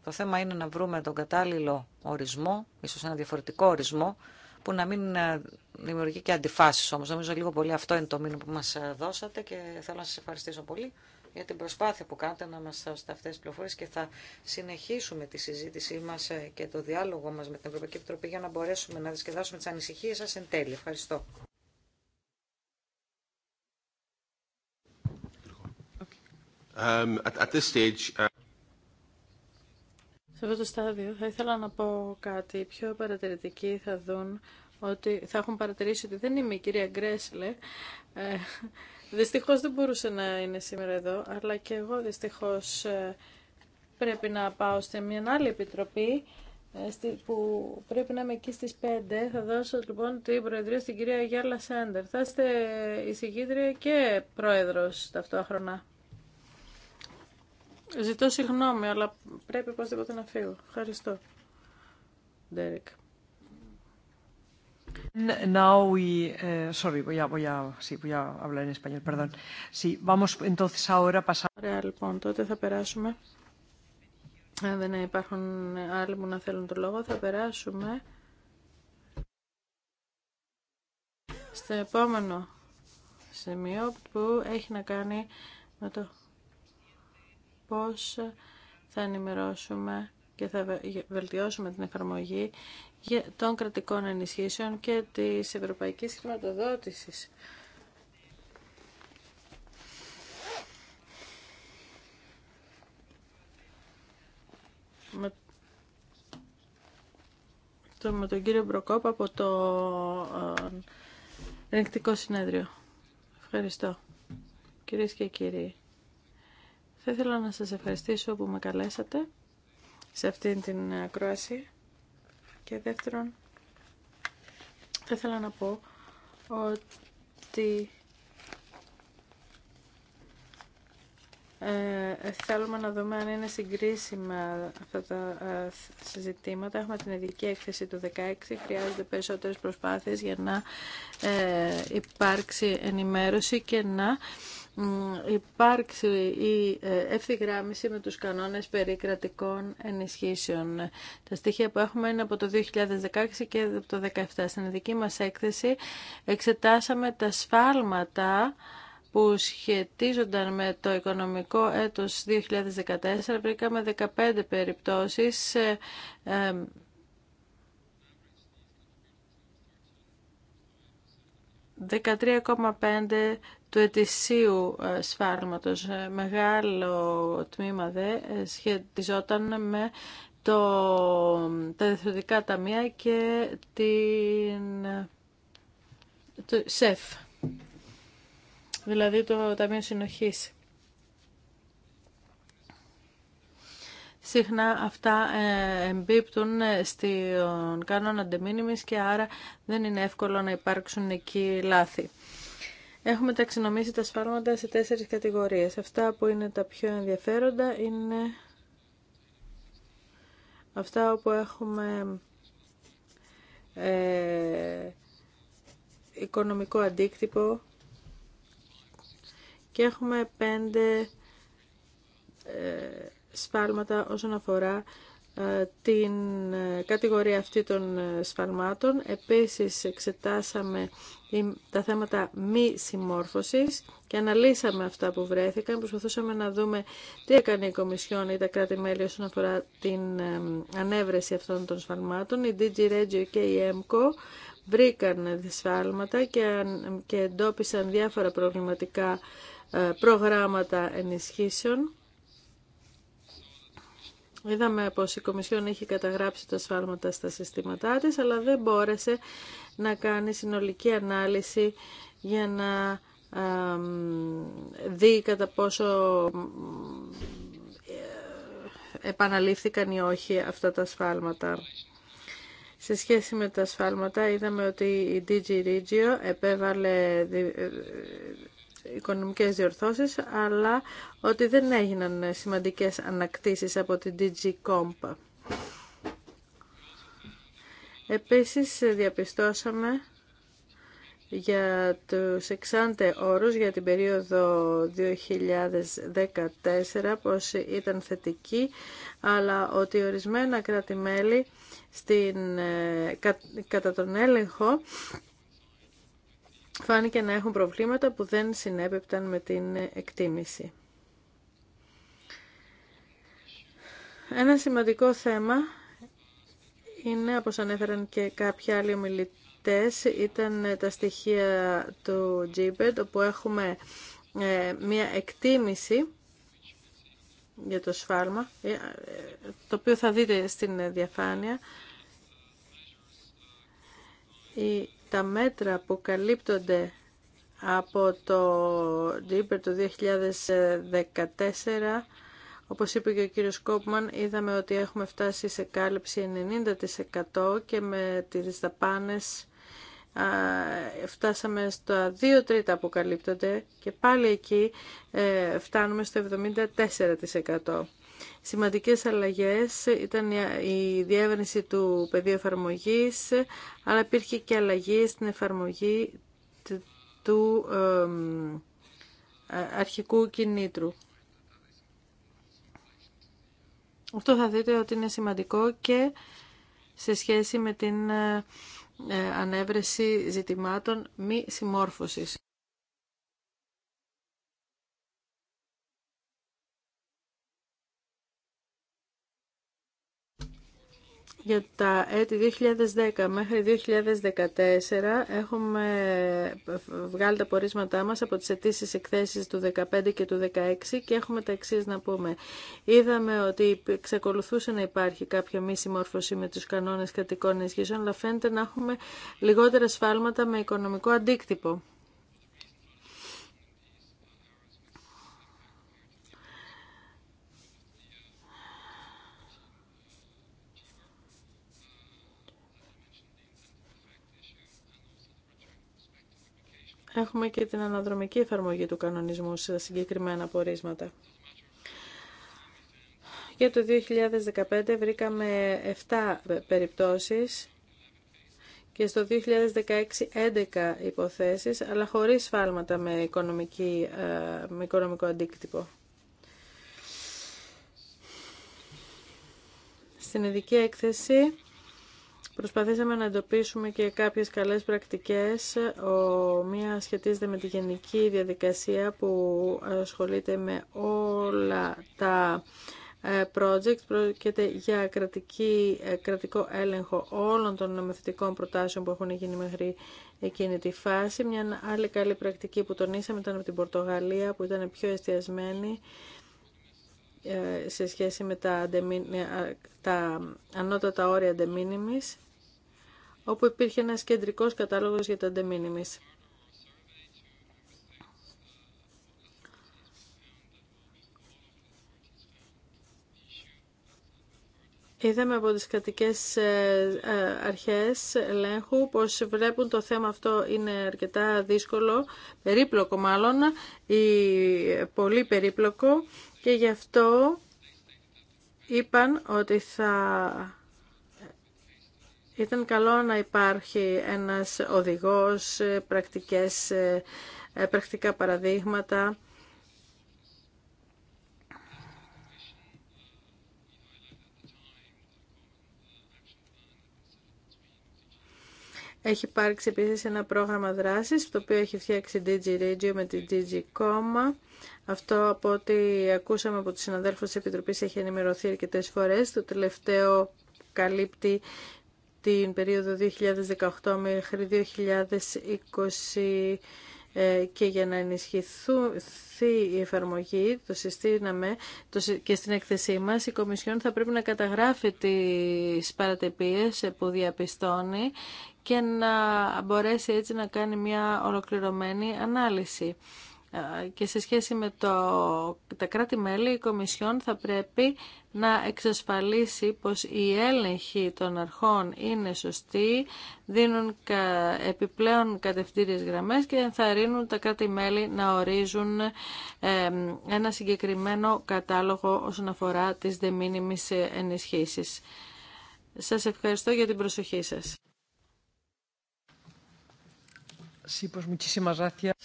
Το θέμα είναι να βρούμε τον κατάλληλο ορισμό, ίσως ένα διαφορετικό ορισμό, που να μην ε, δημιουργεί και αντιφάσεις όμως. Νομίζω λίγο πολύ αυτό είναι το μήνυμα που μας ε, δώσατε και θέλω να σας ευχαριστήσω πολύ για την προσπάθεια που κάνετε να μας δώσετε αυτές τις πληροφορίες και θα συνεχίσουμε τη συζήτησή μας ε, και το διάλογο μας με την Ευρωπαϊκή Επιτροπή για να μπορέσουμε να δισκεδάσουμε τις ανησυχίες σας εν τέλει. Ευχαριστώ. Um, uh, σε αυτό το στάδιο θα ήθελα να πω κάτι. πιο παρατηρητικοί θα δουν ότι θα έχουν παρατηρήσει ότι δεν είμαι η κυρία Γκρέσλε. Ε, δεν μπορούσε να είναι σήμερα εδώ, αλλά και εγώ δυστυχώς ε, πρέπει να πάω σε μια άλλη επιτροπή ε, που πρέπει να είμαι εκεί στις 5. Θα δώσω λοιπόν την προεδρία στην κυρία Γιάλα Σέντερ. Θα είστε εισηγήτρια και πρόεδρος ταυτόχρονα. Ζητώ συγγνώμη, αλλά πρέπει οπωσδήποτε να φύγω. Ευχαριστώ. Derek. Ε, Ωραία, λοιπόν, τότε θα περάσουμε. Αν δεν υπάρχουν άλλοι που να θέλουν το λόγο, θα περάσουμε στο επόμενο σημείο που έχει να κάνει με το πώς θα ενημερώσουμε και θα βελτιώσουμε την εφαρμογή των κρατικών ενισχύσεων και της ευρωπαϊκής χρηματοδότησης. Με το, τον κύριο Μπροκόπ από το ενεκτικό Συνέδριο. Ευχαριστώ. Κυρίες και κύριοι, θα ήθελα να σας ευχαριστήσω που με καλέσατε σε αυτήν την ακρόαση και δεύτερον θα ήθελα να πω ότι ε, θέλουμε να δούμε αν είναι συγκρίσιμα αυτά τα ε, συζητήματα. Έχουμε την ειδική έκθεση του 16. Χρειάζονται περισσότερες προσπάθειες για να ε, υπάρξει ενημέρωση και να υπάρξει η ε, ευθυγράμμιση με τους κανόνες περί κρατικών ενισχύσεων. Τα στοιχεία που έχουμε είναι από το 2016 και από το 2017. Στην δική μας έκθεση εξετάσαμε τα σφάλματα που σχετίζονταν με το οικονομικό έτος 2014. Βρήκαμε 15 περιπτώσεις ε, 13,5 του ετησίου ε, σφάλματος. Ε, μεγάλο τμήμα δε ε, σχετιζόταν με το, τα διευθυντικά ταμεία και την, το ΣΕΦ, δηλαδή το Ταμείο Συνοχής. συχνά αυτά ε, εμπίπτουν στον κανόνα ντεμίνιμις και άρα δεν είναι εύκολο να υπάρξουν εκεί λάθη. Έχουμε ταξινομήσει τα σφάλματα σε τέσσερις κατηγορίες. Αυτά που είναι τα πιο ενδιαφέροντα είναι αυτά όπου έχουμε ε, οικονομικό αντίκτυπο και έχουμε πέντε ε, σφάλματα όσον αφορά ε, την ε, κατηγορία αυτή των ε, σφαλμάτων. Επίσης εξετάσαμε τα θέματα μη συμμόρφωσης και αναλύσαμε αυτά που βρέθηκαν. Προσπαθούσαμε να δούμε τι έκανε η Κομισιόν ή τα κράτη-μέλη όσον αφορά την ανέβρεση αυτών των σφαλμάτων. Η DG Regio και η EMCO βρήκαν σφάλματα και, και εντόπισαν διάφορα προβληματικά προγράμματα ενισχύσεων. Είδαμε πως η Κομισιόν είχε καταγράψει τα σφάλματα στα συστήματά της, αλλά δεν μπόρεσε να κάνει συνολική ανάλυση για να δει κατά πόσο ε, επαναλήφθηκαν ή όχι αυτά τα σφάλματα. Σε σχέση με τα σφάλματα είδαμε ότι η DG Regio επέβαλε οικονομικές διορθώσεις, αλλά ότι δεν έγιναν σημαντικές ανακτήσεις από την DG Comp. Επίσης διαπιστώσαμε για τους εξάντε όρους για την περίοδο 2014 πως ήταν θετική αλλά ότι ορισμένα κράτη-μέλη στην, ε, κατά τον έλεγχο φάνηκε να έχουν προβλήματα που δεν συνέπεπταν με την εκτίμηση. Ένα σημαντικό θέμα είναι, όπως ανέφεραν και κάποιοι άλλοι ομιλητές, ήταν τα στοιχεία του GBED, όπου έχουμε ε, μία εκτίμηση για το σφάλμα, ε, το οποίο θα δείτε στην διαφάνεια τα μέτρα που καλύπτονται από το Deeper το 2014 όπως είπε και ο κύριος Κόπμαν, είδαμε ότι έχουμε φτάσει σε κάλυψη 90% και με τις δαπάνες φτάσαμε στα 2 τρίτα που καλύπτονται και πάλι εκεί ε, φτάνουμε στο 74%. Σημαντικές αλλαγές ήταν η διεύρυνση του πεδίου εφαρμογή, αλλά υπήρχε και αλλαγή στην εφαρμογή του αρχικού κινήτρου. Αυτό θα δείτε ότι είναι σημαντικό και σε σχέση με την ε, ανέβρεση ζητημάτων μη συμμόρφωσης. Για τα έτη 2010 μέχρι 2014 έχουμε βγάλει τα πορίσματά μας από τις αιτήσει εκθέσεις του 2015 και του 2016 και έχουμε τα εξή να πούμε. Είδαμε ότι ξεκολουθούσε να υπάρχει κάποια μη συμμόρφωση με τους κανόνες κρατικών ενισχύσεων, αλλά φαίνεται να έχουμε λιγότερα σφάλματα με οικονομικό αντίκτυπο. έχουμε και την αναδρομική εφαρμογή του κανονισμού σε συγκεκριμένα πορίσματα. Για το 2015 βρήκαμε 7 περιπτώσεις και στο 2016 11 υποθέσεις, αλλά χωρίς φάλματα με, οικονομική, ε, με οικονομικό αντίκτυπο. Στην ειδική έκθεση Προσπαθήσαμε να εντοπίσουμε και κάποιες καλές πρακτικές. Ο, μία σχετίζεται με τη γενική διαδικασία που ασχολείται με όλα τα ε, project. Πρόκειται για κρατική, ε, κρατικό έλεγχο όλων των νομοθετικών προτάσεων που έχουν γίνει μέχρι εκείνη τη φάση. Μια άλλη καλή πρακτική που τονίσαμε ήταν από την Πορτογαλία που ήταν πιο εστιασμένη ε, σε σχέση με τα, τα ανώτατα όρια de όπου υπήρχε ένας κεντρικός κατάλογος για τα de Είδαμε από τις κρατικές ε, ε, αρχές ελέγχου πως βλέπουν το θέμα αυτό είναι αρκετά δύσκολο, περίπλοκο μάλλον, ή πολύ περίπλοκο και γι' αυτό είπαν ότι θα ήταν καλό να υπάρχει ένας οδηγός, ε, πρακτικές, ε, ε, πρακτικά παραδείγματα. Έχει υπάρξει επίσης ένα πρόγραμμα δράσης, το οποίο έχει φτιάξει DG Radio με την DG Coma. Αυτό από ό,τι ακούσαμε από τους συναδέλφους της Επιτροπής έχει ενημερωθεί αρκετές φορές. Το τελευταίο καλύπτει την περίοδο 2018 μέχρι 2020 ε, και για να ενισχυθεί η εφαρμογή, το συστήναμε και στην έκθεσή μας, η Κομισιόν θα πρέπει να καταγράφει τις παρατεπίες που διαπιστώνει και να μπορέσει έτσι να κάνει μια ολοκληρωμένη ανάλυση και σε σχέση με το, τα κράτη-μέλη, η Κομισιόν θα πρέπει να εξασφαλίσει πως η έλεγχοι των αρχών είναι σωστή, δίνουν επιπλέον κατευθύνες γραμμές και ενθαρρύνουν τα κράτη-μέλη να ορίζουν ένα συγκεκριμένο κατάλογο όσον αφορά τις δεμήνυμες ενισχύσεις. Σας ευχαριστώ για την προσοχή σας.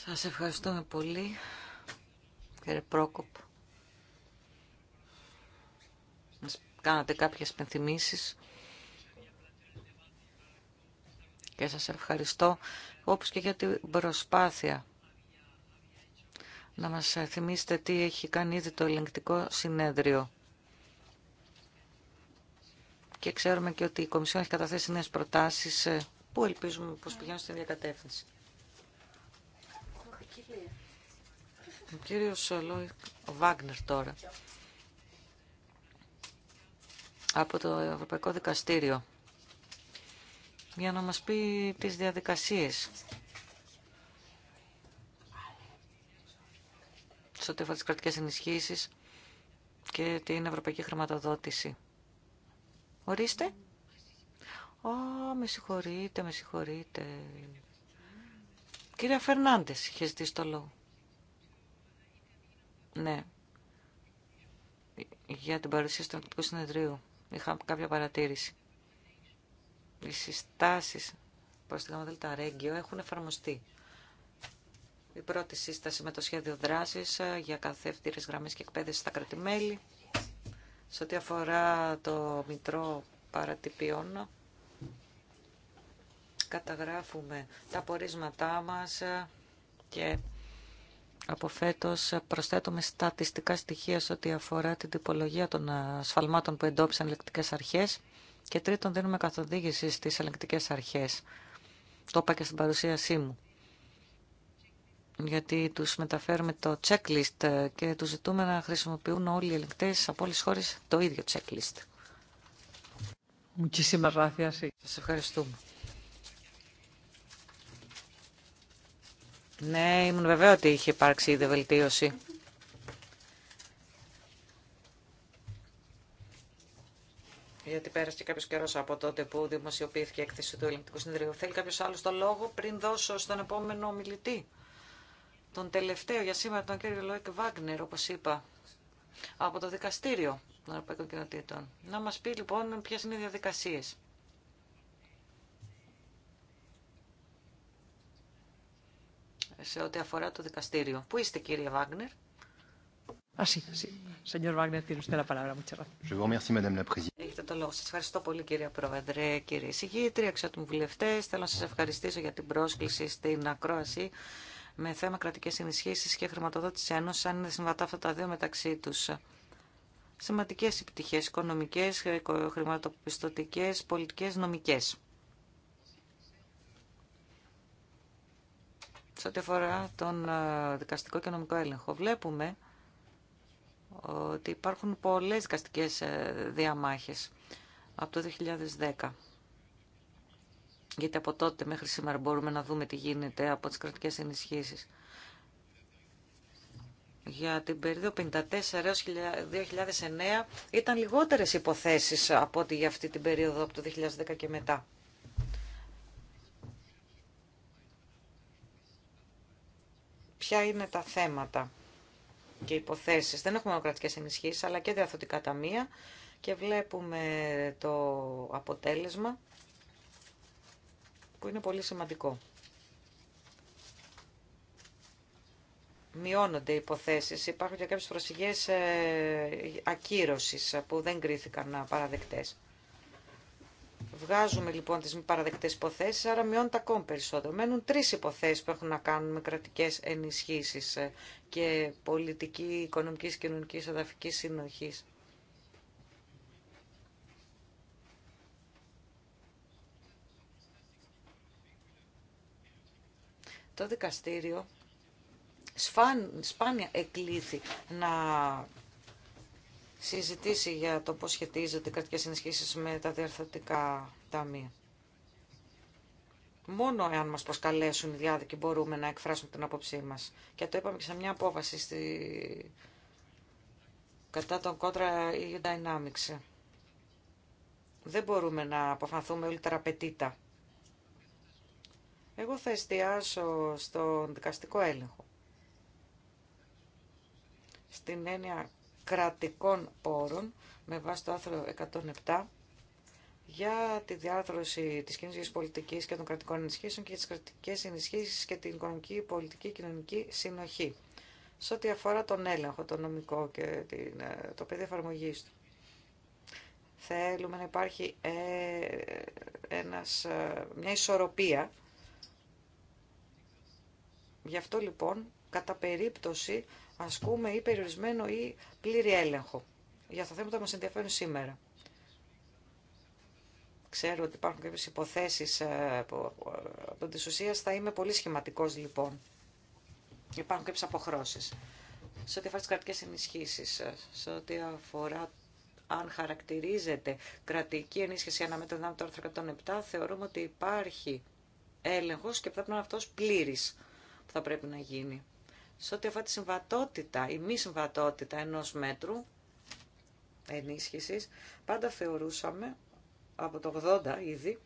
Σας ευχαριστούμε πολύ, κύριε Πρόκοπ. Μας κάνατε κάποιες πενθυμίσεις και σας ευχαριστώ όπως και για την προσπάθεια να μας θυμίσετε τι έχει κάνει ήδη το ελεγκτικό συνέδριο. Και ξέρουμε και ότι η Κομισιόν έχει καταθέσει νέες προτάσεις ε, που ελπίζουμε πως πηγαίνουν στην διακατεύθυνση. Ο κύριος Λόι Βάγνερ τώρα. Από το Ευρωπαϊκό Δικαστήριο. Για να μας πει τις διαδικασίες. Σε ό,τι αφορά τις ενισχύσεις και την ευρωπαϊκή χρηματοδότηση. Ορίστε. Α, με συγχωρείτε, με συγχωρείτε. Κύριε Φερνάντες, είχε ζητήσει το λόγο. Ναι. Για την παρουσίαση του Ανθρωπικού Συνεδρίου είχα κάποια παρατήρηση. Οι συστάσεις προς τη ΔΕΛΤΑ ΡΕΓΚΙΟ έχουν εφαρμοστεί. Η πρώτη σύσταση με το σχέδιο δράσης ε, για καθεύτηρες γραμμές και εκπαίδευση στα κρατημέλη. Σε ό,τι αφορά το Μητρό Παρατυπιών, καταγράφουμε τα πορίσματά μας ε, και από φέτος προσθέτουμε στατιστικά στοιχεία σε ό,τι αφορά την τυπολογία των ασφαλμάτων που εντόπισαν ελεκτικές αρχές και τρίτον δίνουμε καθοδήγηση στις ελεκτικές αρχές. Το είπα και στην παρουσίασή μου. Γιατί τους μεταφέρουμε το checklist και τους ζητούμε να χρησιμοποιούν όλοι οι ελεκτέ από όλες τις χώρες το ίδιο checklist. Σας ευχαριστούμε. Ναι, ήμουν βεβαίω ότι είχε υπάρξει ήδη βελτίωση. Γιατί πέρασε και κάποιο καιρό από τότε που δημοσιοποιήθηκε η έκθεση του Ελληνικού Συνεδρίου. Θέλει κάποιο άλλο το λόγο πριν δώσω στον επόμενο μιλητή. Τον τελευταίο για σήμερα, τον κύριο Λόικ Βάγκνερ, όπω είπα, από το Δικαστήριο των Ευρωπαϊκών Κοινοτήτων. Να μα πει λοιπόν ποιε είναι οι διαδικασίε. σε ό,τι αφορά το δικαστήριο. Πού είστε κύριε Βάγνερ? Έχετε το λόγο. Σα ευχαριστώ πολύ, κύριε Πρόεδρε, κύριε Συγήτρια, εξωτικού βουλευτέ. Θέλω να σα ευχαριστήσω για την πρόσκληση στην ακρόαση με θέμα κρατικέ ενισχύσει και χρηματοδότηση ένωση, αν είναι συμβατά αυτά τα δύο μεταξύ του. Σημαντικέ επιτυχίε οικονομικέ, χρηματοπιστωτικέ, πολιτικέ, νομικέ. σε ό,τι αφορά τον ε, δικαστικό και νομικό έλεγχο. Βλέπουμε ότι υπάρχουν πολλές δικαστικές ε, διαμάχες από το 2010. Γιατί από τότε μέχρι σήμερα μπορούμε να δούμε τι γίνεται από τις κρατικές ενισχύσεις. Για την περίοδο 54 έως 2009 ήταν λιγότερες υποθέσεις από ό,τι για αυτή την περίοδο από το 2010 και μετά. ποια είναι τα θέματα και υποθέσεις. Δεν έχουμε μονοκρατικές ενισχύσεις, αλλά και διαθωτικά ταμεία και βλέπουμε το αποτέλεσμα που είναι πολύ σημαντικό. Μειώνονται οι υποθέσεις. Υπάρχουν και κάποιες προσφυγές ε, ακύρωσης που δεν κρίθηκαν παραδεκτές. Βγάζουμε λοιπόν τις μη παραδεκτές υποθέσεις, άρα μειώνεται ακόμη περισσότερο. Μένουν τρεις υποθέσεις που έχουν να κάνουν με κρατικέ ενισχύσεις ε, και πολιτική, οικονομική κοινωνική εδαφική συνοχή. Το δικαστήριο σπάνια εκλήθη να συζητήσει για το πώς σχετίζονται οι κρατικές ενισχύσεις με τα διαρθρωτικά ταμεία. Μόνο εάν μας προσκαλέσουν οι διάδικοι μπορούμε να εκφράσουμε την άποψή μας. Και το είπαμε και σε μια απόφαση στη... κατά τον κόντρα η Dynamics. Δεν μπορούμε να αποφανθούμε όλοι τραπετίτα. Εγώ θα εστιάσω στον δικαστικό έλεγχο. Στην έννοια κρατικών πόρων με βάση το άθρο 107 για τη διάρθρωση της κοινωνικής πολιτικής και των κρατικών ενισχύσεων και τις κρατικές ενισχύσεις και την οικονομική, πολιτική, και κοινωνική συνοχή. Σε ό,τι αφορά τον έλεγχο, το νομικό και την, ε, το πεδίο εφαρμογή του. Θέλουμε να υπάρχει ε, ένας, ε, μια ισορροπία. Γι' αυτό λοιπόν, κατά περίπτωση, ασκούμε ή περιορισμένο ή πλήρη έλεγχο για τα θέματα που μας ενδιαφέρουν σήμερα. Ξέρω ότι υπάρχουν κάποιες υποθέσεις ε, από ε, την ουσία θα είμαι πολύ σχηματικός λοιπόν. Υπάρχουν κάποιες αποχρώσεις. Σε ό,τι αφορά τις κρατικές ενισχύσεις, ε, σε ό,τι αφορά αν χαρακτηρίζεται κρατική ενίσχυση ανάμεσα του άρθρου 107, θεωρούμε ότι υπάρχει έλεγχος και πρέπει να είναι αυτός πλήρης που θα πρέπει να γίνει σε ό,τι αφορά τη συμβατότητα ή μη συμβατότητα ενός μέτρου ενίσχυσης, πάντα θεωρούσαμε από το 80 ήδη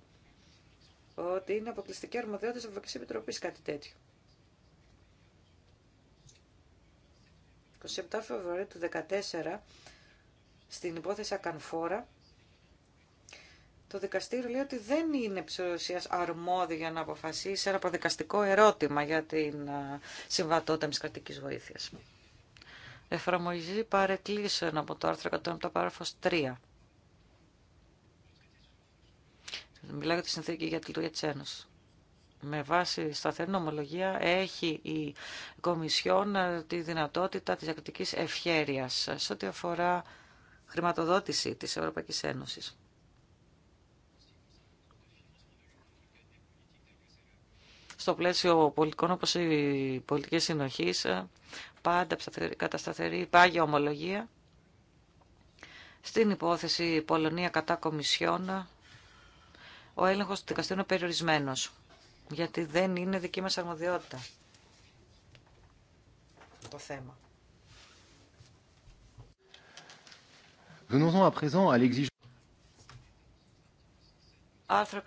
ότι είναι αποκλειστική αρμοδιότητα της Ευρωπαϊκής Επιτροπής κάτι τέτοιο. 27 Φεβρουαρίου του 2014 στην υπόθεση Ακανφόρα το δικαστήριο λέει ότι δεν είναι ψηλωσίας αρμόδιο για να αποφασίσει ένα προδικαστικό ερώτημα για την ε, συμβατότητα τη κρατική βοήθειας. Εφαρμογή παρεκκλήσεων από το άρθρο 107 παράγραφος 3. Μιλάω για τη συνθήκη για τη λειτουργία τη Ένωση. Με βάση σταθερή νομολογία έχει η Κομισιόν ε, τη δυνατότητα τη διακριτική ευχέρεια σε ό,τι αφορά χρηματοδότηση τη Ευρωπαϊκή Ένωση. στο πλαίσιο πολιτικών όπως η πολιτική συνοχή, πάντα κατασταθερή πάγια ομολογία. Στην υπόθεση Πολωνία κατά Κομισιόν, ο έλεγχος του δικαστήριου είναι περιορισμένος, γιατί δεν είναι δική μας αρμοδιότητα το θέμα άρθρο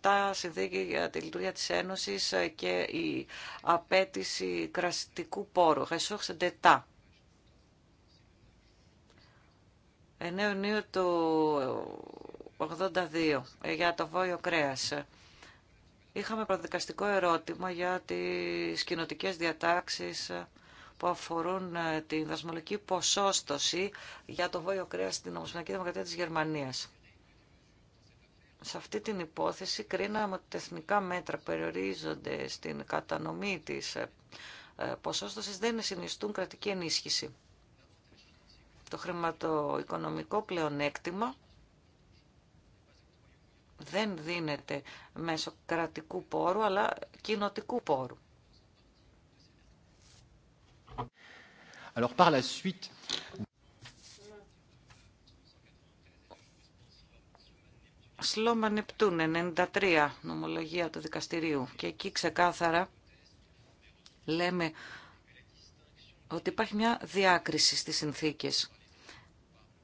107 Συνδίκη για τη λειτουργία της Ένωσης και η απέτηση κραστικού πόρου. Χεσόχ Ντετά. 9 Ιουνίου του 82 ε, για το Βόλιο Κρέας. Είχαμε προδικαστικό ερώτημα για τις κοινοτικές διατάξεις που αφορούν ε, την δασμολογική ποσόστοση για το βόλιο κρέας στην Ομοσπονδιακή Δημοκρατία της Γερμανίας σε αυτή την υπόθεση κρίναμε ότι τα μέτρα περιορίζονται στην κατανομή της ε, ε, ποσόστοσης δεν συνιστούν κρατική ενίσχυση. Το χρηματοοικονομικό πλεονέκτημα δεν δίνεται μέσω κρατικού πόρου, αλλά κοινοτικού πόρου. Alors, par la Σλόμα Νεπτούν, 93, νομολογία του δικαστηρίου. Και εκεί ξεκάθαρα λέμε ότι υπάρχει μια διάκριση στις συνθήκες.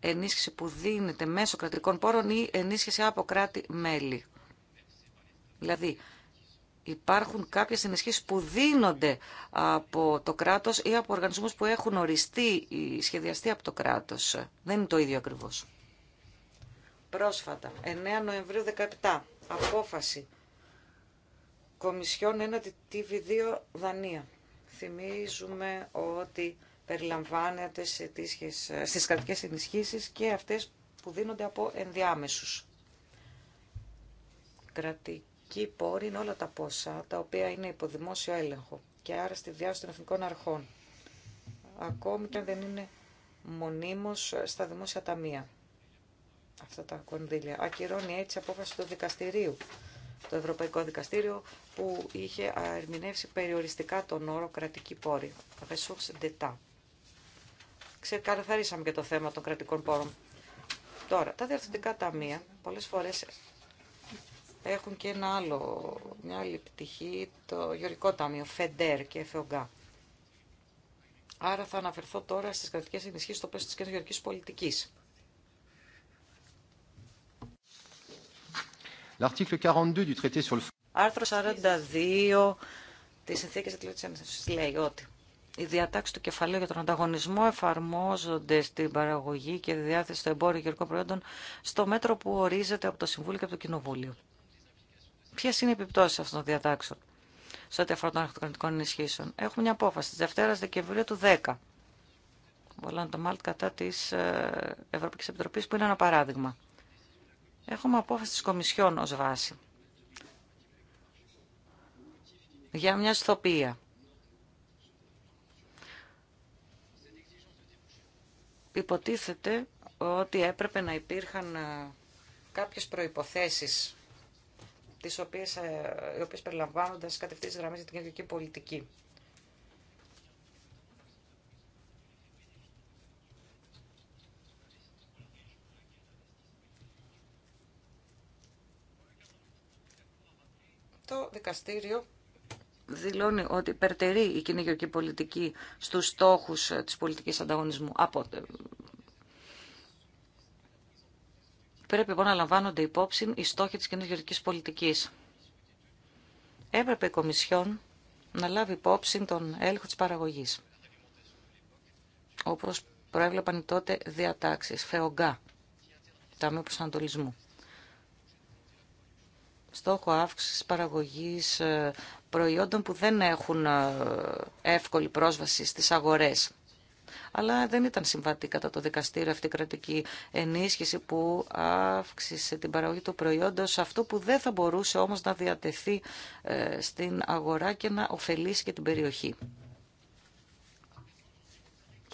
Ενίσχυση που δίνεται μέσω κρατικών πόρων ή ενίσχυση από κράτη-μέλη. Δηλαδή, υπάρχουν κάποιες ενισχύσεις που δίνονται από το κράτος ή από οργανισμούς που έχουν οριστεί ή σχεδιαστεί από το κράτος. Δεν είναι το ίδιο ακριβώς. Πρόσφατα, 9 Νοεμβρίου 17, απόφαση Κομισιόν έναντι TV2 Δανία. Θυμίζουμε ότι περιλαμβάνεται σε τίσχες, στις κρατικές ενισχύσεις και αυτές που δίνονται από ενδιάμεσους. Κρατική πόρη είναι όλα τα πόσα, τα οποία είναι υπό δημόσιο έλεγχο και άρα στη διάρκεια των εθνικών αρχών, ακόμη και αν δεν είναι μονίμως στα δημόσια ταμεία αυτά τα κονδύλια. Ακυρώνει έτσι απόφαση του δικαστηρίου. Το Ευρωπαϊκό Δικαστήριο που είχε ερμηνεύσει περιοριστικά τον όρο κρατική πόρη. Ressources d'État. Ξεκαθαρίσαμε και το θέμα των κρατικών πόρων. Τώρα, τα διευθυντικά ταμεία πολλές φορές έχουν και ένα άλλο, μια άλλη πτυχή, το γεωργικό ταμείο, ΦΕΝΤΕΡ και ΦΕΟΓΑ. Άρα θα αναφερθώ τώρα στις κρατικές ενισχύσεις στο πλαίσιο της κοινωνικής πολιτικής. Άρθρο 42 της Συνθήκης Εκλήτησης λέει ότι οι διατάξει του κεφαλαίου για τον ανταγωνισμό εφαρμόζονται στην παραγωγή και διάθεση στο εμπόριο γεωργικών προϊόντων στο μέτρο που ορίζεται από το Συμβούλιο και από το Κοινοβούλιο. Ποιε είναι οι επιπτώσει αυτών των διατάξεων σε ό,τι αφορά των αρχιτεκτονικών ενισχύσεων. Έχουμε μια απόφαση τη Δευτέρα Δεκεμβρίου του 10. Βολάνε το Μάλτ κατά τη ε, Ευρωπαϊκή Επιτροπή, που είναι ένα παράδειγμα. Έχουμε απόφαση της Κομισιόν ως βάση. Για μια στοπία. Υποτίθεται ότι έπρεπε να υπήρχαν ε, κάποιες προϋποθέσεις τις οποίες, ε, οι οποίες περιλαμβάνοντας κατευθύνσεις γραμμές για την κοινωνική πολιτική. Το δικαστήριο δηλώνει ότι περτερεί η κοινή γεωργική πολιτική στους στόχους ε, της πολιτικής ανταγωνισμού. Ε, πρέπει λοιπόν να λαμβάνονται υπόψη οι στόχοι της κοινής γεωργικής πολιτικής. Έπρεπε η Κομισιόν να λάβει υπόψη τον έλεγχο της παραγωγής. Όπως προέβλεπαν τότε διατάξεις, φεογκά, ταμείο προσανατολισμού στόχο αύξηση παραγωγής ε, προϊόντων που δεν έχουν ε, εύκολη πρόσβαση στις αγορές. Αλλά δεν ήταν συμβατή κατά το δικαστήριο αυτή η κρατική ενίσχυση που αύξησε την παραγωγή του προϊόντος, αυτό που δεν θα μπορούσε όμως να διατεθεί ε, στην αγορά και να ωφελήσει και την περιοχή.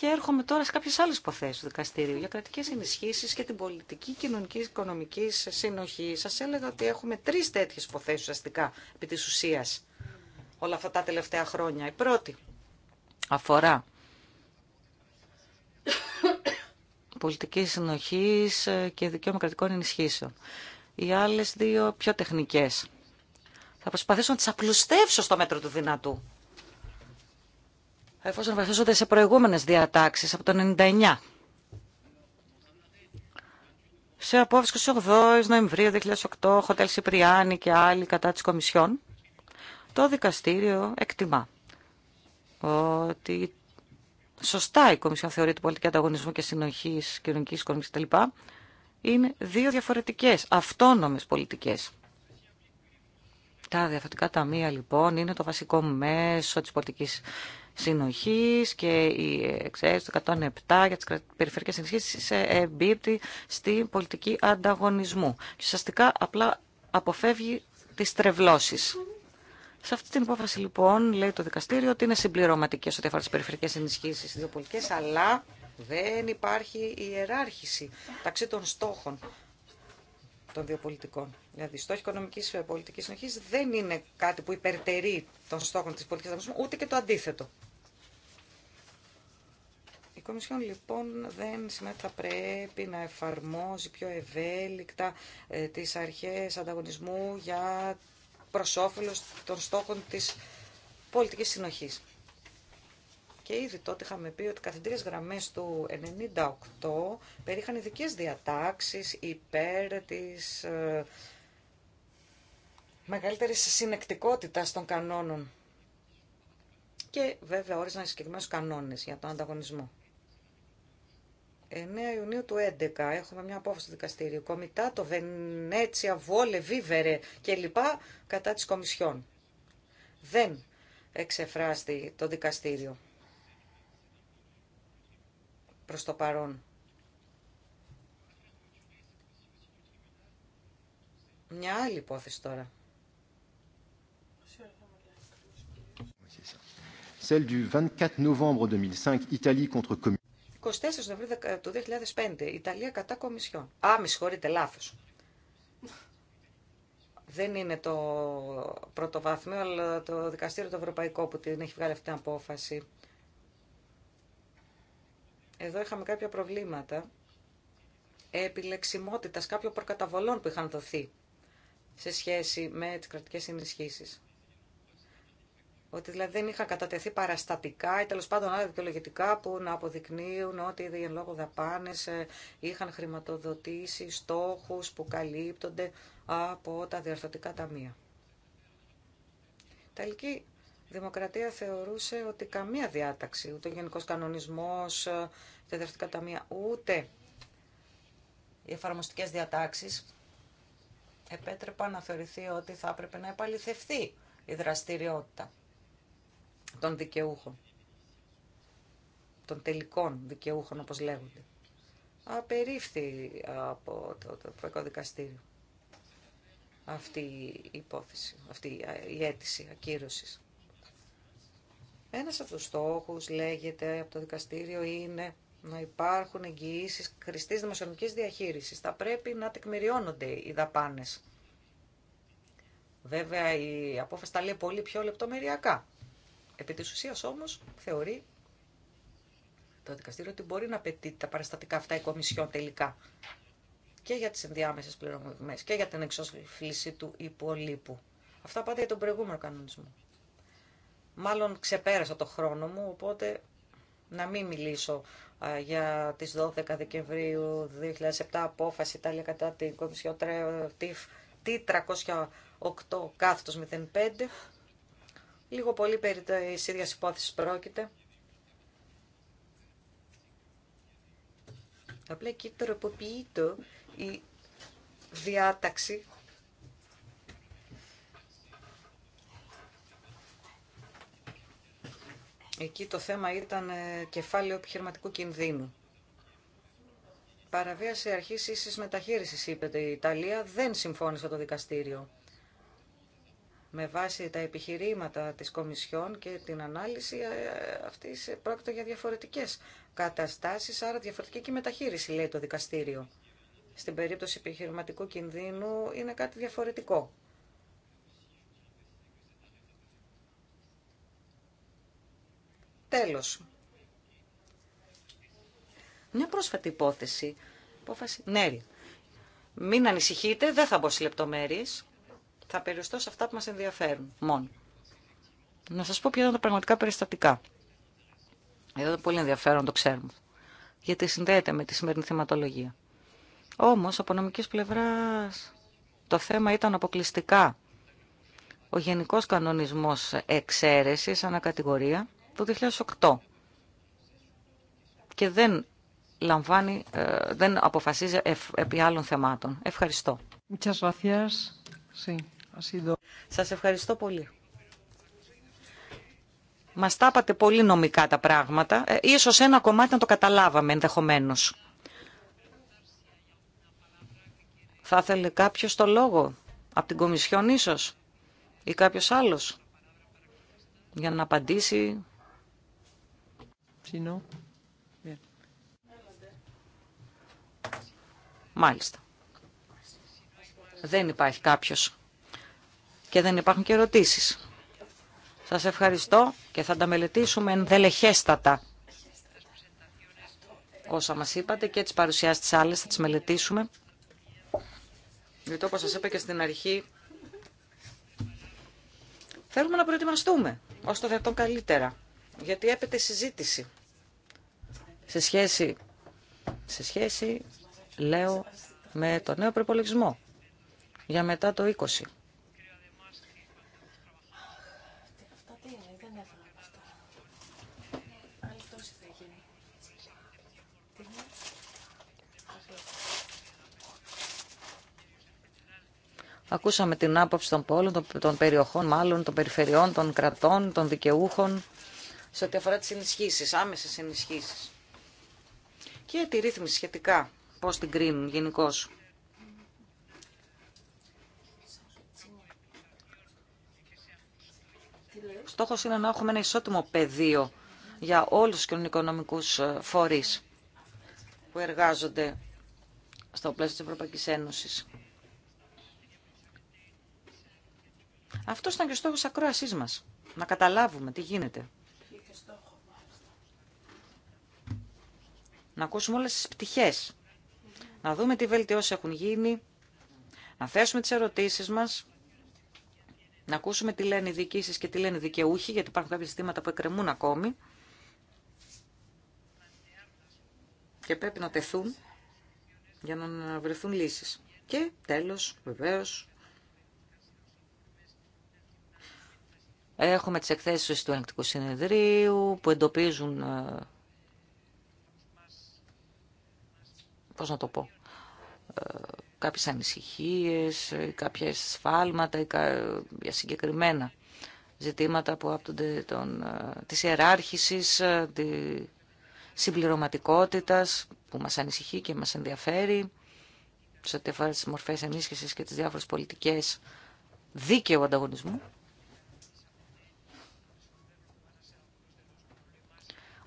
Και έρχομαι τώρα σε κάποιες άλλες υποθέσει του δικαστηρίου για κρατικές ενισχύσει και την πολιτική κοινωνική οικονομική συνοχή. Σας έλεγα ότι έχουμε τρει τέτοιε υποθέσει ουσιαστικά επί τη ουσίας όλα αυτά τα τελευταία χρόνια. Η πρώτη αφορά πολιτική συνοχή και δικαίωμα κρατικών ενισχύσεων. Οι άλλε δύο πιο τεχνικέ. Θα προσπαθήσω να τι απλουστεύσω στο μέτρο του δυνατού εφόσον βασίζονται σε προηγούμενες διατάξεις από το 99. Σε απόφαση 8 Νοεμβρίου 2008, Χοτέλ Σιπριάνη και άλλοι κατά της Κομισιόν, το δικαστήριο εκτιμά ότι σωστά η Κομισιόν θεωρεί του πολιτική ανταγωνισμού και συνοχή κοινωνική οικονομική κτλ. Είναι δύο διαφορετικέ, αυτόνομε πολιτικέ. Τα διαφορετικά ταμεία λοιπόν είναι το βασικό μέσο της πολιτικής Συνοχή και η εξαίρεση του 107 για τις περιφερειακές ενισχύσεις εμπίπτει στην πολιτική ανταγωνισμού. Και ουσιαστικά απλά αποφεύγει τις τρευλώσει. Σε αυτή την υπόφαση λοιπόν λέει το δικαστήριο ότι είναι συμπληρωματικέ ό,τι αφορά περιφερειακέ περιφερειακές ενισχύσεις δύο αλλά δεν υπάρχει ιεράρχηση μεταξύ των στόχων των δύο πολιτικών. Δηλαδή, οι στόχοι οικονομική ε, πολιτική συνοχή δεν είναι κάτι που υπερτερεί των στόχων τη πολιτική ανταγωνισμού, ούτε και το αντίθετο. Η Κομισιόν λοιπόν δεν σημαίνει ότι θα πρέπει να εφαρμόζει πιο ευέλικτα ε, τις αρχές ανταγωνισμού για προς όφελος των στόχων της πολιτικής συνοχής. Και ήδη τότε είχαμε πει ότι οι καθεντρίες γραμμές του 98 περίχαν ειδικέ διατάξεις υπέρ της ε, μεγαλύτερης συνεκτικότητας των κανόνων και βέβαια όριζαν συγκεκριμένου κανόνες για τον ανταγωνισμό. 9 Ιουνίου του 2011 έχουμε μια απόφαση του δικαστήριου. Κομιτά το Βενέτσια, Βόλε, Βίβερε κλπ. κατά της Κομισιόν. Δεν εξεφράστη το δικαστήριο προς το παρόν. Μια άλλη υπόθεση τώρα. Celle du 24 novembre 2005, Italie contre Commission. 24 Νοεμβρίου του 2005, Ιταλία κατά Κομισιόν. Α, με συγχωρείτε, λάθος. Δεν είναι το πρωτοβάθμιο, αλλά το δικαστήριο το ευρωπαϊκό που την έχει βγάλει αυτή την απόφαση. Εδώ είχαμε κάποια προβλήματα επιλεξιμότητας κάποιων προκαταβολών που είχαν δοθεί σε σχέση με τις κρατικές ενισχύσει. Ότι δηλαδή δεν είχαν κατατεθεί παραστατικά ή τέλο πάντων άλλα δικαιολογητικά που να αποδεικνύουν ότι οι εν λόγω δαπάνε ε, είχαν χρηματοδοτήσει στόχου που καλύπτονται από τα διορθωτικά ταμεία. Δημοκρατία θεωρούσε ότι καμία διάταξη, ούτε ο Γενικός Κανονισμός, ε, ούτε ούτε οι εφαρμοστικές διατάξεις επέτρεπαν να θεωρηθεί ότι θα έπρεπε να επαληθευτεί η δραστηριότητα των δικαιούχων, των τελικών δικαιούχων όπως λέγονται. Απερίφθη από το, το Δικαστήριο αυτή η υπόθεση, αυτή η αίτηση ακύρωσης. Ένας από τους στόχους, λέγεται από το δικαστήριο, είναι να υπάρχουν εγγυήσεις χρηστής δημοσιονομικής διαχείρισης. Θα πρέπει να τεκμηριώνονται οι δαπάνες. Βέβαια, η απόφαση τα λέει πολύ πιο λεπτομεριακά. Επί της ουσίας όμως θεωρεί το δικαστήριο ότι μπορεί να απαιτεί τα παραστατικά αυτά η Κομισιόν τελικά και για τις ενδιάμεσες πληρωμές και για την εξώσφυλση του υπολείπου. Αυτά πάντα για τον προηγούμενο κανονισμό. Μάλλον ξεπέρασα το χρόνο μου, οπότε να μην μιλήσω για τις 12 Δεκεμβρίου 2007 απόφαση Ιταλία κατά την Κομισιό ΤΙΦ 308 κάθετος 05. Λίγο πολύ περί της ίδιας υπόθεσης πρόκειται. Απλά εκεί τροποποιείται η διάταξη Εκεί το θέμα ήταν ε, κεφάλαιο επιχειρηματικού κινδύνου. Παραβίαση αρχή ίση μεταχείρισης, είπε η Ιταλία, δεν συμφώνησε το δικαστήριο. Με βάση τα επιχειρήματα της Κομισιόν και την ανάλυση ε, αυτή ε, πρόκειται για διαφορετικές καταστάσεις, άρα διαφορετική και μεταχείριση, λέει το δικαστήριο. Στην περίπτωση επιχειρηματικού κινδύνου είναι κάτι διαφορετικό. Τέλος. Μια πρόσφατη υπόθεση. Υπόφαση Μην ανησυχείτε, δεν θα μπω σε λεπτομέρειες. Θα περιοριστώ σε αυτά που μας ενδιαφέρουν μόνο. Να σας πω ποια ήταν τα πραγματικά περιστατικά. Εδώ είναι πολύ ενδιαφέρον, το ξέρουμε. Γιατί συνδέεται με τη σημερινή θεματολογία. Όμως, από νομικής πλευράς, το θέμα ήταν αποκλειστικά ο γενικός κανονισμός εξαίρεσης ανακατηγορία το 2008 και δεν, λαμβάνει, ε, δεν αποφασίζει επί άλλων θεμάτων. Ευχαριστώ. Σας ευχαριστώ πολύ. Μας τα είπατε πολύ νομικά τα πράγματα. Ε, ίσως ένα κομμάτι να το καταλάβαμε ενδεχομένω. Θα ήθελε κάποιο το λόγο, από την Κομισιόν ίσως, ή κάποιος άλλος, για να απαντήσει Μάλιστα. Δεν υπάρχει κάποιος. Και δεν υπάρχουν και ερωτήσεις. Σας ευχαριστώ και θα τα μελετήσουμε ενδελεχέστατα. Όσα μας είπατε και τις παρουσιάσεις της άλλες θα τις μελετήσουμε. Γιατί όπως σας είπα και στην αρχή, θέλουμε να προετοιμαστούμε, ώστε το δυνατόν καλύτερα. Γιατί έπεται συζήτηση σε σχέση, σε σχέση λέω, με το νέο προπολογισμό για μετά το 20. Ακούσαμε την άποψη των πόλων, των, περιοχών, μάλλον των περιφερειών, των κρατών, των δικαιούχων σε ό,τι αφορά τις ενισχύσεις, άμεσες ενισχύσεις και τη ρύθμιση σχετικά, πώς την κρίνουν γενικώ. Στόχος είναι να έχουμε ένα ισότιμο πεδίο για όλους τους κοινωνικονομικούς ε, φορείς που εργάζονται στο πλαίσιο της Ευρωπαϊκής Ένωσης. Αυτό ήταν και ο στόχος ακρόασή μας, να καταλάβουμε τι γίνεται. να ακούσουμε όλες τις πτυχές, να δούμε τι βελτιώσεις έχουν γίνει, να θέσουμε τις ερωτήσεις μας, να ακούσουμε τι λένε οι διοικήσεις και τι λένε οι δικαιούχοι, γιατί υπάρχουν κάποια ζητήματα που εκκρεμούν ακόμη και πρέπει να τεθούν για να βρεθούν λύσεις. Και τέλος, βεβαίως, έχουμε τις εκθέσεις του Ελεκτικού Συνεδρίου που εντοπίζουν ε, πώς να το πω, ε, κάποιες ανησυχίες, ε, κάποια σφάλματα για συγκεκριμένα ζητήματα που άπτονται ε, της ιεράρχησης, τη συμπληρωματικότητας που μας ανησυχεί και μας ενδιαφέρει σε ό,τι αφορά τις μορφές ενίσχυσης και τις διάφορες πολιτικές δίκαιου ανταγωνισμού.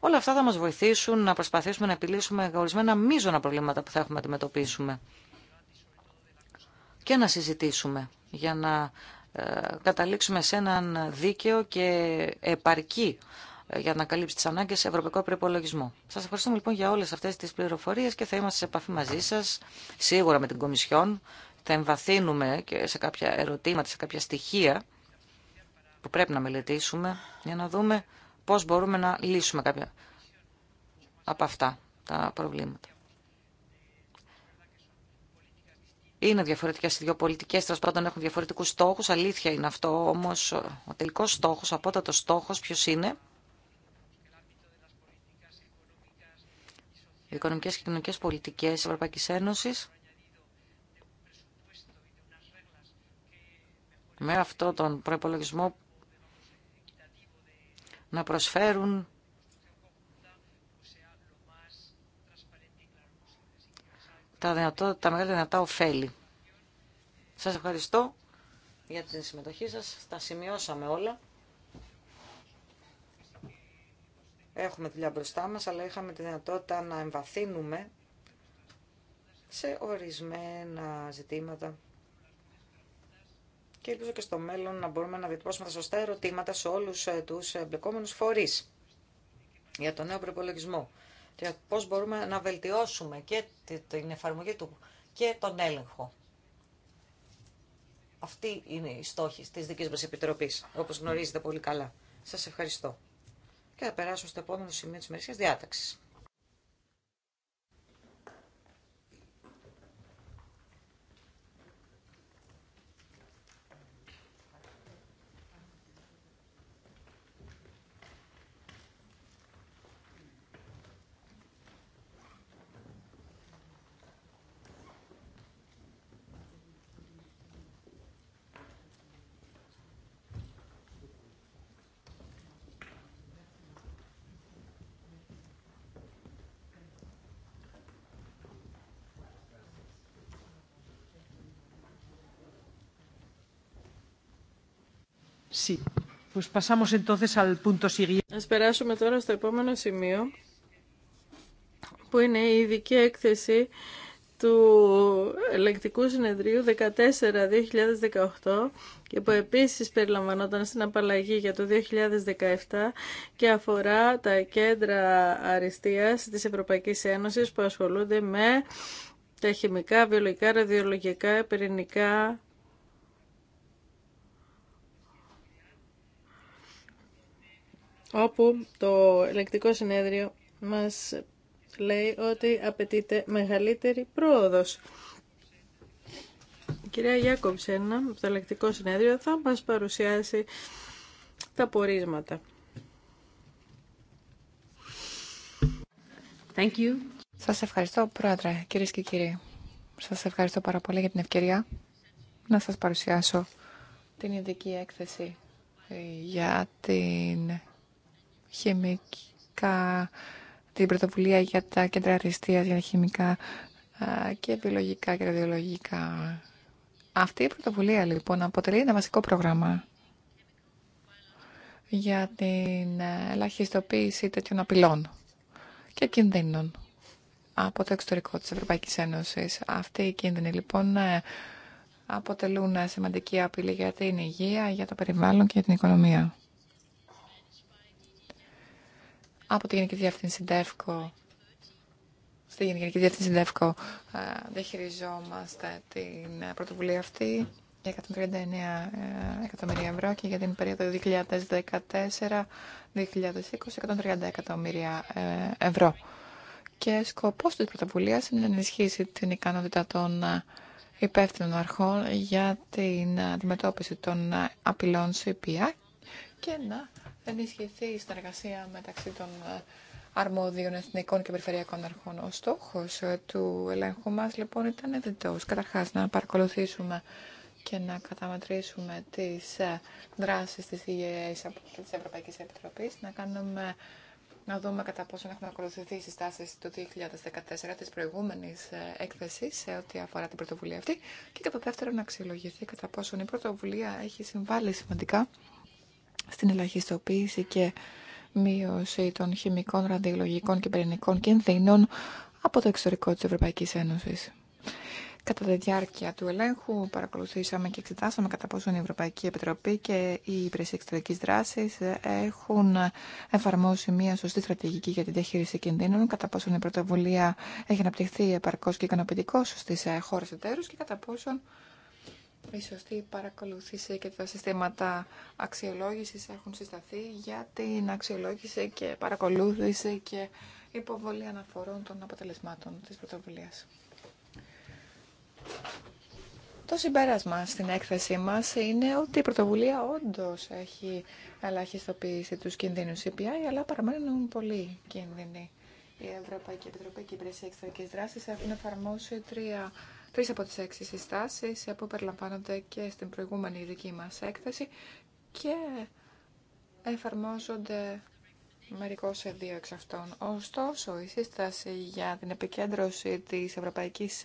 Όλα αυτά θα μας βοηθήσουν να προσπαθήσουμε να επιλύσουμε ορισμένα μείζωνα προβλήματα που θα έχουμε να αντιμετωπίσουμε και να συζητήσουμε για να ε, καταλήξουμε σε έναν δίκαιο και επαρκή ε, για να καλύψει τις ανάγκες σε ευρωπαϊκό προπολογισμό. Σας ευχαριστούμε λοιπόν για όλες αυτές τις πληροφορίες και θα είμαστε σε επαφή μαζί σας, σίγουρα με την Κομισιόν. Θα εμβαθύνουμε και σε κάποια ερωτήματα, σε κάποια στοιχεία που πρέπει να μελετήσουμε για να δούμε πώς μπορούμε να λύσουμε κάποια από αυτά τα προβλήματα. Είναι διαφορετικέ οι δύο πολιτικέ, τέλο πάντων έχουν διαφορετικού στόχου. Αλήθεια είναι αυτό, όμω ο τελικό στόχο, ο απότατο στόχο, ποιο είναι. Οι οικονομικέ και κοινωνικέ πολιτικέ της Ευρωπαϊκή Ένωση. Με αυτό τον προπολογισμό να προσφέρουν τα, δυνατό, τα μεγάλα δυνατά ωφέλη. Σας ευχαριστώ για την συμμετοχή σας. Τα σημειώσαμε όλα. Έχουμε δουλειά μπροστά μας, αλλά είχαμε τη δυνατότητα να εμβαθύνουμε σε ορισμένα ζητήματα και ελπίζω και στο μέλλον να μπορούμε να διατυπώσουμε τα σωστά ερωτήματα σε όλου ε, του εμπλεκόμενου φορεί για τον νέο προπολογισμό και πώ μπορούμε να βελτιώσουμε και την εφαρμογή του και τον έλεγχο. Αυτή είναι η στόχη τη δική μα επιτροπή, όπω γνωρίζετε πολύ καλά. Σα ευχαριστώ. Και θα περάσω στο επόμενο σημείο τη μερική διάταξη. Sí. Ας περάσουμε τώρα στο επόμενο σημείο, που είναι η ειδική έκθεση του Ελεκτικού Συνεδρίου 14-2018 και που επίσης περιλαμβανόταν στην απαλλαγή για το 2017 και αφορά τα κέντρα αριστείας της Ευρωπαϊκής Ένωσης που ασχολούνται με τα χημικά, βιολογικά, ραδιολογικά, πυρηνικά όπου το ελεκτικό συνέδριο μας λέει ότι απαιτείται μεγαλύτερη πρόοδος. Η κυρία Γιάκομψένα, το ελεκτικό συνέδριο, θα μας παρουσιάσει τα πορίσματα. Thank you. Σας ευχαριστώ, Πρόεδρε, κυρίες και κύριοι. Σας ευχαριστώ πάρα πολύ για την ευκαιρία να σας παρουσιάσω την ειδική έκθεση για την χημικά, την πρωτοβουλία για τα κέντρα αριστεία, για χημικά και βιολογικά και ραδιολογικά. Αυτή η πρωτοβουλία λοιπόν αποτελεί ένα βασικό πρόγραμμα για την ελαχιστοποίηση τέτοιων απειλών και κινδύνων από το εξωτερικό της Ευρωπαϊκής Ένωσης. Αυτοί οι κίνδυνοι λοιπόν ε, αποτελούν σημαντική απειλή για την υγεία, για το περιβάλλον και για την οικονομία. από τη Γενική Διεύθυνση ΔΕΦΚΟ. Στη Γενική Διεύθυνση ΔΕΦΚΟ ε, διαχειριζόμαστε την ε, πρωτοβουλία αυτή για 139 ε, εκατομμύρια ευρώ και για την περίοδο 2014-2020 130 εκατομμύρια ευρώ. Και σκοπός της πρωτοβουλίας είναι να ενισχύσει την ικανότητα των υπεύθυνων αρχών για την αντιμετώπιση των απειλών ΣΥΠΙΑ και να ενισχυθεί η συνεργασία μεταξύ των ε, αρμόδιων εθνικών και περιφερειακών αρχών. Ο Στόχο ε, του ελέγχου μα λοιπόν ήταν διτός. Καταρχάς να παρακολουθήσουμε και να καταμετρήσουμε τι ε, δράσει τη ΙΕΕΣ και τη Ευρωπαϊκή Επιτροπή, να κάνουμε να δούμε κατά πόσο έχουν ακολουθηθεί οι συστάσεις του 2014 της προηγούμενης έκθεσης σε ό,τι αφορά την πρωτοβουλία αυτή και κατά δεύτερον να αξιολογηθεί κατά πόσο η πρωτοβουλία έχει συμβάλει σημαντικά στην ελαχιστοποίηση και μείωση των χημικών, ραδιολογικών και πυρηνικών κινδύνων από το εξωτερικό της Ευρωπαϊκής Ένωσης. Κατά τη διάρκεια του ελέγχου παρακολουθήσαμε και εξετάσαμε κατά πόσο η Ευρωπαϊκή Επιτροπή και οι Υπηρεσία Εξωτερικής Δράσης έχουν εφαρμόσει μια σωστή στρατηγική για την διαχείριση κινδύνων, κατά πόσο η πρωτοβουλία έχει αναπτυχθεί επαρκώς και ικανοποιητικώς στις χώρες εταίρους και κατά πόσον η σωστή παρακολουθήση και τα συστήματα αξιολόγησης έχουν συσταθεί για την αξιολόγηση και παρακολούθηση και υποβολή αναφορών των αποτελεσμάτων της πρωτοβουλίας. Το συμπέρασμα στην έκθεσή μας είναι ότι η πρωτοβουλία όντως έχει ελαχιστοποιήσει τους κινδύνους CPI, αλλά παραμένουν πολύ κίνδυνοι. Η Ευρωπαϊκή Επιτροπή και η Υπηρεσία Δράσης έχουν εφαρμόσει τρία Τρεις από τις έξι συστάσεις που περιλαμβάνονται και στην προηγούμενη δική μας έκθεση και εφαρμόζονται μερικώ σε δύο εξ αυτών. Ωστόσο, η σύσταση για την επικέντρωση της Ευρωπαϊκής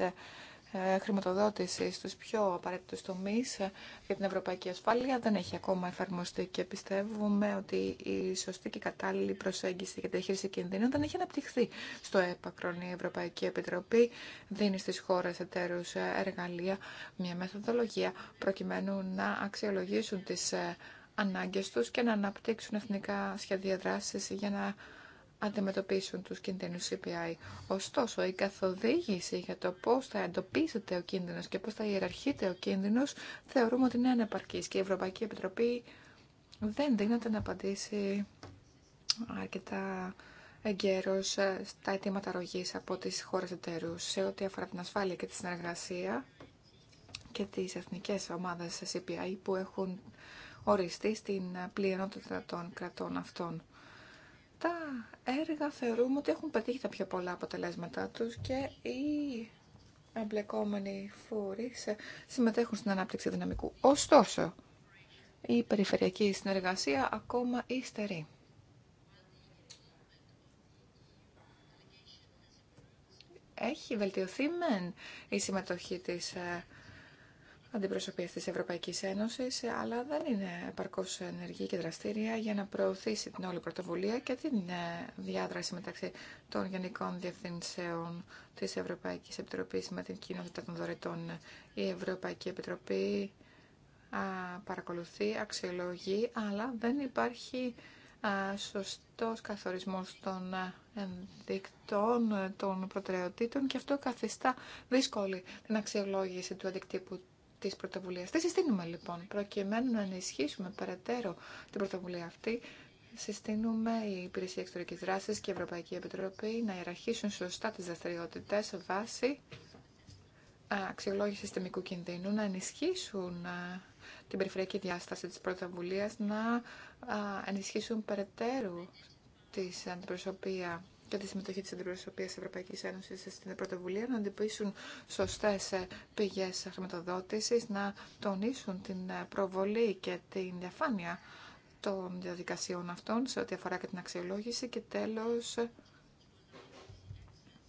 ε, χρηματοδότηση στους πιο απαραίτητους τομείς ε, για την ευρωπαϊκή ασφάλεια δεν έχει ακόμα εφαρμοστεί και πιστεύουμε ότι η σωστή και κατάλληλη προσέγγιση για τη χρήση κινδύνων δεν έχει αναπτυχθεί στο έπακρον. Η Ευρωπαϊκή Επιτροπή δίνει στις χώρες εταίρους ε, εργαλεία μια μεθοδολογία προκειμένου να αξιολογήσουν τις ανάγκες τους και να αναπτύξουν εθνικά σχέδια δράσης για να αντιμετωπίσουν τους κινδύνους CPI. Ωστόσο, η καθοδήγηση για το πώς θα εντοπίζεται ο κίνδυνος και πώς θα ιεραρχείται ο κίνδυνος θεωρούμε ότι είναι ανεπαρκής και η Ευρωπαϊκή Επιτροπή δεν δίνεται να απαντήσει αρκετά εγκαίρως στα αιτήματα ρογής από τις χώρες εταιρού, σε ό,τι αφορά την ασφάλεια και τη συνεργασία και τις εθνικές ομάδες CPI που έχουν οριστεί στην πλειονότητα των κρατών αυτών τα έργα θεωρούμε ότι έχουν πετύχει τα πιο πολλά αποτελέσματά τους και οι εμπλεκόμενοι φορείς ε, συμμετέχουν στην ανάπτυξη δυναμικού. Ωστόσο, η περιφερειακή συνεργασία ακόμα ύστερη. Έχει βελτιωθεί μεν η συμμετοχή της ε, αντιπροσωπεία της Ευρωπαϊκής Ένωσης, αλλά δεν είναι επαρκώς ενεργή και δραστήρια για να προωθήσει την όλη πρωτοβουλία και την ε, διάδραση μεταξύ των Γενικών Διευθυνσέων της Ευρωπαϊκής Επιτροπής με την κοινότητα των δωρετών. Η Ευρωπαϊκή Επιτροπή παρακολουθεί, αξιολογεί, αλλά δεν υπάρχει α, σωστός καθορισμός των ενδεικτών των προτεραιοτήτων και αυτό καθιστά δύσκολη την αξιολόγηση του αντικτύπου τι συστήνουμε λοιπόν, προκειμένου να ενισχύσουμε περαιτέρω την πρωτοβουλία αυτή, συστήνουμε η Υπηρεσία Εξωτερική Δράση και η Ευρωπαϊκή Επιτροπή να ιεραρχήσουν σωστά τι δραστηριότητε βάση ε, αξιολόγηση συστημικού κινδύνου, να ενισχύσουν ε, την περιφερειακή διάσταση της πρωτοβουλία, να ε, ενισχύσουν περαιτέρω τη αντιπροσωπεία και τη συμμετοχή τη αντιπροσωπεία Ευρωπαϊκή Ένωση στην πρωτοβουλία να εντοπίσουν σωστέ ε, πηγές χρηματοδότηση να τονίσουν την ε, προβολή και την διαφάνεια των διαδικασιών αυτών σε ό,τι αφορά και την αξιολόγηση και τέλος ε,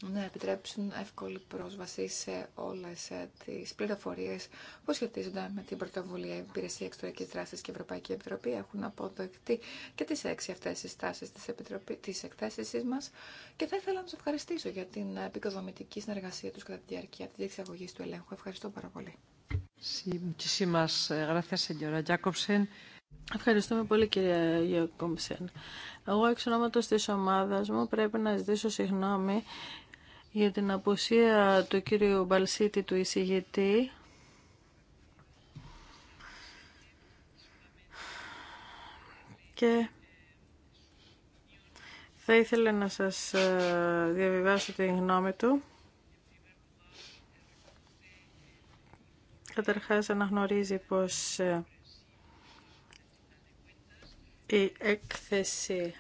να επιτρέψουν εύκολη πρόσβαση σε όλε τι πληροφορίε που σχετίζονται με την πρωτοβουλία Υπηρεσία Εξωτερική Δράση και Ευρωπαϊκή Επιτροπή. Έχουν αποδεκτεί και τι έξι αυτέ τι τάσει τη εκθέσει μα και θα ήθελα να του ευχαριστήσω για την επικοδομητική συνεργασία του κατά τη διάρκεια τη διεξαγωγή του ελέγχου. Ευχαριστώ πάρα πολύ. Eh, Ευχαριστούμε πολύ κυρία Κόμψεν. Εγώ εξ ονόματος τη ομάδα μου πρέπει να ζητήσω συγγνώμη για την απουσία του κύριου Μπαλσίτη του εισηγητή. Και θα ήθελα να σας ε, διαβιβάσω την γνώμη του. Καταρχάς αναγνωρίζει πως ε, η έκθεση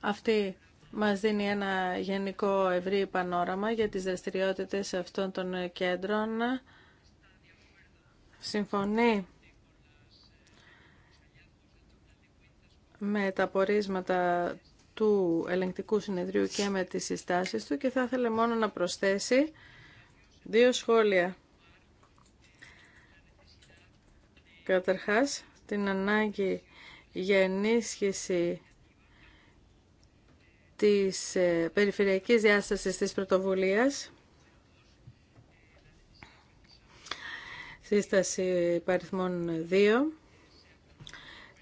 αυτή μας δίνει ένα γενικό ευρύ πανόραμα για τις δραστηριότητες αυτών των κέντρων. Συμφωνεί με τα πορίσματα του ελεγκτικού συνεδρίου και με τις συστάσεις του και θα ήθελε μόνο να προσθέσει δύο σχόλια. Καταρχάς, την ανάγκη για ενίσχυση της ε, περιφερειακής διάστασης της πρωτοβουλίας. Σύσταση παριθμών 2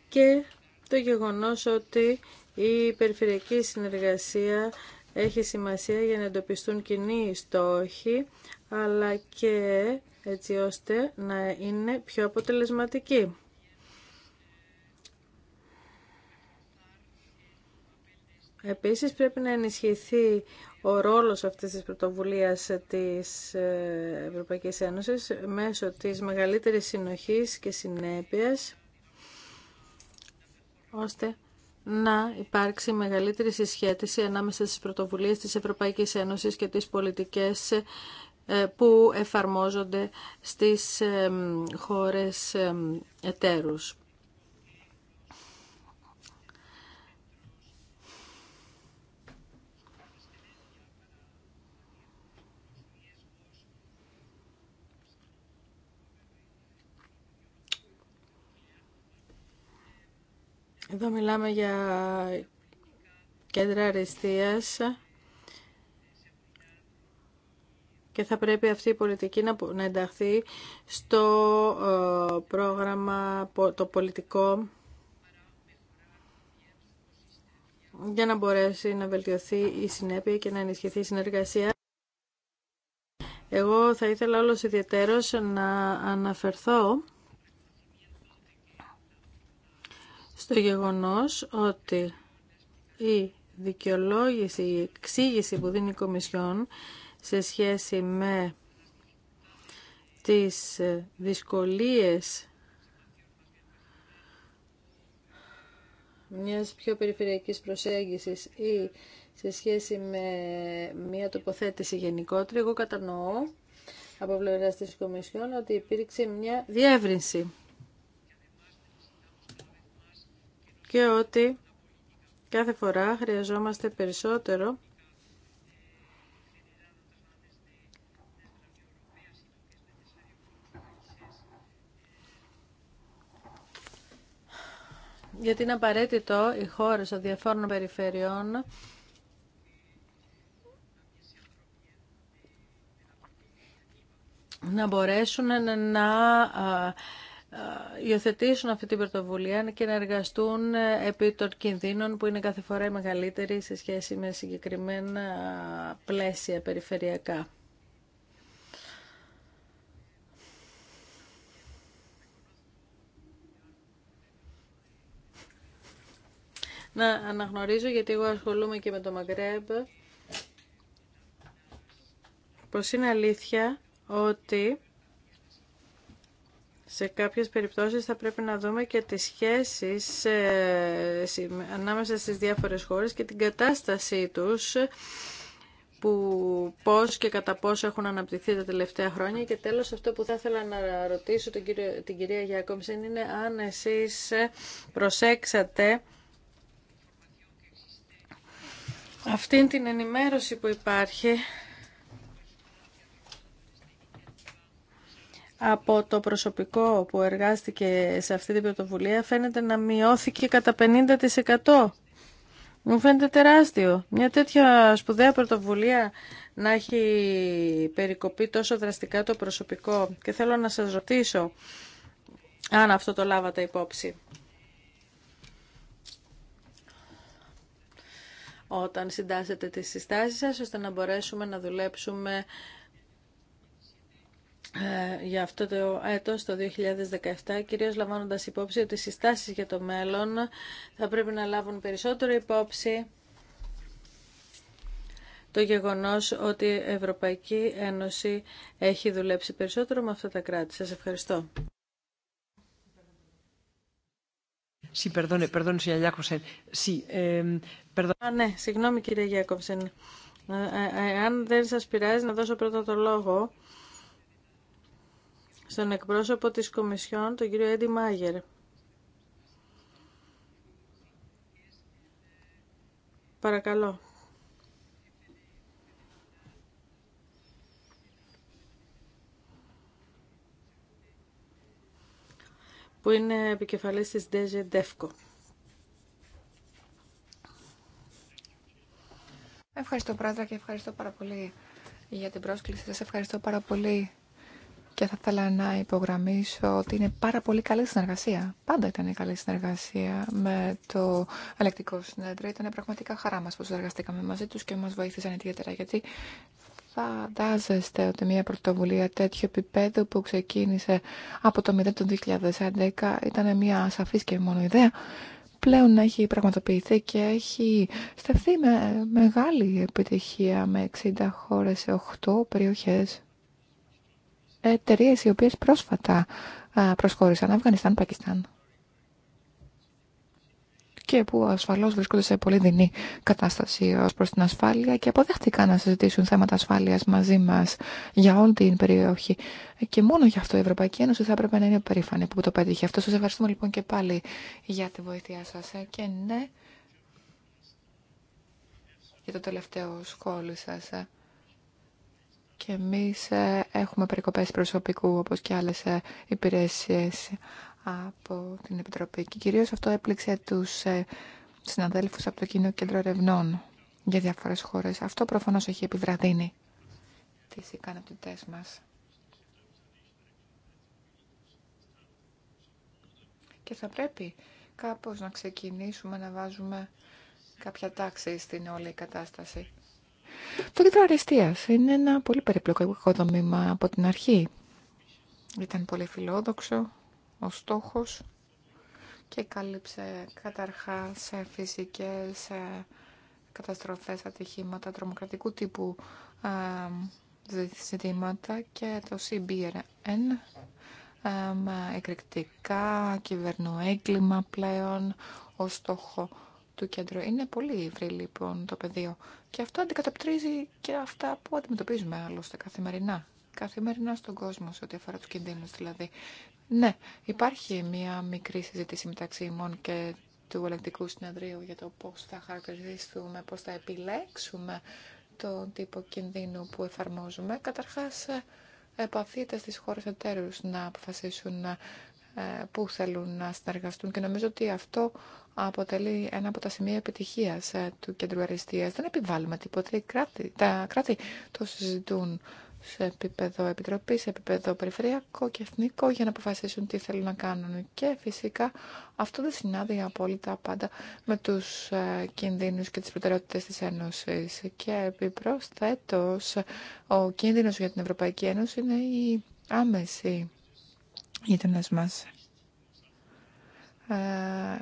και το γεγονός ότι η περιφερειακή συνεργασία έχει σημασία για να εντοπιστούν κοινοί στόχοι, αλλά και έτσι ώστε να είναι πιο αποτελεσματική. Επίσης πρέπει να ενισχυθεί ο ρόλος αυτής της πρωτοβουλίας της ε, Ευρωπαϊκής Ένωσης μέσω της μεγαλύτερης συνοχής και συνέπειας ώστε να υπάρξει μεγαλύτερη συσχέτιση ανάμεσα στις πρωτοβουλίες της Ευρωπαϊκής Ένωσης και τις πολιτικές ε, που εφαρμόζονται στις ε, χώρες εταίρους. Εδώ μιλάμε για κέντρα αριστείας και θα πρέπει αυτή η πολιτική να ενταχθεί στο ε, πρόγραμμα το πολιτικό για να μπορέσει να βελτιωθεί η συνέπεια και να ενισχυθεί η συνεργασία. Εγώ θα ήθελα όλος ιδιαίτερος να αναφερθώ στο γεγονός ότι η δικαιολόγηση, η εξήγηση που δίνει η Κομισιόν σε σχέση με τις ε, δυσκολίες μιας πιο περιφερειακής προσέγγισης ή σε σχέση με μια τοποθέτηση γενικότερη, εγώ κατανοώ από πλευρά της Κομισιόν ότι υπήρξε μια διεύρυνση και ότι κάθε φορά χρειαζόμαστε περισσότερο γιατί είναι απαραίτητο οι χώρες των διαφόρων περιφερειών να μπορέσουν να ε, υιοθετήσουν αυτή την πρωτοβουλία και να εργαστούν ε, επί των κινδύνων που είναι κάθε φορά μεγαλύτεροι σε σχέση με συγκεκριμένα πλαίσια περιφερειακά. Να αναγνωρίζω γιατί εγώ ασχολούμαι και με το Μαγκρέμπ πως είναι αλήθεια ότι σε κάποιες περιπτώσεις θα πρέπει να δούμε και τις σχέσεις ε, ανάμεσα στις διάφορες χώρες και την κατάστασή τους που πώς και κατά πόσο έχουν αναπτυχθεί τα τελευταία χρόνια και τέλος αυτό που θα ήθελα να ρωτήσω τον κύριο, την κυρία Γιάκομψεν είναι αν εσείς προσέξατε αυτήν την ενημέρωση που υπάρχει από το προσωπικό που εργάστηκε σε αυτή την πρωτοβουλία φαίνεται να μειώθηκε κατά 50%. Μου φαίνεται τεράστιο. Μια τέτοια σπουδαία πρωτοβουλία να έχει περικοπεί τόσο δραστικά το προσωπικό. Και θέλω να σας ρωτήσω αν αυτό το λάβατε υπόψη. Όταν συντάσσετε τις συστάσεις σας, ώστε να μπορέσουμε να δουλέψουμε ε, για αυτό το έτος, το 2017, κυρίως λαμβάνοντας υπόψη ότι οι συστάσεις για το μέλλον θα πρέπει να λάβουν περισσότερη υπόψη το γεγονός ότι η Ευρωπαϊκή Ένωση έχει δουλέψει περισσότερο με αυτά τα κράτη. Σας ευχαριστώ. Sí, perdone, sí, ναι, συγγνώμη κύριε Γιάκοψεν. Ε, ε, αν δεν σας πειράζει να δώσω πρώτα το λόγο στον εκπρόσωπο της Κομισιόν, τον κύριο Έντι Μάγερ. Παρακαλώ. που είναι επικεφαλής της Ντέζε Ντεύκο. Ευχαριστώ Πρόεδρε και ευχαριστώ πάρα πολύ για την πρόσκληση. Σας ευχαριστώ πάρα πολύ και θα ήθελα να υπογραμμίσω ότι είναι πάρα πολύ καλή συνεργασία. Πάντα ήταν καλή συνεργασία με το ελεκτικό συνέδριο. Ήταν πραγματικά χαρά μα που συνεργαστήκαμε μαζί του και μα βοήθησαν ιδιαίτερα. Γιατί φαντάζεστε ότι μια πρωτοβουλία τέτοιου επίπεδου που ξεκίνησε από το 0 του 2011 ήταν μια σαφή και μόνο ιδέα πλέον έχει πραγματοποιηθεί και έχει στεφθεί με μεγάλη επιτυχία με 60 χώρες σε 8 περιοχές εταιρείε οι οποίε πρόσφατα προσχώρησαν Αφγανιστάν, Πακιστάν και που ασφαλώς βρίσκονται σε πολύ δεινή κατάσταση ω προς την ασφάλεια και αποδέχτηκαν να συζητήσουν θέματα ασφάλειας μαζί μας για όλη την περιοχή. Και μόνο γι' αυτό η Ευρωπαϊκή Ένωση θα έπρεπε να είναι περήφανη που το πέτυχε αυτό. Σα ευχαριστούμε λοιπόν και πάλι για τη βοήθειά σα. Ε, και ναι, για το τελευταίο σχόλιο σας. Ε. Και εμείς ε, έχουμε περικοπές προσωπικού όπως και άλλες ε, υπηρεσίες από την Επιτροπή. Και κυρίως αυτό έπληξε τους ε, συναδέλφους από το Κοινό Κέντρο Ερευνών για διάφορες χώρες. Αυτό προφανώς έχει επιβραδύνει τις ικανότητές μας. Και θα πρέπει κάπως να ξεκινήσουμε να βάζουμε κάποια τάξη στην όλη κατάσταση. Το κέντρο αριστεία είναι ένα πολύ περίπλοκο οικοδομήμα από την αρχή. Ήταν πολύ φιλόδοξο ο στόχος και κάλυψε καταρχάς φυσικές καταστροφές, ατυχήματα, τρομοκρατικού τύπου ζητήματα και το CBRN εκρηκτικά, κυβερνοέγκλημα πλέον ως στόχο του κέντρου. Είναι πολύ ευρύ λοιπόν το πεδίο και αυτό αντικαταπτρίζει και αυτά που αντιμετωπίζουμε άλλωστε καθημερινά. Καθημερινά στον κόσμο σε ό,τι αφορά του κινδύνου δηλαδή. Ναι, υπάρχει μια μικρή συζήτηση μεταξύ ημών και του ελεγκτικού συνεδρίου για το πώς θα χαρακτηριστούμε, πώς θα επιλέξουμε τον τύπο κινδύνου που εφαρμόζουμε. Καταρχάς, επαφείται στις χώρες εταίρους να αποφασίσουν ε, πού θέλουν να συνεργαστούν και νομίζω ότι αυτό αποτελεί ένα από τα σημεία επιτυχίας ε, του κέντρου αριστείας. Δεν επιβάλλουμε τίποτα. τα κράτη το συζητούν σε επίπεδο επιτροπή, σε επίπεδο περιφερειακό και εθνικό για να αποφασίσουν τι θέλουν να κάνουν. Και φυσικά αυτό δεν συνάδει απόλυτα πάντα με τους ε, κίνδυνου και τι προτεραιότητες τη Ένωση. Και επιπροσθέτω, ο κίνδυνο για την Ευρωπαϊκή Ένωση είναι η άμεση γείτονες μας. Ε,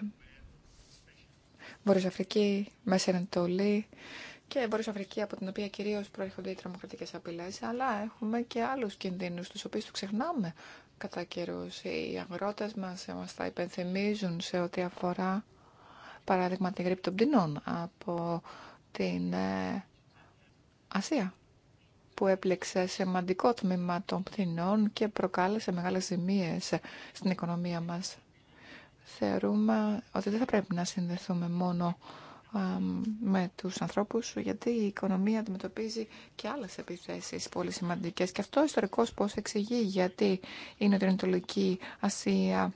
Βόρειο Αφρική, Μέση Ανατολή και Βόρειο Αφρική από την οποία κυρίως προέρχονται οι τρομοκρατικέ απειλές, αλλά έχουμε και άλλους κινδύνου του οποίους του ξεχνάμε κατά καιρού. Οι αγρότε μας μας τα υπενθυμίζουν σε ό,τι αφορά παράδειγμα την γρήπη των πτηνών από την ε, Ασία που έπλεξε σημαντικό τμήμα των πτηνών και προκάλεσε μεγάλες ζημίες στην οικονομία μας θεωρούμε ότι δεν θα πρέπει να συνδεθούμε μόνο με τους ανθρώπους γιατί η οικονομία αντιμετωπίζει και άλλες επιθέσεις πολύ σημαντικές και αυτό ο ιστορικός πώς εξηγεί γιατί η Νοτιοανατολική Ασία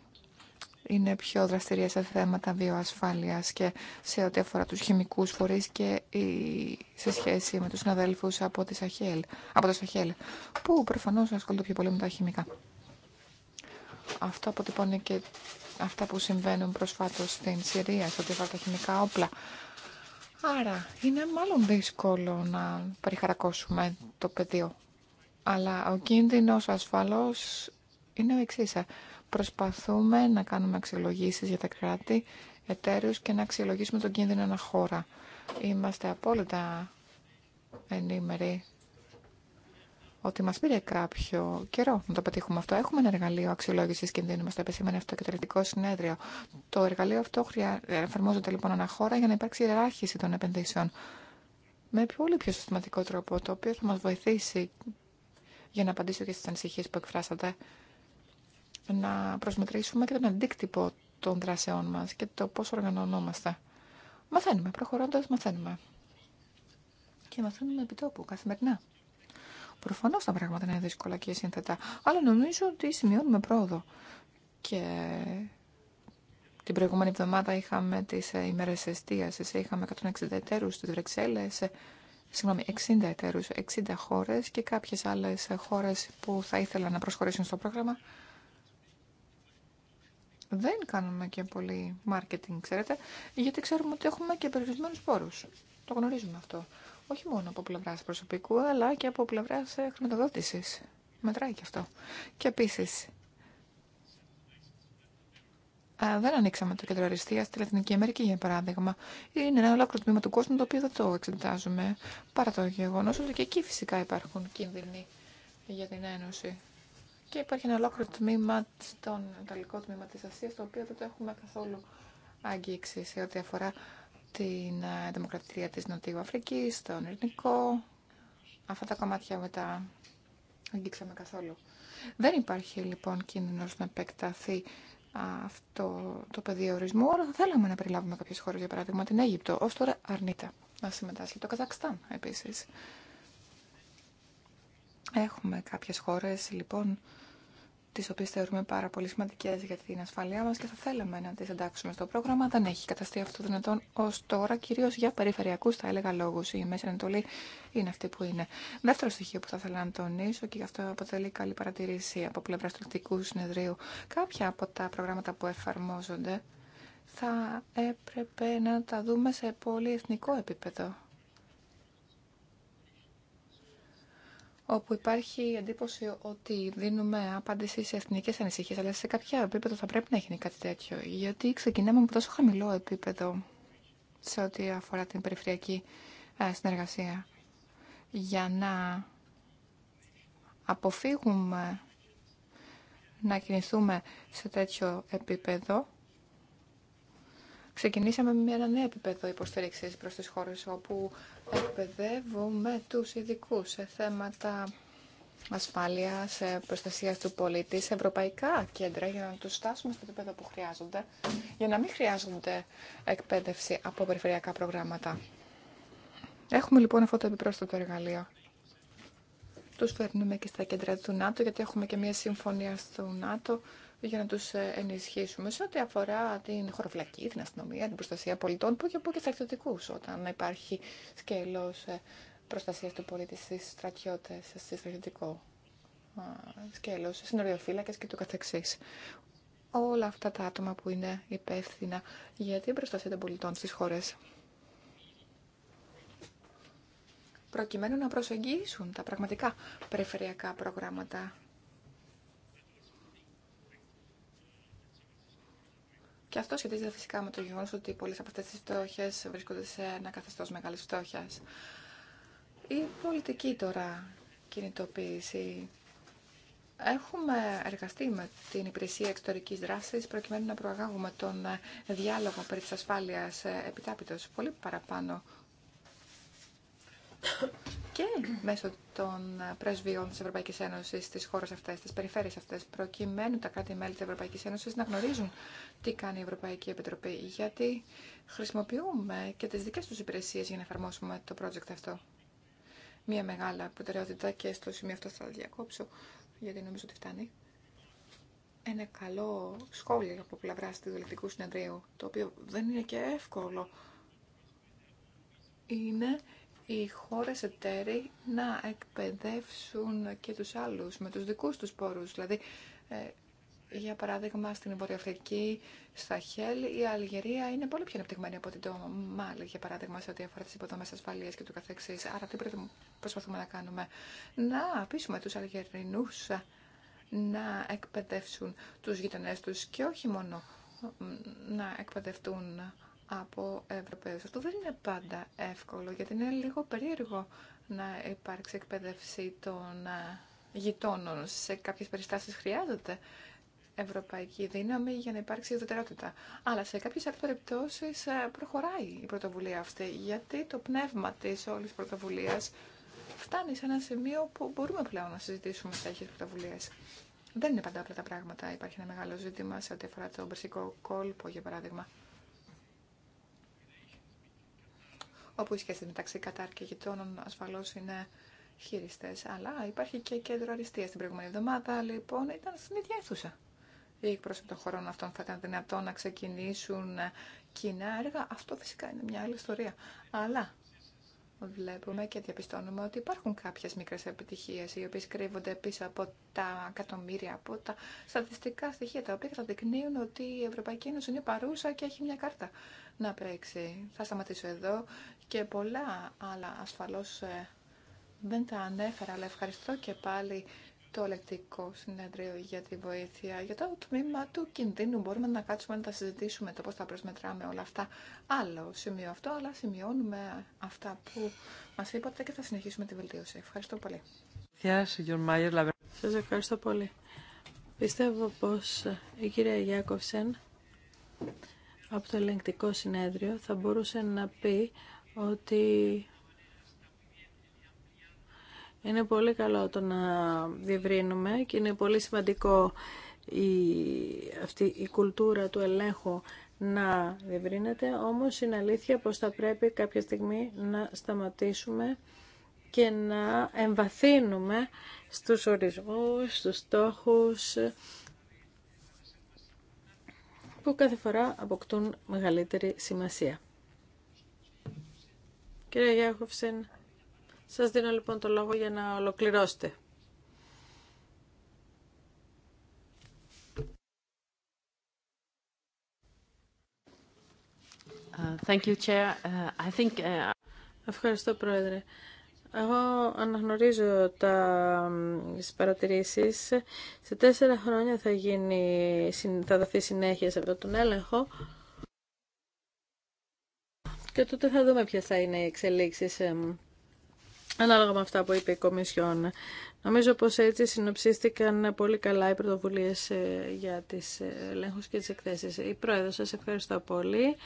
είναι πιο δραστηρία σε θέματα βιοασφάλειας και σε ό,τι αφορά τους χημικούς φορείς και σε σχέση με τους συναδέλφους από, από το Σαχέλ που προφανώς ασχολούνται πιο πολύ με τα χημικά. Αυτό αποτυπώνει και αυτά που συμβαίνουν προσφάτως στην Συρία σε ό,τι τα χημικά όπλα. Άρα είναι μάλλον δύσκολο να περιχαρακώσουμε το πεδίο. Αλλά ο κίνδυνος ασφαλώς είναι ο εξής. Ε. Προσπαθούμε να κάνουμε αξιολογήσει για τα κράτη εταίρους και να αξιολογήσουμε τον κίνδυνο χώρα. Είμαστε απόλυτα ενήμεροι ότι μα πήρε κάποιο καιρό να το πετύχουμε αυτό. Έχουμε ένα εργαλείο αξιολόγηση κινδύνου, μα το επεσήμανε αυτό και το ελληνικό συνέδριο. Το εργαλείο αυτό χρεια... εφαρμόζεται λοιπόν ανά χώρα για να υπάρξει ιεράρχηση των επενδύσεων με πολύ πιο συστηματικό τρόπο, το οποίο θα μα βοηθήσει για να απαντήσω και στι ανησυχίε που εκφράσατε, να προσμετρήσουμε και τον αντίκτυπο των δράσεών μα και το πώ οργανωνόμαστε. Μαθαίνουμε, προχωρώντα, μαθαίνουμε. Και μαθαίνουμε επί καθημερινά. Προφανώ τα πράγματα είναι δύσκολα και σύνθετα, αλλά νομίζω ότι σημειώνουμε πρόοδο. Και την προηγούμενη εβδομάδα είχαμε τι ε, ημέρε εστίαση, είχαμε 160 εταίρου στι Βρυξέλλε, ε, συγγνώμη, 60 εταίρους, 60 χώρε και κάποιε άλλε χώρε που θα ήθελαν να προσχωρήσουν στο πρόγραμμα. Δεν κάνουμε και πολύ marketing, ξέρετε, γιατί ξέρουμε ότι έχουμε και περιορισμένου πόρου. Το γνωρίζουμε αυτό όχι μόνο από πλευρά προσωπικού, αλλά και από πλευρά ε, χρηματοδότηση. Μετράει και αυτό. Και επίση, δεν ανοίξαμε το κέντρο αριστεία στη Λατινική Αμερική, για παράδειγμα. Είναι ένα ολόκληρο τμήμα του κόσμου το οποίο δεν το εξετάζουμε. Παρά το γεγονό ότι και εκεί φυσικά υπάρχουν κίνδυνοι για την Ένωση. Και υπάρχει ένα ολόκληρο τμήμα στον Ιταλικό τμήμα τη Ασία, το οποίο δεν το έχουμε καθόλου άγγιξη σε ό,τι αφορά την ε, Δημοκρατία της Νοτιού Αφρικής, τον Ειρηνικό. Αυτά τα κομμάτια μετά αγγίξαμε καθόλου. Δεν υπάρχει λοιπόν κίνδυνος να επεκταθεί αυτό το πεδίο ορισμού, αλλά θα θέλαμε να περιλάβουμε κάποιες χώρες, για παράδειγμα την Αίγυπτο. Ως τώρα αρνείται να συμμετάσχει το Καζακστάν επίσης. Έχουμε κάποιες χώρες λοιπόν τι οποίε θεωρούμε πάρα πολύ σημαντικέ για την ασφαλεία μα και θα θέλαμε να τι εντάξουμε στο πρόγραμμα. Δεν έχει καταστεί αυτό δυνατόν ω τώρα, Κυρίω για περιφερειακού, θα έλεγα, λόγου. Η Μέση Ανατολή είναι αυτή που είναι. Δεύτερο στοιχείο που θα ήθελα να τονίσω και γι' αυτό αποτελεί καλή παρατηρήση από πλευρά του Εκτικού Συνεδρίου. Κάποια από τα προγράμματα που εφαρμόζονται θα έπρεπε να τα δούμε σε πολύ εθνικό επίπεδο όπου υπάρχει εντύπωση ότι δίνουμε απάντηση σε εθνικέ ανησυχίε, αλλά σε κάποιο επίπεδο θα πρέπει να γίνει κάτι τέτοιο. Γιατί ξεκινάμε με τόσο χαμηλό επίπεδο σε ό,τι αφορά την περιφερειακή ε, συνεργασία. Για να αποφύγουμε να κινηθούμε σε τέτοιο επίπεδο, Ξεκινήσαμε με ένα νέο επίπεδο υποστήριξης προς τι χώρε, όπου εκπαιδεύουμε τους ειδικού σε θέματα ασφάλειας, προστασίας του πολίτη, σε ευρωπαϊκά κέντρα για να τους στάσουμε στο επίπεδο που χρειάζονται, για να μην χρειάζονται εκπαίδευση από περιφερειακά προγράμματα. Έχουμε λοιπόν αυτό το επιπρόσθετο εργαλείο. Του φέρνουμε και στα κέντρα του ΝΑΤΟ, γιατί έχουμε και μια συμφωνία στο ΝΑΤΟ για να τους ε, ενισχύσουμε σε ό,τι αφορά την χωροφυλακή, την αστυνομία, την προστασία πολιτών, που και που και στρατιωτικούς, όταν υπάρχει σκέλος ε, προστασίας του πολίτη στις στρατιώτες, στις στρατιωτικό σκέλος, συνοριοφύλακες και του καθεξής. Όλα αυτά τα άτομα που είναι υπεύθυνα για την προστασία των πολιτών στις χώρες. Προκειμένου να προσεγγίσουν τα πραγματικά περιφερειακά προγράμματα Και αυτό σχετίζεται φυσικά με το γεγονό ότι πολλέ από αυτέ τι φτώχε βρίσκονται σε ένα καθεστώ μεγάλη φτώχεια. Η πολιτική τώρα κινητοποίηση. Έχουμε εργαστεί με την Υπηρεσία Εξωτερική Δράση προκειμένου να προαγάγουμε τον διάλογο περί τη ασφάλεια επιτάπητο πολύ παραπάνω και μέσω των πρεσβειών τη Ευρωπαϊκή Ένωση, στις χώρε αυτέ, στις περιφέρειες αυτέ. προκειμένου τα κράτη-μέλη τη Ευρωπαϊκή Ένωση να γνωρίζουν τι κάνει η Ευρωπαϊκή Επιτροπή, γιατί χρησιμοποιούμε και τι δικέ του υπηρεσίε για να εφαρμόσουμε το project αυτό. Μία μεγάλη προτεραιότητα και στο σημείο αυτό θα διακόψω, γιατί νομίζω ότι φτάνει. Ένα καλό σχόλιο από πλευρά του Δελεκτικού Συνεδρίου, το οποίο δεν είναι και εύκολο, είναι οι χώρες εταίροι να εκπαιδεύσουν και τους άλλους με τους δικούς τους πόρους. Δηλαδή, ε, για παράδειγμα, στην Βορειοαφρική, στα Χέλ, η Αλγερία είναι πολύ πιο αναπτυγμένη από την το για παράδειγμα, σε ό,τι αφορά τι υποδομέ ασφαλεία και του καθεξής. Άρα, τι προσπαθούμε να κάνουμε, να πείσουμε τους Αλγερινούς να εκπαιδεύσουν τους γειτονέ τους και όχι μόνο να εκπαιδευτούν από Ευρωπαίους. Αυτό δεν είναι πάντα εύκολο, γιατί είναι λίγο περίεργο να υπάρξει εκπαίδευση των ε, γειτόνων. Σε κάποιες περιστάσεις χρειάζεται ευρωπαϊκή δύναμη για να υπάρξει ιδιωτερότητα. Αλλά σε κάποιες άλλες περιπτώσεις ε, προχωράει η πρωτοβουλία αυτή, γιατί το πνεύμα της όλης πρωτοβουλίας φτάνει σε ένα σημείο που μπορούμε πλέον να συζητήσουμε τέτοιες πρωτοβουλίες. Δεν είναι πάντα απλά τα πράγματα. Υπάρχει ένα μεγάλο ζήτημα σε ό,τι αφορά τον περσικό κόλπο, για παράδειγμα. όπου οι σχέσεις μεταξύ Κατάρ και γειτόνων ασφαλώς είναι χειριστέ. αλλά υπάρχει και κέντρο αριστεία Την προηγούμενη εβδομάδα, λοιπόν, ήταν στην ίδια αίθουσα. Οι εκπρόσωποι των χωρών αυτών θα ήταν δυνατόν να ξεκινήσουν κοινά έργα. Αυτό φυσικά είναι μια άλλη ιστορία. Αλλά βλέπουμε και διαπιστώνουμε ότι υπάρχουν κάποιες μικρές επιτυχίες οι οποίες κρύβονται πίσω από τα εκατομμύρια, από τα στατιστικά στοιχεία τα οποία δεικνύουν ότι η Ευρωπαϊκή Ένωση είναι παρούσα και έχει μια κάρτα να παίξει. Θα σταματήσω εδώ και πολλά άλλα ασφαλώς ε, δεν τα ανέφερα, αλλά ευχαριστώ και πάλι το ελεκτικό συνέδριο για τη βοήθεια. Για το τμήμα του κινδύνου μπορούμε να κάτσουμε να τα συζητήσουμε το πώς θα προσμετράμε όλα αυτά. Άλλο σημείο αυτό, αλλά σημειώνουμε αυτά που μας είπατε και θα συνεχίσουμε τη βελτίωση. Ευχαριστώ πολύ. Σας ευχαριστώ πολύ. Πιστεύω πως ε, η κυρία Γιάκοφσεν από το ελεγκτικό συνέδριο θα μπορούσε να πει ότι είναι πολύ καλό το να διευρύνουμε και είναι πολύ σημαντικό η, αυτή η κουλτούρα του ελέγχου να διευρύνεται, όμως είναι αλήθεια πως θα πρέπει κάποια στιγμή να σταματήσουμε και να εμβαθύνουμε στους ορισμούς, στους στόχους που κάθε φορά αποκτούν μεγαλύτερη σημασία. Κύριε Γιάχοφσεν, σας δίνω λοιπόν το λόγο για να ολοκληρώσετε. Uh, uh, uh, Ευχαριστώ, Πρόεδρε. Εγώ αναγνωρίζω τα τις παρατηρήσεις. Σε τέσσερα χρόνια θα, γίνει, θα δοθεί συνέχεια σε αυτόν τον έλεγχο και τότε θα δούμε ποιες θα είναι οι εξελίξεις ανάλογα με αυτά που είπε η Κομισιόν. Νομίζω πως έτσι συνοψίστηκαν πολύ καλά οι πρωτοβουλίες ε, για τις ε, ελέγχους και τις εκθέσεις. Η Πρόεδρο, σας ευχαριστώ πολύ.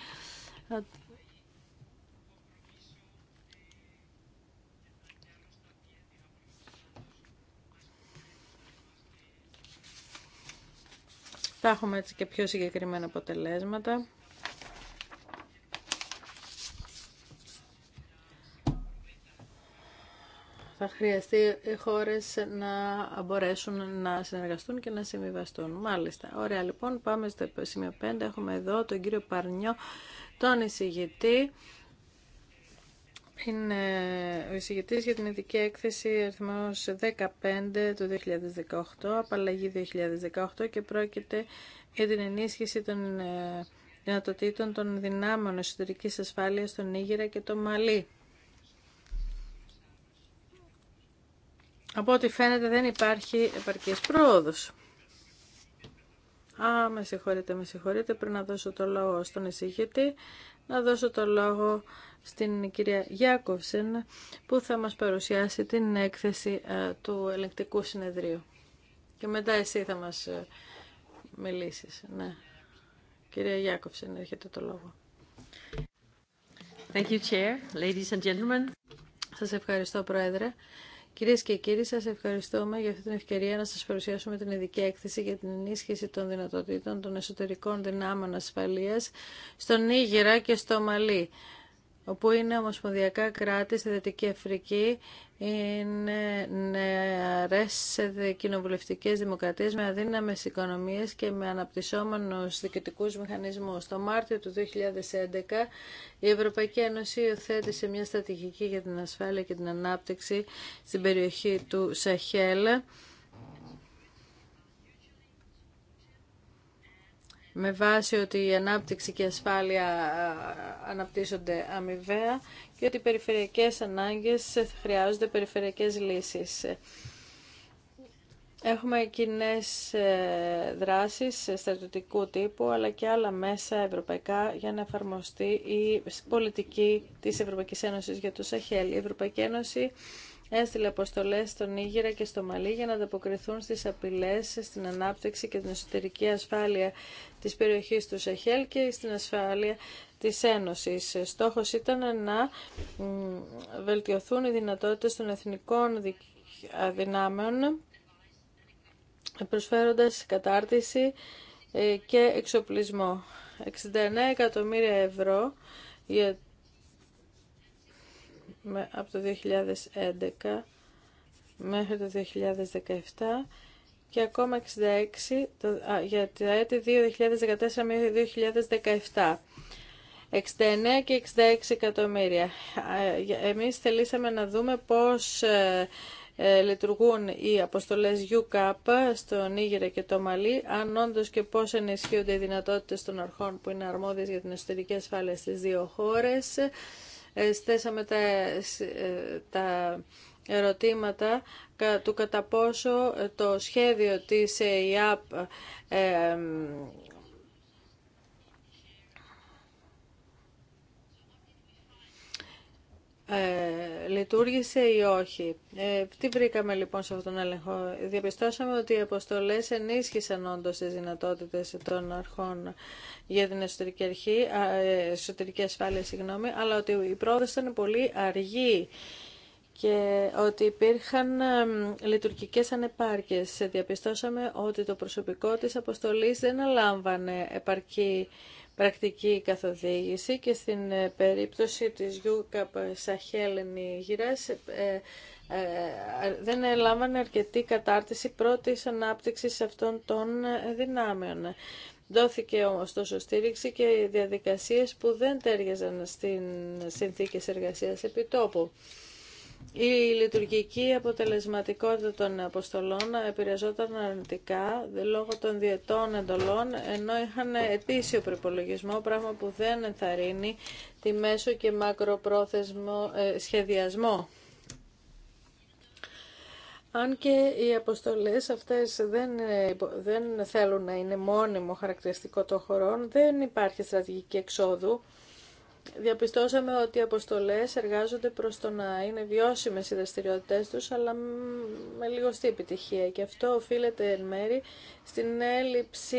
Θα έχουμε έτσι και πιο συγκεκριμένα αποτελέσματα. θα χρειαστεί οι χώρες να μπορέσουν να συνεργαστούν και να συμβιβαστούν. Μάλιστα. Ωραία, λοιπόν, πάμε στο σημείο 5. Έχουμε εδώ τον κύριο Παρνιό, τον εισηγητή. Είναι ο εισηγητή για την ειδική έκθεση αριθμό 15 του 2018, απαλλαγή 2018 και πρόκειται για την ενίσχυση των ε, δυνατοτήτων των δυνάμεων εσωτερική ασφάλεια στον Νίγηρα και το Μαλί. Από ό,τι φαίνεται δεν υπάρχει επαρκής πρόοδος. Α, με συγχωρείτε, με συγχωρείτε. Πριν να δώσω το λόγο στον εισηγητή, να δώσω το λόγο στην κυρία Γιάκοφσεν που θα μας παρουσιάσει την έκθεση ε, του ελεκτικού συνεδρίου. Και μετά εσύ θα μας ε, μιλήσεις. Ναι. Κυρία Γιάκοφσεν, έχετε το λόγο. Thank you, Chair. Ladies and gentlemen. Σας ευχαριστώ, Πρόεδρε. Κυρίε και κύριοι, σα ευχαριστούμε για αυτή την ευκαιρία να σα παρουσιάσουμε την ειδική έκθεση για την ενίσχυση των δυνατοτήτων των εσωτερικών δυνάμεων ασφαλεία στον Νίγηρα και στο Μαλί όπου είναι ομοσπονδιακά κράτη στη Δυτική Αφρική, είναι νεαρές κοινοβουλευτικές δημοκρατίες με αδύναμες οικονομίες και με αναπτυσσόμενους διοικητικούς μηχανισμούς. Το Μάρτιο του 2011 η Ευρωπαϊκή Ένωση υιοθέτησε μια στρατηγική για την ασφάλεια και την ανάπτυξη στην περιοχή του Σαχέλ με βάση ότι η ανάπτυξη και η ασφάλεια αναπτύσσονται αμοιβαία και ότι οι περιφερειακές ανάγκες χρειάζονται περιφερειακές λύσεις. Έχουμε κοινέ ε, δράσεις στρατιωτικού τύπου, αλλά και άλλα μέσα ευρωπαϊκά για να εφαρμοστεί η πολιτική της Ευρωπαϊκής Ένωσης για το Σαχέλ. Η Ευρωπαϊκή Ένωση έστειλε αποστολές στον Νίγηρα και στο Μαλί για να ανταποκριθούν στις απειλέ, στην ανάπτυξη και την εσωτερική ασφάλεια τη περιοχή του Σαχέλ και στην ασφάλεια της Ένωσης. Στόχος ήταν να βελτιωθούν οι δυνατότητες των εθνικών δυνάμεων προσφέροντας κατάρτιση ε, και εξοπλισμό. 69 εκατομμύρια ευρώ για από το 2011 μέχρι το 2017 και ακόμα 66 το, για τα έτη 2014 μέχρι 2017. 69 και 66 εκατομμύρια. Εμείς θελήσαμε να δούμε πώς ε, ε, λειτουργούν οι αποστολές UCAP στο Νίγηρα και το Μαλί, αν όντως και πώς ενισχύονται οι δυνατότητες των αρχών που είναι αρμόδιες για την εσωτερική ασφάλεια στις δύο χώρες. Ε, στέσαμε τα, ε, τα ερωτήματα του κατά πόσο ε, το σχέδιο της ΕΙΑΠ ε, λειτουργήσε ή όχι. Ε, τι βρήκαμε λοιπόν σε αυτόν τον έλεγχο. Διαπιστώσαμε ότι οι αποστολές ενίσχυσαν όντως τις δυνατότητες των αρχών για την εσωτερική, αρχή, ε, εσωτερική ασφάλεια, συγγνώμη, αλλά ότι η πρόοδο ήταν πολύ αργή και ότι υπήρχαν λειτουργικές ανεπάρκειες. Διαπιστώσαμε ότι το προσωπικό της αποστολής δεν αλάμβανε επαρκή πρακτική καθοδήγηση και στην ε, περίπτωση της Γιούκα Σαχέλνη Γυράς ε, ε, δεν έλαβαν αρκετή κατάρτιση πρώτης ανάπτυξης αυτών των δυνάμεων. Δόθηκε όμως τόσο στήριξη και διαδικασίες που δεν τέριαζαν στην συνθήκες εργασίας επιτόπου. Η λειτουργική αποτελεσματικότητα των αποστολών επηρεαζόταν αρνητικά λόγω των διετών εντολών, ενώ είχαν ετήσιο προπολογισμό, πράγμα που δεν ενθαρρύνει τη μέσο και μακροπρόθεσμο ε, σχεδιασμό. Αν και οι αποστολές αυτές δεν, ε, δεν θέλουν να είναι μόνιμο χαρακτηριστικό των χωρών, δεν υπάρχει στρατηγική εξόδου διαπιστώσαμε ότι οι αποστολές εργάζονται προς το να είναι βιώσιμες οι δραστηριότητε τους, αλλά με λιγοστή επιτυχία. Και αυτό οφείλεται εν μέρη στην έλλειψη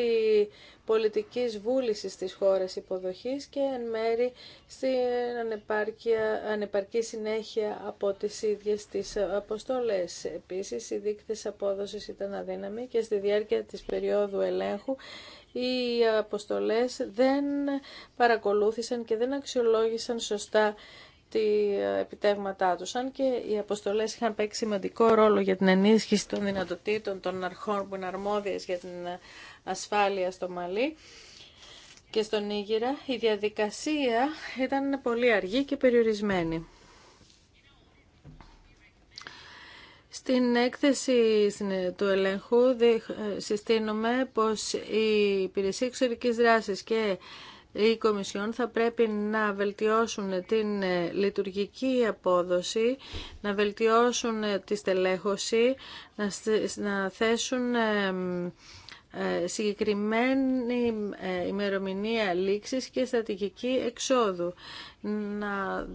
πολιτικής βούλησης της χώρες υποδοχής και εν μέρη στην ανεπαρκή συνέχεια από τις ίδιες τις αποστολές. Επίσης, οι δείκτες απόδοσης ήταν αδύναμοι και στη διάρκεια της περίοδου ελέγχου οι αποστολές δεν παρακολούθησαν και δεν αξιολόγησαν σωστά τη ε, επιτεύγματά τους. Αν και οι αποστολές είχαν παίξει σημαντικό ρόλο για την ενίσχυση των δυνατοτήτων των αρχών που είναι αρμόδιες για την ε, ασφάλεια στο Μαλί και στον Νίγηρα. η διαδικασία ήταν πολύ αργή και περιορισμένη. Στην έκθεση του ελέγχου ε, συστήνουμε πως η Υπηρεσία Εξωτερικής Δράσης και η Κομισιόν θα πρέπει να βελτιώσουν την ε, λειτουργική απόδοση, να βελτιώσουν ε, τη στελέχωση, να θέσουν ε, συγκεκριμένη ε, ημερομηνία λήξης και στρατηγική εξόδου να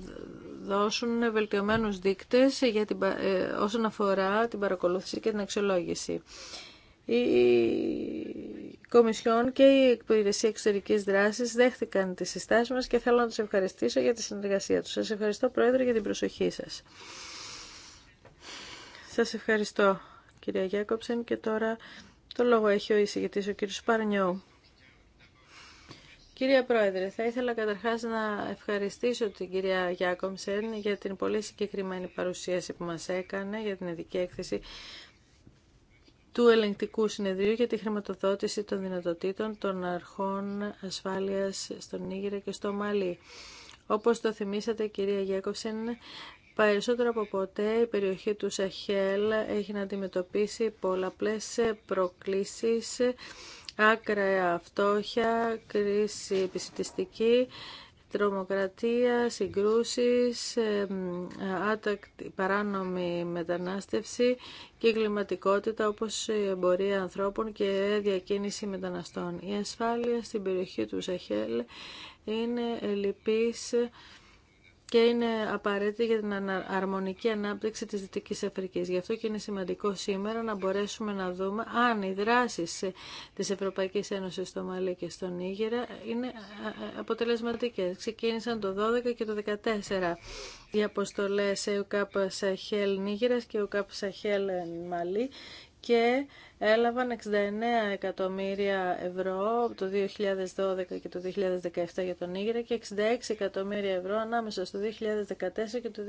δώσουν βελτιωμένους δείκτες για την, ε, όσον αφορά την παρακολούθηση και την αξιολόγηση. Η Κομισιόν και η Υπηρεσία Εξωτερική Δράση δέχτηκαν τις συστάσει μα και θέλω να του ευχαριστήσω για τη συνεργασία του. Σα ευχαριστώ, Πρόεδρε, για την προσοχή σα. Σα ευχαριστώ, κυρία Γιάκοψεν, και τώρα το λόγο έχει ο εισηγητής ο κύριος Παρνιώου. Κυρία Πρόεδρε, θα ήθελα καταρχάς να ευχαριστήσω την κυρία Γιάκομσεν για την πολύ συγκεκριμένη παρουσίαση που μας έκανε για την ειδική έκθεση του ελεγκτικού συνεδρίου για τη χρηματοδότηση των δυνατοτήτων των αρχών ασφάλειας στον Νίγηρα και στο Μαλί. Όπως το θυμήσατε κυρία Γιάκοψεν, Περισσότερο από ποτέ η περιοχή του Σαχέλ έχει να αντιμετωπίσει πολλαπλές προκλήσεις, άκρα φτώχεια, κρίση επιστημιστική, τρομοκρατία, συγκρούσεις, άτακτη παράνομη μετανάστευση και κλιματικότητα όπως η εμπορία ανθρώπων και διακίνηση μεταναστών. Η ασφάλεια στην περιοχή του Σαχέλ είναι λυπής και είναι απαραίτητη για την αρμονική ανάπτυξη της Δυτικής Αφρικής. Γι' αυτό και είναι σημαντικό σήμερα να μπορέσουμε να δούμε αν οι δράσεις ε, της Ευρωπαϊκής Ένωσης στο Μαλί και στον Νίγηρα είναι ε, ε, αποτελεσματικές. Ξεκίνησαν το 12 και το 14 οι αποστολές ΕΟΚΑΠ Σαχέλ Νίγηρας και ΕΟΚΑΠ Σαχέλ Μαλί και έλαβαν 69 εκατομμύρια ευρώ το 2012 και το 2017 για τον Ήγηρα και 66 εκατομμύρια ευρώ ανάμεσα στο 2014 και το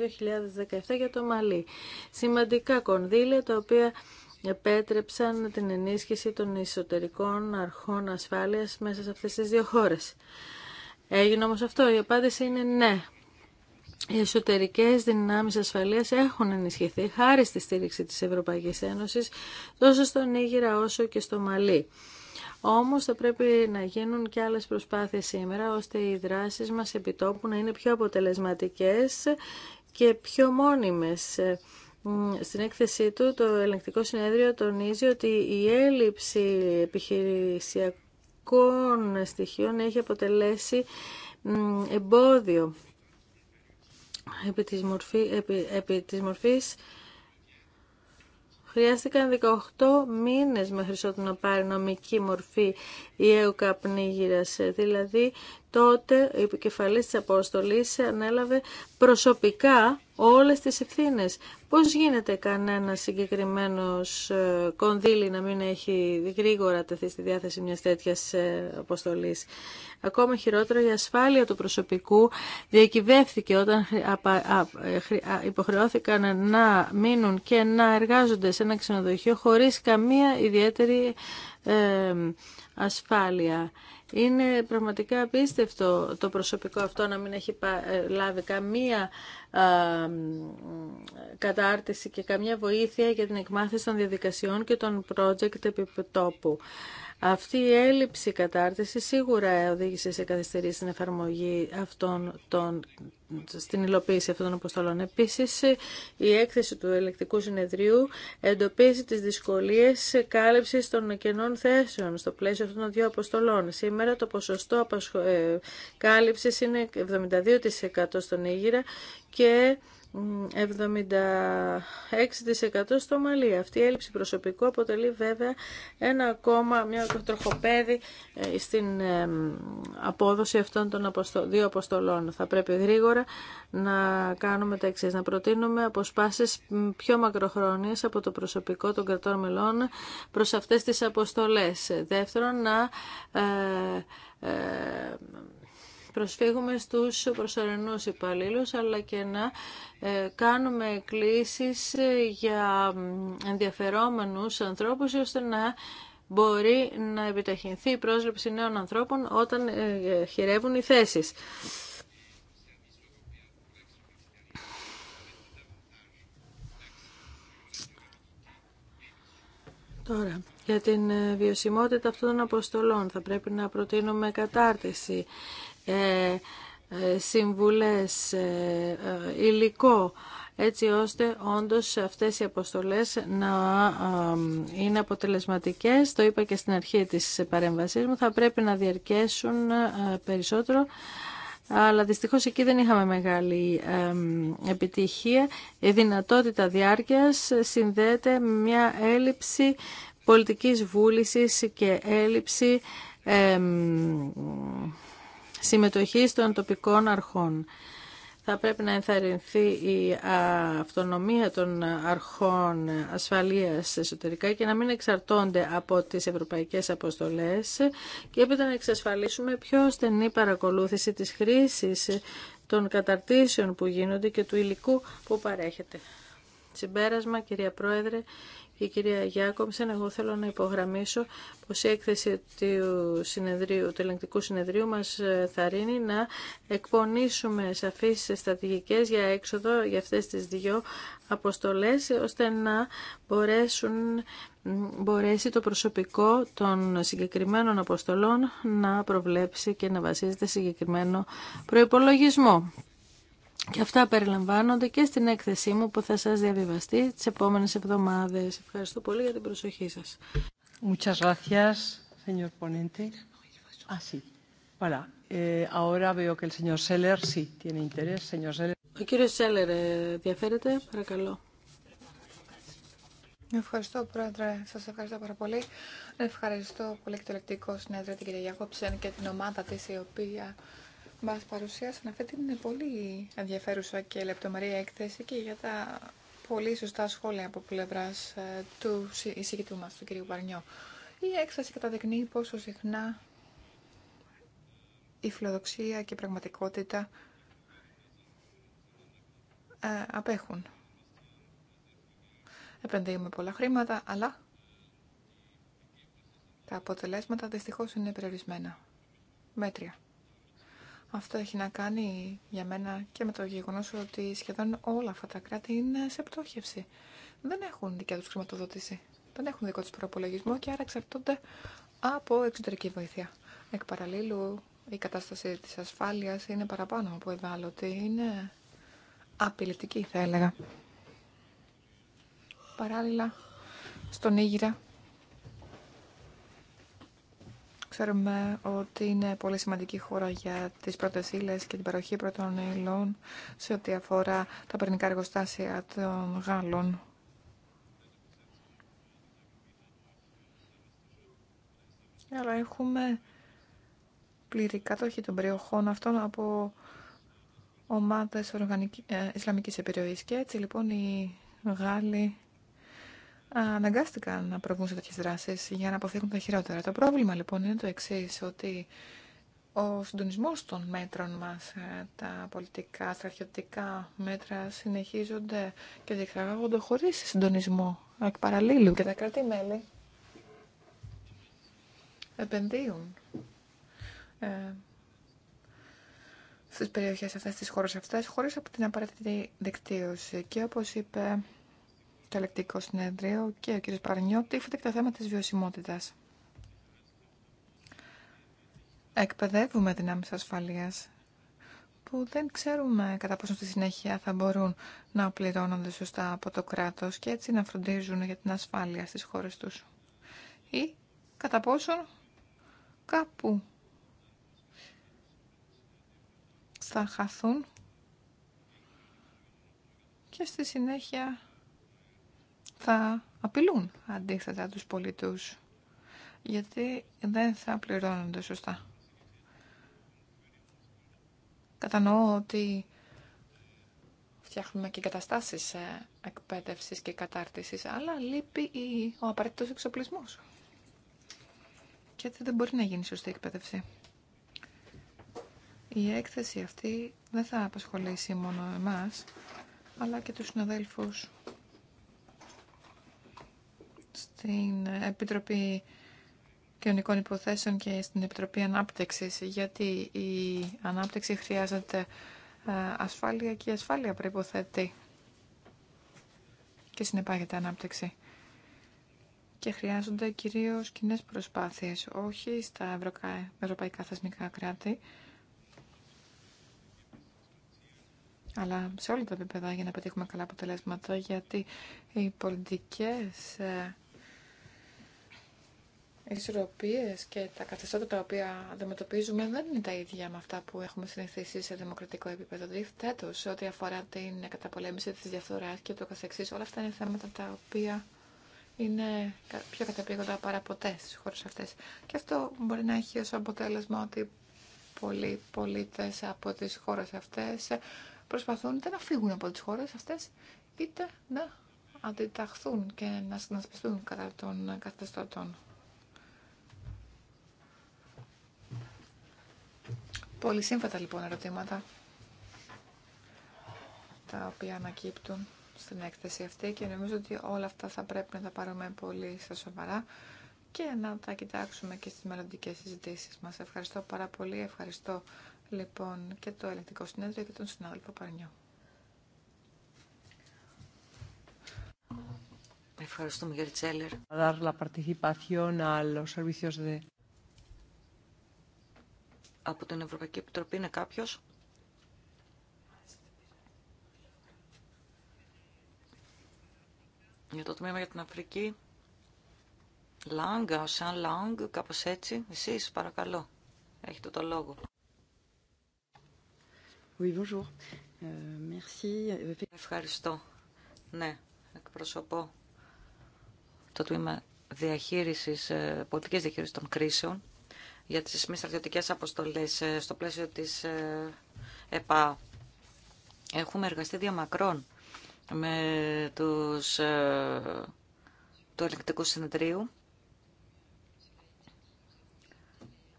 2017 για το Μαλί. Σημαντικά κονδύλια τα οποία επέτρεψαν την ενίσχυση των εσωτερικών αρχών ασφάλειας μέσα σε αυτές τις δύο χώρες. Έγινε όμως αυτό, η απάντηση είναι ναι οι εσωτερικές δυνάμεις ασφαλείας έχουν ενισχυθεί χάρη στη στήριξη της Ευρωπαϊκής Ένωσης τόσο στον Νίγηρα όσο και στο Μαλί. Όμως θα πρέπει να γίνουν και άλλες προσπάθειες σήμερα ώστε οι δράσεις μας επιτόπου να είναι πιο αποτελεσματικές και πιο μόνιμες. Στην έκθεσή του το ελεγκτικό συνέδριο τονίζει ότι η έλλειψη επιχειρησιακών στοιχείων έχει αποτελέσει εμπόδιο επί της, μορφή, μορφής Χρειάστηκαν 18 μήνες μέχρι ότου να πάρει νομική μορφή η ΕΟΚΑ ε, δηλαδή τότε ο επικεφαλής της Απόστολης ανέλαβε προσωπικά όλες τις ευθύνες. Πώς γίνεται κανένα συγκεκριμένος ε, κονδύλι να μην έχει γρήγορα τεθεί στη διάθεση μιας τέτοιας ε, αποστολής. Ακόμα χειρότερο η ασφάλεια του προσωπικού διακυβεύθηκε όταν ε, υποχρεώθηκαν να μείνουν και να εργάζονται σε ένα ξενοδοχείο χωρίς καμία ιδιαίτερη ασφάλεια. Είναι πραγματικά απίστευτο το προσωπικό αυτό να μην έχει ε, λάβει καμία κατάρτιση και καμία βοήθεια για την εκμάθηση των διαδικασιών και των project επιτόπου. Αυτή η έλλειψη κατάρτιση σίγουρα οδήγησε σε καθυστερή στην εφαρμογή αυτών των στην υλοποίηση αυτών των αποστολών. Επίσης, η έκθεση του ελεκτικού συνεδρίου εντοπίζει τις δυσκολίες κάλυψης των κενών θέσεων στο πλαίσιο αυτών των δύο αποστολών. Σήμερα το ποσοστό ε, κάλυψης είναι 72% στον Ήγυρα και 76% στο Μαλί. Αυτή η έλλειψη προσωπικού αποτελεί βέβαια ένα ακόμα μια τροχοπέδι ε, στην απόδοση αυτών των δύο αποστολών. Θα πρέπει γρήγορα να κάνουμε τα εξή, να προτείνουμε αποσπάσεις πιο μακροχρόνιες από το προσωπικό των κρατών μελών προς αυτές τις αποστολές. Δεύτερον, να ε, ε, προσφύγουμε στους προσωρινούς υπαλλήλους αλλά και να ε, κάνουμε κλήσεις για ενδιαφερόμενους ανθρώπους ώστε να μπορεί να επιταχυνθεί η πρόσληψη νέων ανθρώπων όταν ε, χειρεύουν οι θέσεις. Τώρα, για την ε, βιωσιμότητα αυτών των αποστολών θα πρέπει να προτείνουμε κατάρτιση ε, συμβουλές, ε, ε, υλικό, έτσι ώστε όντως αυτές οι αποστολές να είναι αποτελεσματικές. Το είπα και στην αρχή της παρέμβασής μου, θα πρέπει να διαρκέσουν περισσότερο. Αλλά δυστυχώς εκεί δεν είχαμε μεγάλη επιτυχία. Η δυνατότητα διάρκειας συνδέεται με μια έλλειψη πολιτικής βούλησης και έλλειψη συμμετοχή των τοπικών αρχών. Θα πρέπει να ενθαρρυνθεί η αυτονομία των αρχών ασφαλείας εσωτερικά και να μην εξαρτώνται από τις ευρωπαϊκές αποστολές και έπειτα να εξασφαλίσουμε πιο στενή παρακολούθηση της χρήσης των καταρτήσεων που γίνονται και του υλικού που παρέχεται. Συμπέρασμα, κυρία Πρόεδρε, η κυρία Γιάκομψεν, εγώ θέλω να υπογραμμίσω πως η έκθεση του, συνεδρίου, του ελεγκτικού συνεδρίου μας ε, θα να εκπονήσουμε σαφείς στρατηγικές για έξοδο για αυτές τις δυο αποστολές, ώστε να μπορέσουν, μπορέσει το προσωπικό των συγκεκριμένων αποστολών να προβλέψει και να βασίζεται συγκεκριμένο προϋπολογισμό. Και αυτά περιλαμβάνονται και στην έκθεσή μου που θα σας διαβιβαστεί τις επόμενες εβδομάδες. Ευχαριστώ πολύ για την προσοχή σας. Muchas gracias, señor ponente. Ah, sí. Voilà. Eh, ahora veo que el señor Seller sí tiene interés. Señor Seller. Ο κύριο Σέλερ ενδιαφέρεται, παρακαλώ. Ευχαριστώ, Πρόεδρε. Σα ευχαριστώ πάρα πολύ. Ευχαριστώ πολύ και το λεκτικό συνέδριο, την κυρία Γιάκοψεν και την ομάδα τη, η οποία Μα παρουσίασαν αυτή την πολύ ενδιαφέρουσα και λεπτομερή έκθεση και για τα πολύ σωστά σχόλια από πλευρά ε, του εισηγητού μας, του κ. Παρνιό. Η έκθεση καταδεικνύει πόσο συχνά η φιλοδοξία και η πραγματικότητα ε, απέχουν. Επενδύουμε πολλά χρήματα, αλλά τα αποτελέσματα δυστυχώς είναι περιορισμένα. Μέτρια. Αυτό έχει να κάνει για μένα και με το γεγονός ότι σχεδόν όλα αυτά τα κράτη είναι σε πτώχευση. Δεν έχουν δικιά τους χρηματοδότηση, δεν έχουν δικό τους προπολογισμό και άρα εξαρτώνται από εξωτερική βοήθεια. Εκ παραλλήλου η κατάσταση της ασφάλειας είναι παραπάνω από ευάλωτη, είναι απειλητική θα έλεγα. Παράλληλα, στον Ήγηρα ότι είναι πολύ σημαντική χώρα για τις πρώτες ύλες και την παροχή πρώτων υλών σε ό,τι αφορά τα πυρηνικά εργοστάσια των Γάλλων. Αλλά έχουμε πλήρη κατοχή των περιοχών αυτών από ομάδες οργανική, ε, Ισλαμικής επιρροής. Και έτσι λοιπόν οι Γάλλοι αναγκάστηκαν να προβούν σε τέτοιε δράσει για να αποφύγουν τα χειρότερα. Το πρόβλημα λοιπόν είναι το εξή, ότι ο συντονισμό των μέτρων μα, ε, τα πολιτικά, στρατιωτικά μέτρα συνεχίζονται και διεξαγάγονται χωρί συντονισμό εκ παραλίλου και τα κράτη-μέλη επενδύουν ε, στις περιοχές αυτές, στις χώρες αυτές, χωρίς από την απαραίτητη δικτύωση. Και όπως είπε το ελεκτικό συνέδριο και ο κ. Παρνιώτη τίθεται και το θέμα της βιωσιμότητας. Εκπαιδεύουμε δυνάμεις ασφαλείας που δεν ξέρουμε κατά πόσο στη συνέχεια θα μπορούν να πληρώνονται σωστά από το κράτος και έτσι να φροντίζουν για την ασφάλεια στις χώρες τους. Ή κατά πόσο κάπου θα χαθούν και στη συνέχεια θα απειλούν αντίθετα τους πολίτους, γιατί δεν θα πληρώνονται σωστά. Κατανοώ ότι φτιάχνουμε και καταστάσεις ε, εκπαίδευσης και κατάρτισης, αλλά λείπει ο απαραίτητος εξοπλισμός. Και δεν μπορεί να γίνει σωστή εκπαίδευση. Η έκθεση αυτή δεν θα απασχολήσει μόνο εμάς, αλλά και τους συναδέλφους στην Επιτροπή Κοινωνικών Υποθέσεων και στην Επιτροπή Ανάπτυξης, γιατί η ανάπτυξη χρειάζεται ε, ασφάλεια και η ασφάλεια προϋποθέτει και συνεπάγεται ανάπτυξη. Και χρειάζονται κυρίως κοινέ προσπάθειες, όχι στα ευρωπαϊκά θεσμικά κράτη, αλλά σε όλα τα επίπεδα για να πετύχουμε καλά αποτελέσματα, γιατί οι πολιτικές ε, ισορροπίε και τα καθεστώτα τα οποία αντιμετωπίζουμε δεν είναι τα ίδια με αυτά που έχουμε συνηθίσει σε δημοκρατικό επίπεδο. Διευθέτω, σε ό,τι αφορά την καταπολέμηση τη διαφθοράς και το καθεξή, όλα αυτά είναι θέματα τα οποία είναι πιο καταπήγοντα παρά ποτέ στι χώρε αυτέ. Και αυτό μπορεί να έχει ω αποτέλεσμα ότι πολλοί πολίτε από τι χώρε αυτέ προσπαθούν είτε να φύγουν από τι χώρε αυτέ, είτε να αντιταχθούν και να συνασπιστούν κατά των καθεστώτων. Πολύ σύμφατα λοιπόν ερωτήματα τα οποία ανακύπτουν στην έκθεση αυτή και νομίζω ότι όλα αυτά θα πρέπει να τα πάρουμε πολύ στα σοβαρά και να τα κοιτάξουμε και στις μελλοντικές συζητήσεις μας. Ευχαριστώ πάρα πολύ. Ευχαριστώ λοιπόν και το Ελληνικό Συνέδριο και τον συνάδελφο Παρνιό. Ευχαριστούμε από την Ευρωπαϊκή Επιτροπή είναι κάποιος. Για το τμήμα για την Αφρική. ο σαν Λάγκ, κάπως έτσι. Εσείς, παρακαλώ. Έχετε το λόγο. Euh, Ευχαριστώ. Ναι, εκπροσωπώ το τμήμα διαχείρισης, ε, πολιτικής διαχείρισης των κρίσεων για τις μη στρατιωτικές αποστολές ε, στο πλαίσιο της ε, ΕΠΑ. Έχουμε εργαστεί διαμακρών με τους ε, του ελεκτικού συνεδρίου.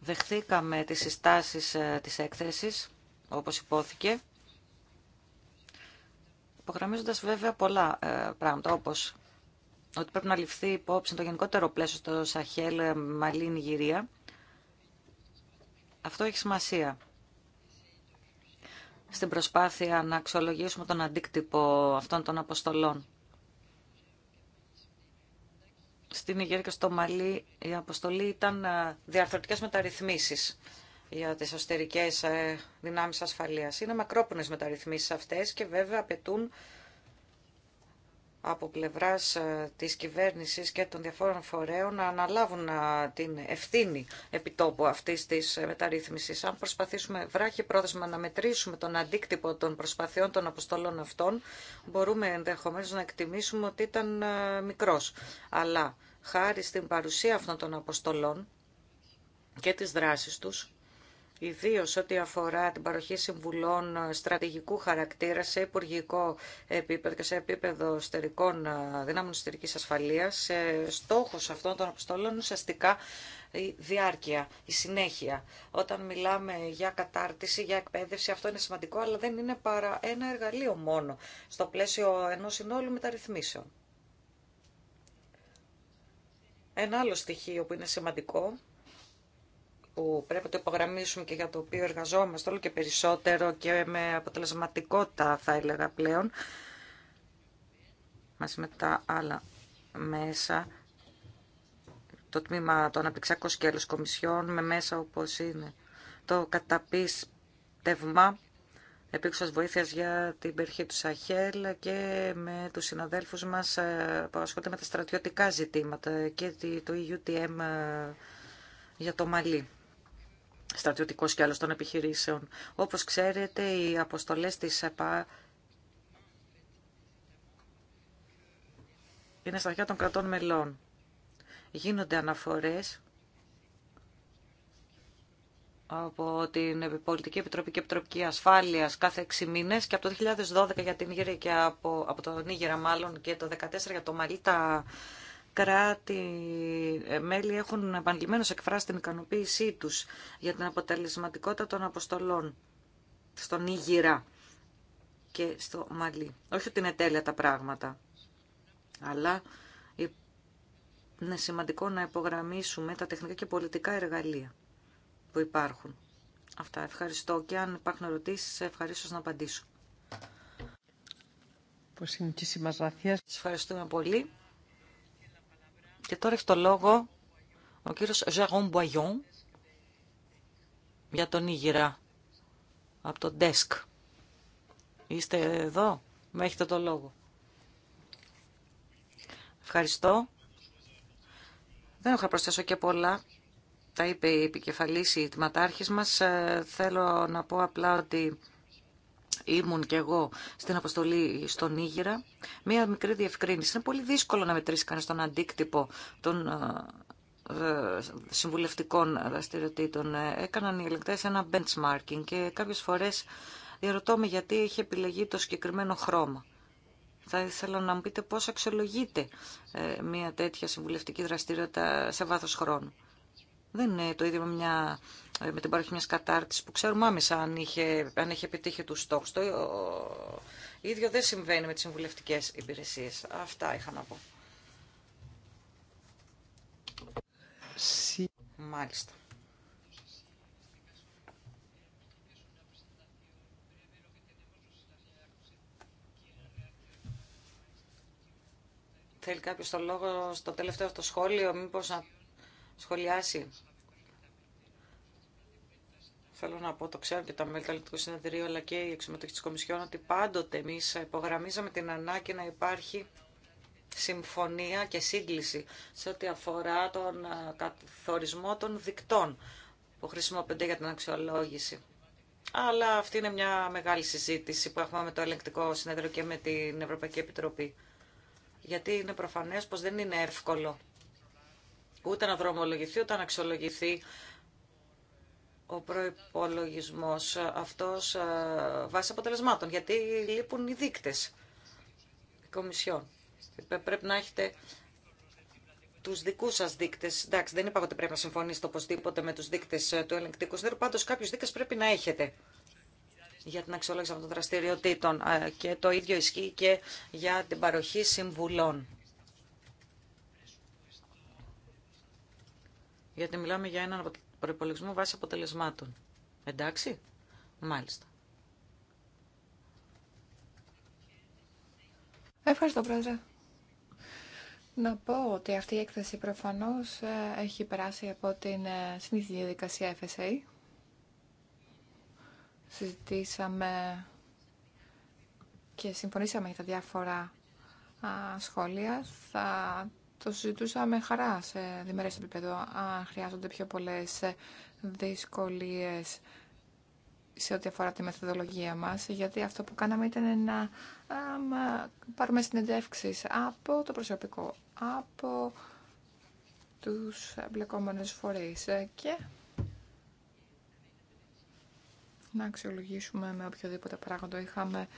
Δεχθήκαμε τις συστάσεις της έκθεσης, όπως υπόθηκε, υπογραμμίζοντας βέβαια πολλά πράγματα, όπως ότι πρέπει να ληφθεί υπόψη το γενικότερο πλαίσιο στο Σαχέλ, Μαλή, γύρια. Αυτό έχει σημασία στην προσπάθεια να αξιολογήσουμε τον αντίκτυπο αυτών των αποστολών. Στην Ιγέρια και στο Μαλή η αποστολή ήταν ε, διαρθρωτικές μεταρρυθμίσεις για τις αστερικές ε, δυνάμεις ασφαλείας. Είναι μακρόπνες μεταρρυθμίσεις αυτές και βέβαια απαιτούν από πλευράς ε, της κυβέρνησης και των διαφόρων φορέων να αναλάβουν ε, την ευθύνη επιτόπου αυτής της ε, μεταρρύθμισης. Αν προσπαθήσουμε βράχη πρόθεσμα να μετρήσουμε τον αντίκτυπο των προσπαθειών των αποστολών αυτών, μπορούμε ενδεχομένως να εκτιμήσουμε ότι ήταν μικρός. Αλλά χάρη στην παρουσία αυτών των αποστολών και τις δράσεις τους, ιδίω ό,τι αφορά την παροχή συμβουλών στρατηγικού χαρακτήρα σε υπουργικό επίπεδο και σε επίπεδο στερικών ε, δυνάμεων στερική ασφαλεία. Ε, Στόχο αυτών των αποστολών ουσιαστικά η διάρκεια, η συνέχεια. Όταν μιλάμε για κατάρτιση, για εκπαίδευση, αυτό είναι σημαντικό, αλλά δεν είναι παρά ένα εργαλείο μόνο στο πλαίσιο ενό συνόλου μεταρρυθμίσεων. Ένα άλλο στοιχείο που είναι σημαντικό που πρέπει να το υπογραμμίσουμε και για το οποίο εργαζόμαστε όλο και περισσότερο και με αποτελεσματικότητα θα έλεγα πλέον μαζί με τα άλλα μέσα το τμήμα των αναπτυξιακών σκέλος κομισιών με μέσα όπως είναι το καταπίστευμα επίκουσα βοήθεια για την περιοχή του Σαχέλ και με του συναδέλφους μας ε, που ασχολούνται με τα στρατιωτικά ζητήματα και το EUTM ε, για το Μαλί στρατιωτικός και άλλος των επιχειρήσεων. Όπως ξέρετε, οι αποστολές της ΕΠΑ είναι στα χέρια των κρατών μελών. Γίνονται αναφορές από την Πολιτική Επιτροπή και Επιτροπική Ασφάλεια κάθε 6 μήνε και από το 2012 για την Ήγερα και από, από τον μάλλον και το 2014 για το Μαρίτα κράτη-μέλη ε, έχουν επανειλημμένω εκφράσει την ικανοποίησή τους για την αποτελεσματικότητα των αποστολών στον Ήγυρα και στο Μαλί. Όχι ότι είναι τέλεια τα πράγματα, αλλά είναι σημαντικό να υπογραμμίσουμε τα τεχνικά και πολιτικά εργαλεία που υπάρχουν. Αυτά. Ευχαριστώ και αν υπάρχουν ερωτήσεις, ευχαρίστω να απαντήσω. Σας ευχαριστούμε πολύ. Και τώρα έχει το λόγο ο κύριος Ζαγόν Μπουαγιόν για τον Ήγηρα από το desk. Είστε εδώ, με έχετε το λόγο. Ευχαριστώ. Δεν έχω να προσθέσω και πολλά. Τα είπε η επικεφαλής η μας. Ε, θέλω να πω απλά ότι ήμουν και εγώ στην αποστολή στον Νίγηρα, μία μικρή διευκρίνηση. Είναι πολύ δύσκολο να μετρήσει κανείς τον αντίκτυπο των ε, ε, συμβουλευτικών δραστηριοτήτων. Ε, έκαναν οι ελεγκτές ένα benchmarking και κάποιες φορές διαρωτώ με γιατί έχει επιλεγεί το συγκεκριμένο χρώμα. Θα ήθελα να μου πείτε πώς αξιολογείται μια τέτοια συμβουλευτική δραστηριότητα σε βάθος χρόνου. Δεν είναι το ίδιο με, μια, ε, με την παροχή μια κατάρτιση που ξέρουμε άμεσα αν, είχε, αν έχει επιτύχει του στόχους. Το ε, ίδιο δεν συμβαίνει με τις συμβουλευτικές υπηρεσίες. Αυτά είχα να πω. Μάλιστα. Θέλει κάποιος το λόγο στο τελευταίο αυτό σχόλιο, μήπως να σχολιάσει. Θέλω να πω, το ξέρω και τα μέλη του Ελεκτικού Συνεδρίου αλλά και οι εξωματικοί τη Κομισιόν ότι πάντοτε εμεί υπογραμμίζαμε την ανάγκη να υπάρχει συμφωνία και σύγκληση σε ό,τι αφορά τον καθορισμό των δικτών που χρησιμοποιούνται για την αξιολόγηση. Αλλά αυτή είναι μια μεγάλη συζήτηση που έχουμε με το Ελεκτικό Συνέδριο και με την Ευρωπαϊκή Επιτροπή. Γιατί είναι προφανές πως δεν είναι εύκολο ούτε να δρομολογηθεί, ούτε να αξιολογηθεί ο προϋπολογισμός αυτός ε, βάσει αποτελεσμάτων, γιατί λείπουν οι δείκτες κομισιών. Πρέπει να έχετε του δικού σα δείκτε. Εντάξει, δεν είπα ότι πρέπει να συμφωνήσετε οπωσδήποτε με τους δείκτες του δείκτε του ελεγκτικού συνέδρου. Πάντω, κάποιου δείκτε πρέπει να έχετε για την αξιολόγηση αυτών των δραστηριοτήτων. Ε, και το ίδιο ισχύει και για την παροχή συμβουλών. γιατί μιλάμε για έναν προπολογισμό βάσει αποτελεσμάτων. Εντάξει, μάλιστα. Ευχαριστώ, Πρόεδρε. Να πω ότι αυτή η έκθεση προφανώς ε, έχει περάσει από την ε, συνήθεια διαδικασία FSA. Συζητήσαμε και συμφωνήσαμε για τα διάφορα σχόλια. Θα το συζητούσα με χαρά σε διμερές επίπεδο, αν χρειάζονται πιο πολλές δυσκολίες σε ό,τι αφορά τη μεθοδολογία μας, γιατί αυτό που κάναμε ήταν να πάρουμε συνεντεύξεις από το προσωπικό, από τους εμπλεκόμενους φορείς και να αξιολογήσουμε με οποιοδήποτε το είχαμε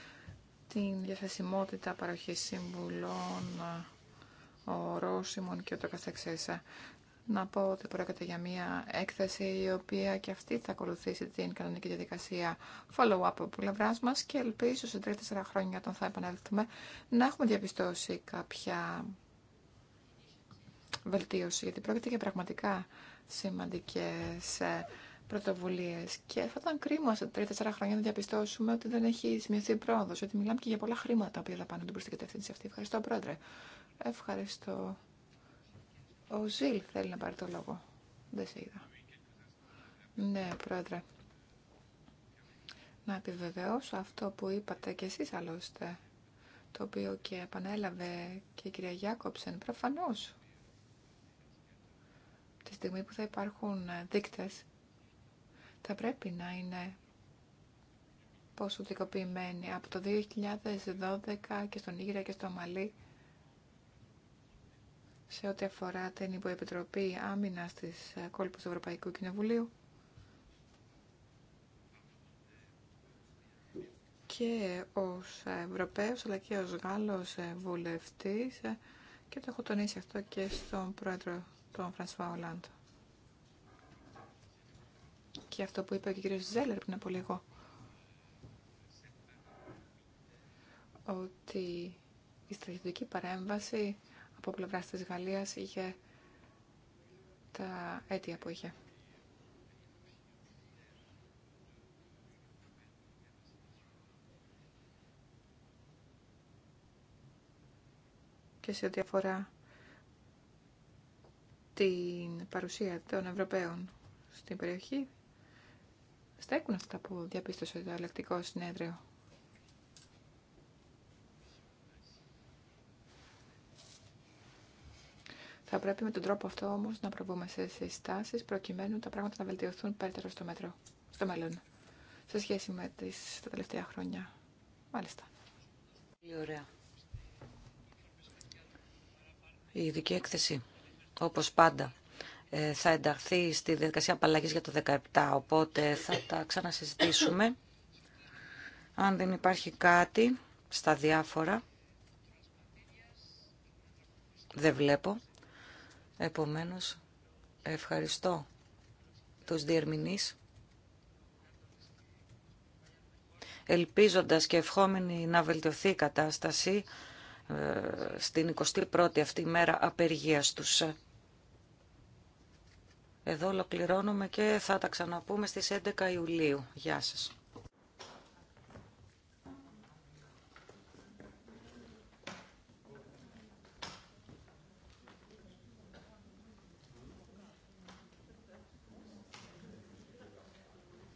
την διαθεσιμότητα παροχής συμβουλών ορόσημων και ούτω καθεξής. Να πω ότι πρόκειται για μια έκθεση η οποία και αυτή θα ακολουθήσει την κανονική διαδικασία follow-up από πλευρά μα και ελπίζω σε 3-4 χρόνια, όταν θα επανέλθουμε, να έχουμε διαπιστώσει κάποια βελτίωση. Γιατί πρόκειται για πραγματικά σημαντικέ ε, πρωτοβουλίε και θα ήταν κρίμα σε 3-4 χρόνια να διαπιστώσουμε ότι δεν έχει σημειωθεί πρόοδο. Ότι μιλάμε και για πολλά χρήματα που θα πάνε την την κατεύθυνση αυτή. Ευχαριστώ, Πρόεδρε. Ευχαριστώ. Ο Ζήλ θέλει να πάρει το λόγο. Δεν σε είδα. Ναι, πρόεδρε. Να επιβεβαιώσω αυτό που είπατε και εσείς άλλωστε, το οποίο και επανέλαβε και η κυρία Γιάκοψεν, προφανώς. Τη στιγμή που θα υπάρχουν δείκτες, θα πρέπει να είναι δικοποιημένοι. από το 2012 και στον Ήγρα και στο Μαλή σε ό,τι αφορά την Υποεπιτροπή Άμυνα τη ε, Κόλπου του Ευρωπαϊκού Κοινοβουλίου. Και ως Ευρωπαίος αλλά και ως Γάλλος ε, βουλευτής ε, και το έχω τονίσει αυτό και στον πρόεδρο τον Φρανσουά Ολάντ Και αυτό που είπε ο κ. Ζέλερ πριν από λίγο. Ότι η στρατιωτική παρέμβαση από πλευρά της Γαλλίας είχε τα αίτια που είχε. Και σε ό,τι αφορά την παρουσία των Ευρωπαίων στην περιοχή, στέκουν αυτά που διαπίστωσε το ελεκτικό συνέδριο. Θα πρέπει με τον τρόπο αυτό όμως να προβούμε σε συστάσει προκειμένου τα πράγματα να βελτιωθούν περαιτέρω στο, μέτρο, στο μέλλον σε σχέση με τις, τα τελευταία χρόνια. Μάλιστα. Πολύ ωραία. Η ειδική έκθεση, όπως πάντα, ε, θα ενταχθεί στη διαδικασία απαλλαγή για το 17, οπότε θα τα ξανασυζητήσουμε. Αν δεν υπάρχει κάτι στα διάφορα, δεν βλέπω. Επομένως, ευχαριστώ τους διερμηνείς. Ελπίζοντας και ευχόμενοι να βελτιωθεί η κατάσταση ε, στην 21η αυτή μέρα απεργίας τους. Εδώ ολοκληρώνουμε και θα τα ξαναπούμε στις 11 Ιουλίου. Γεια σας.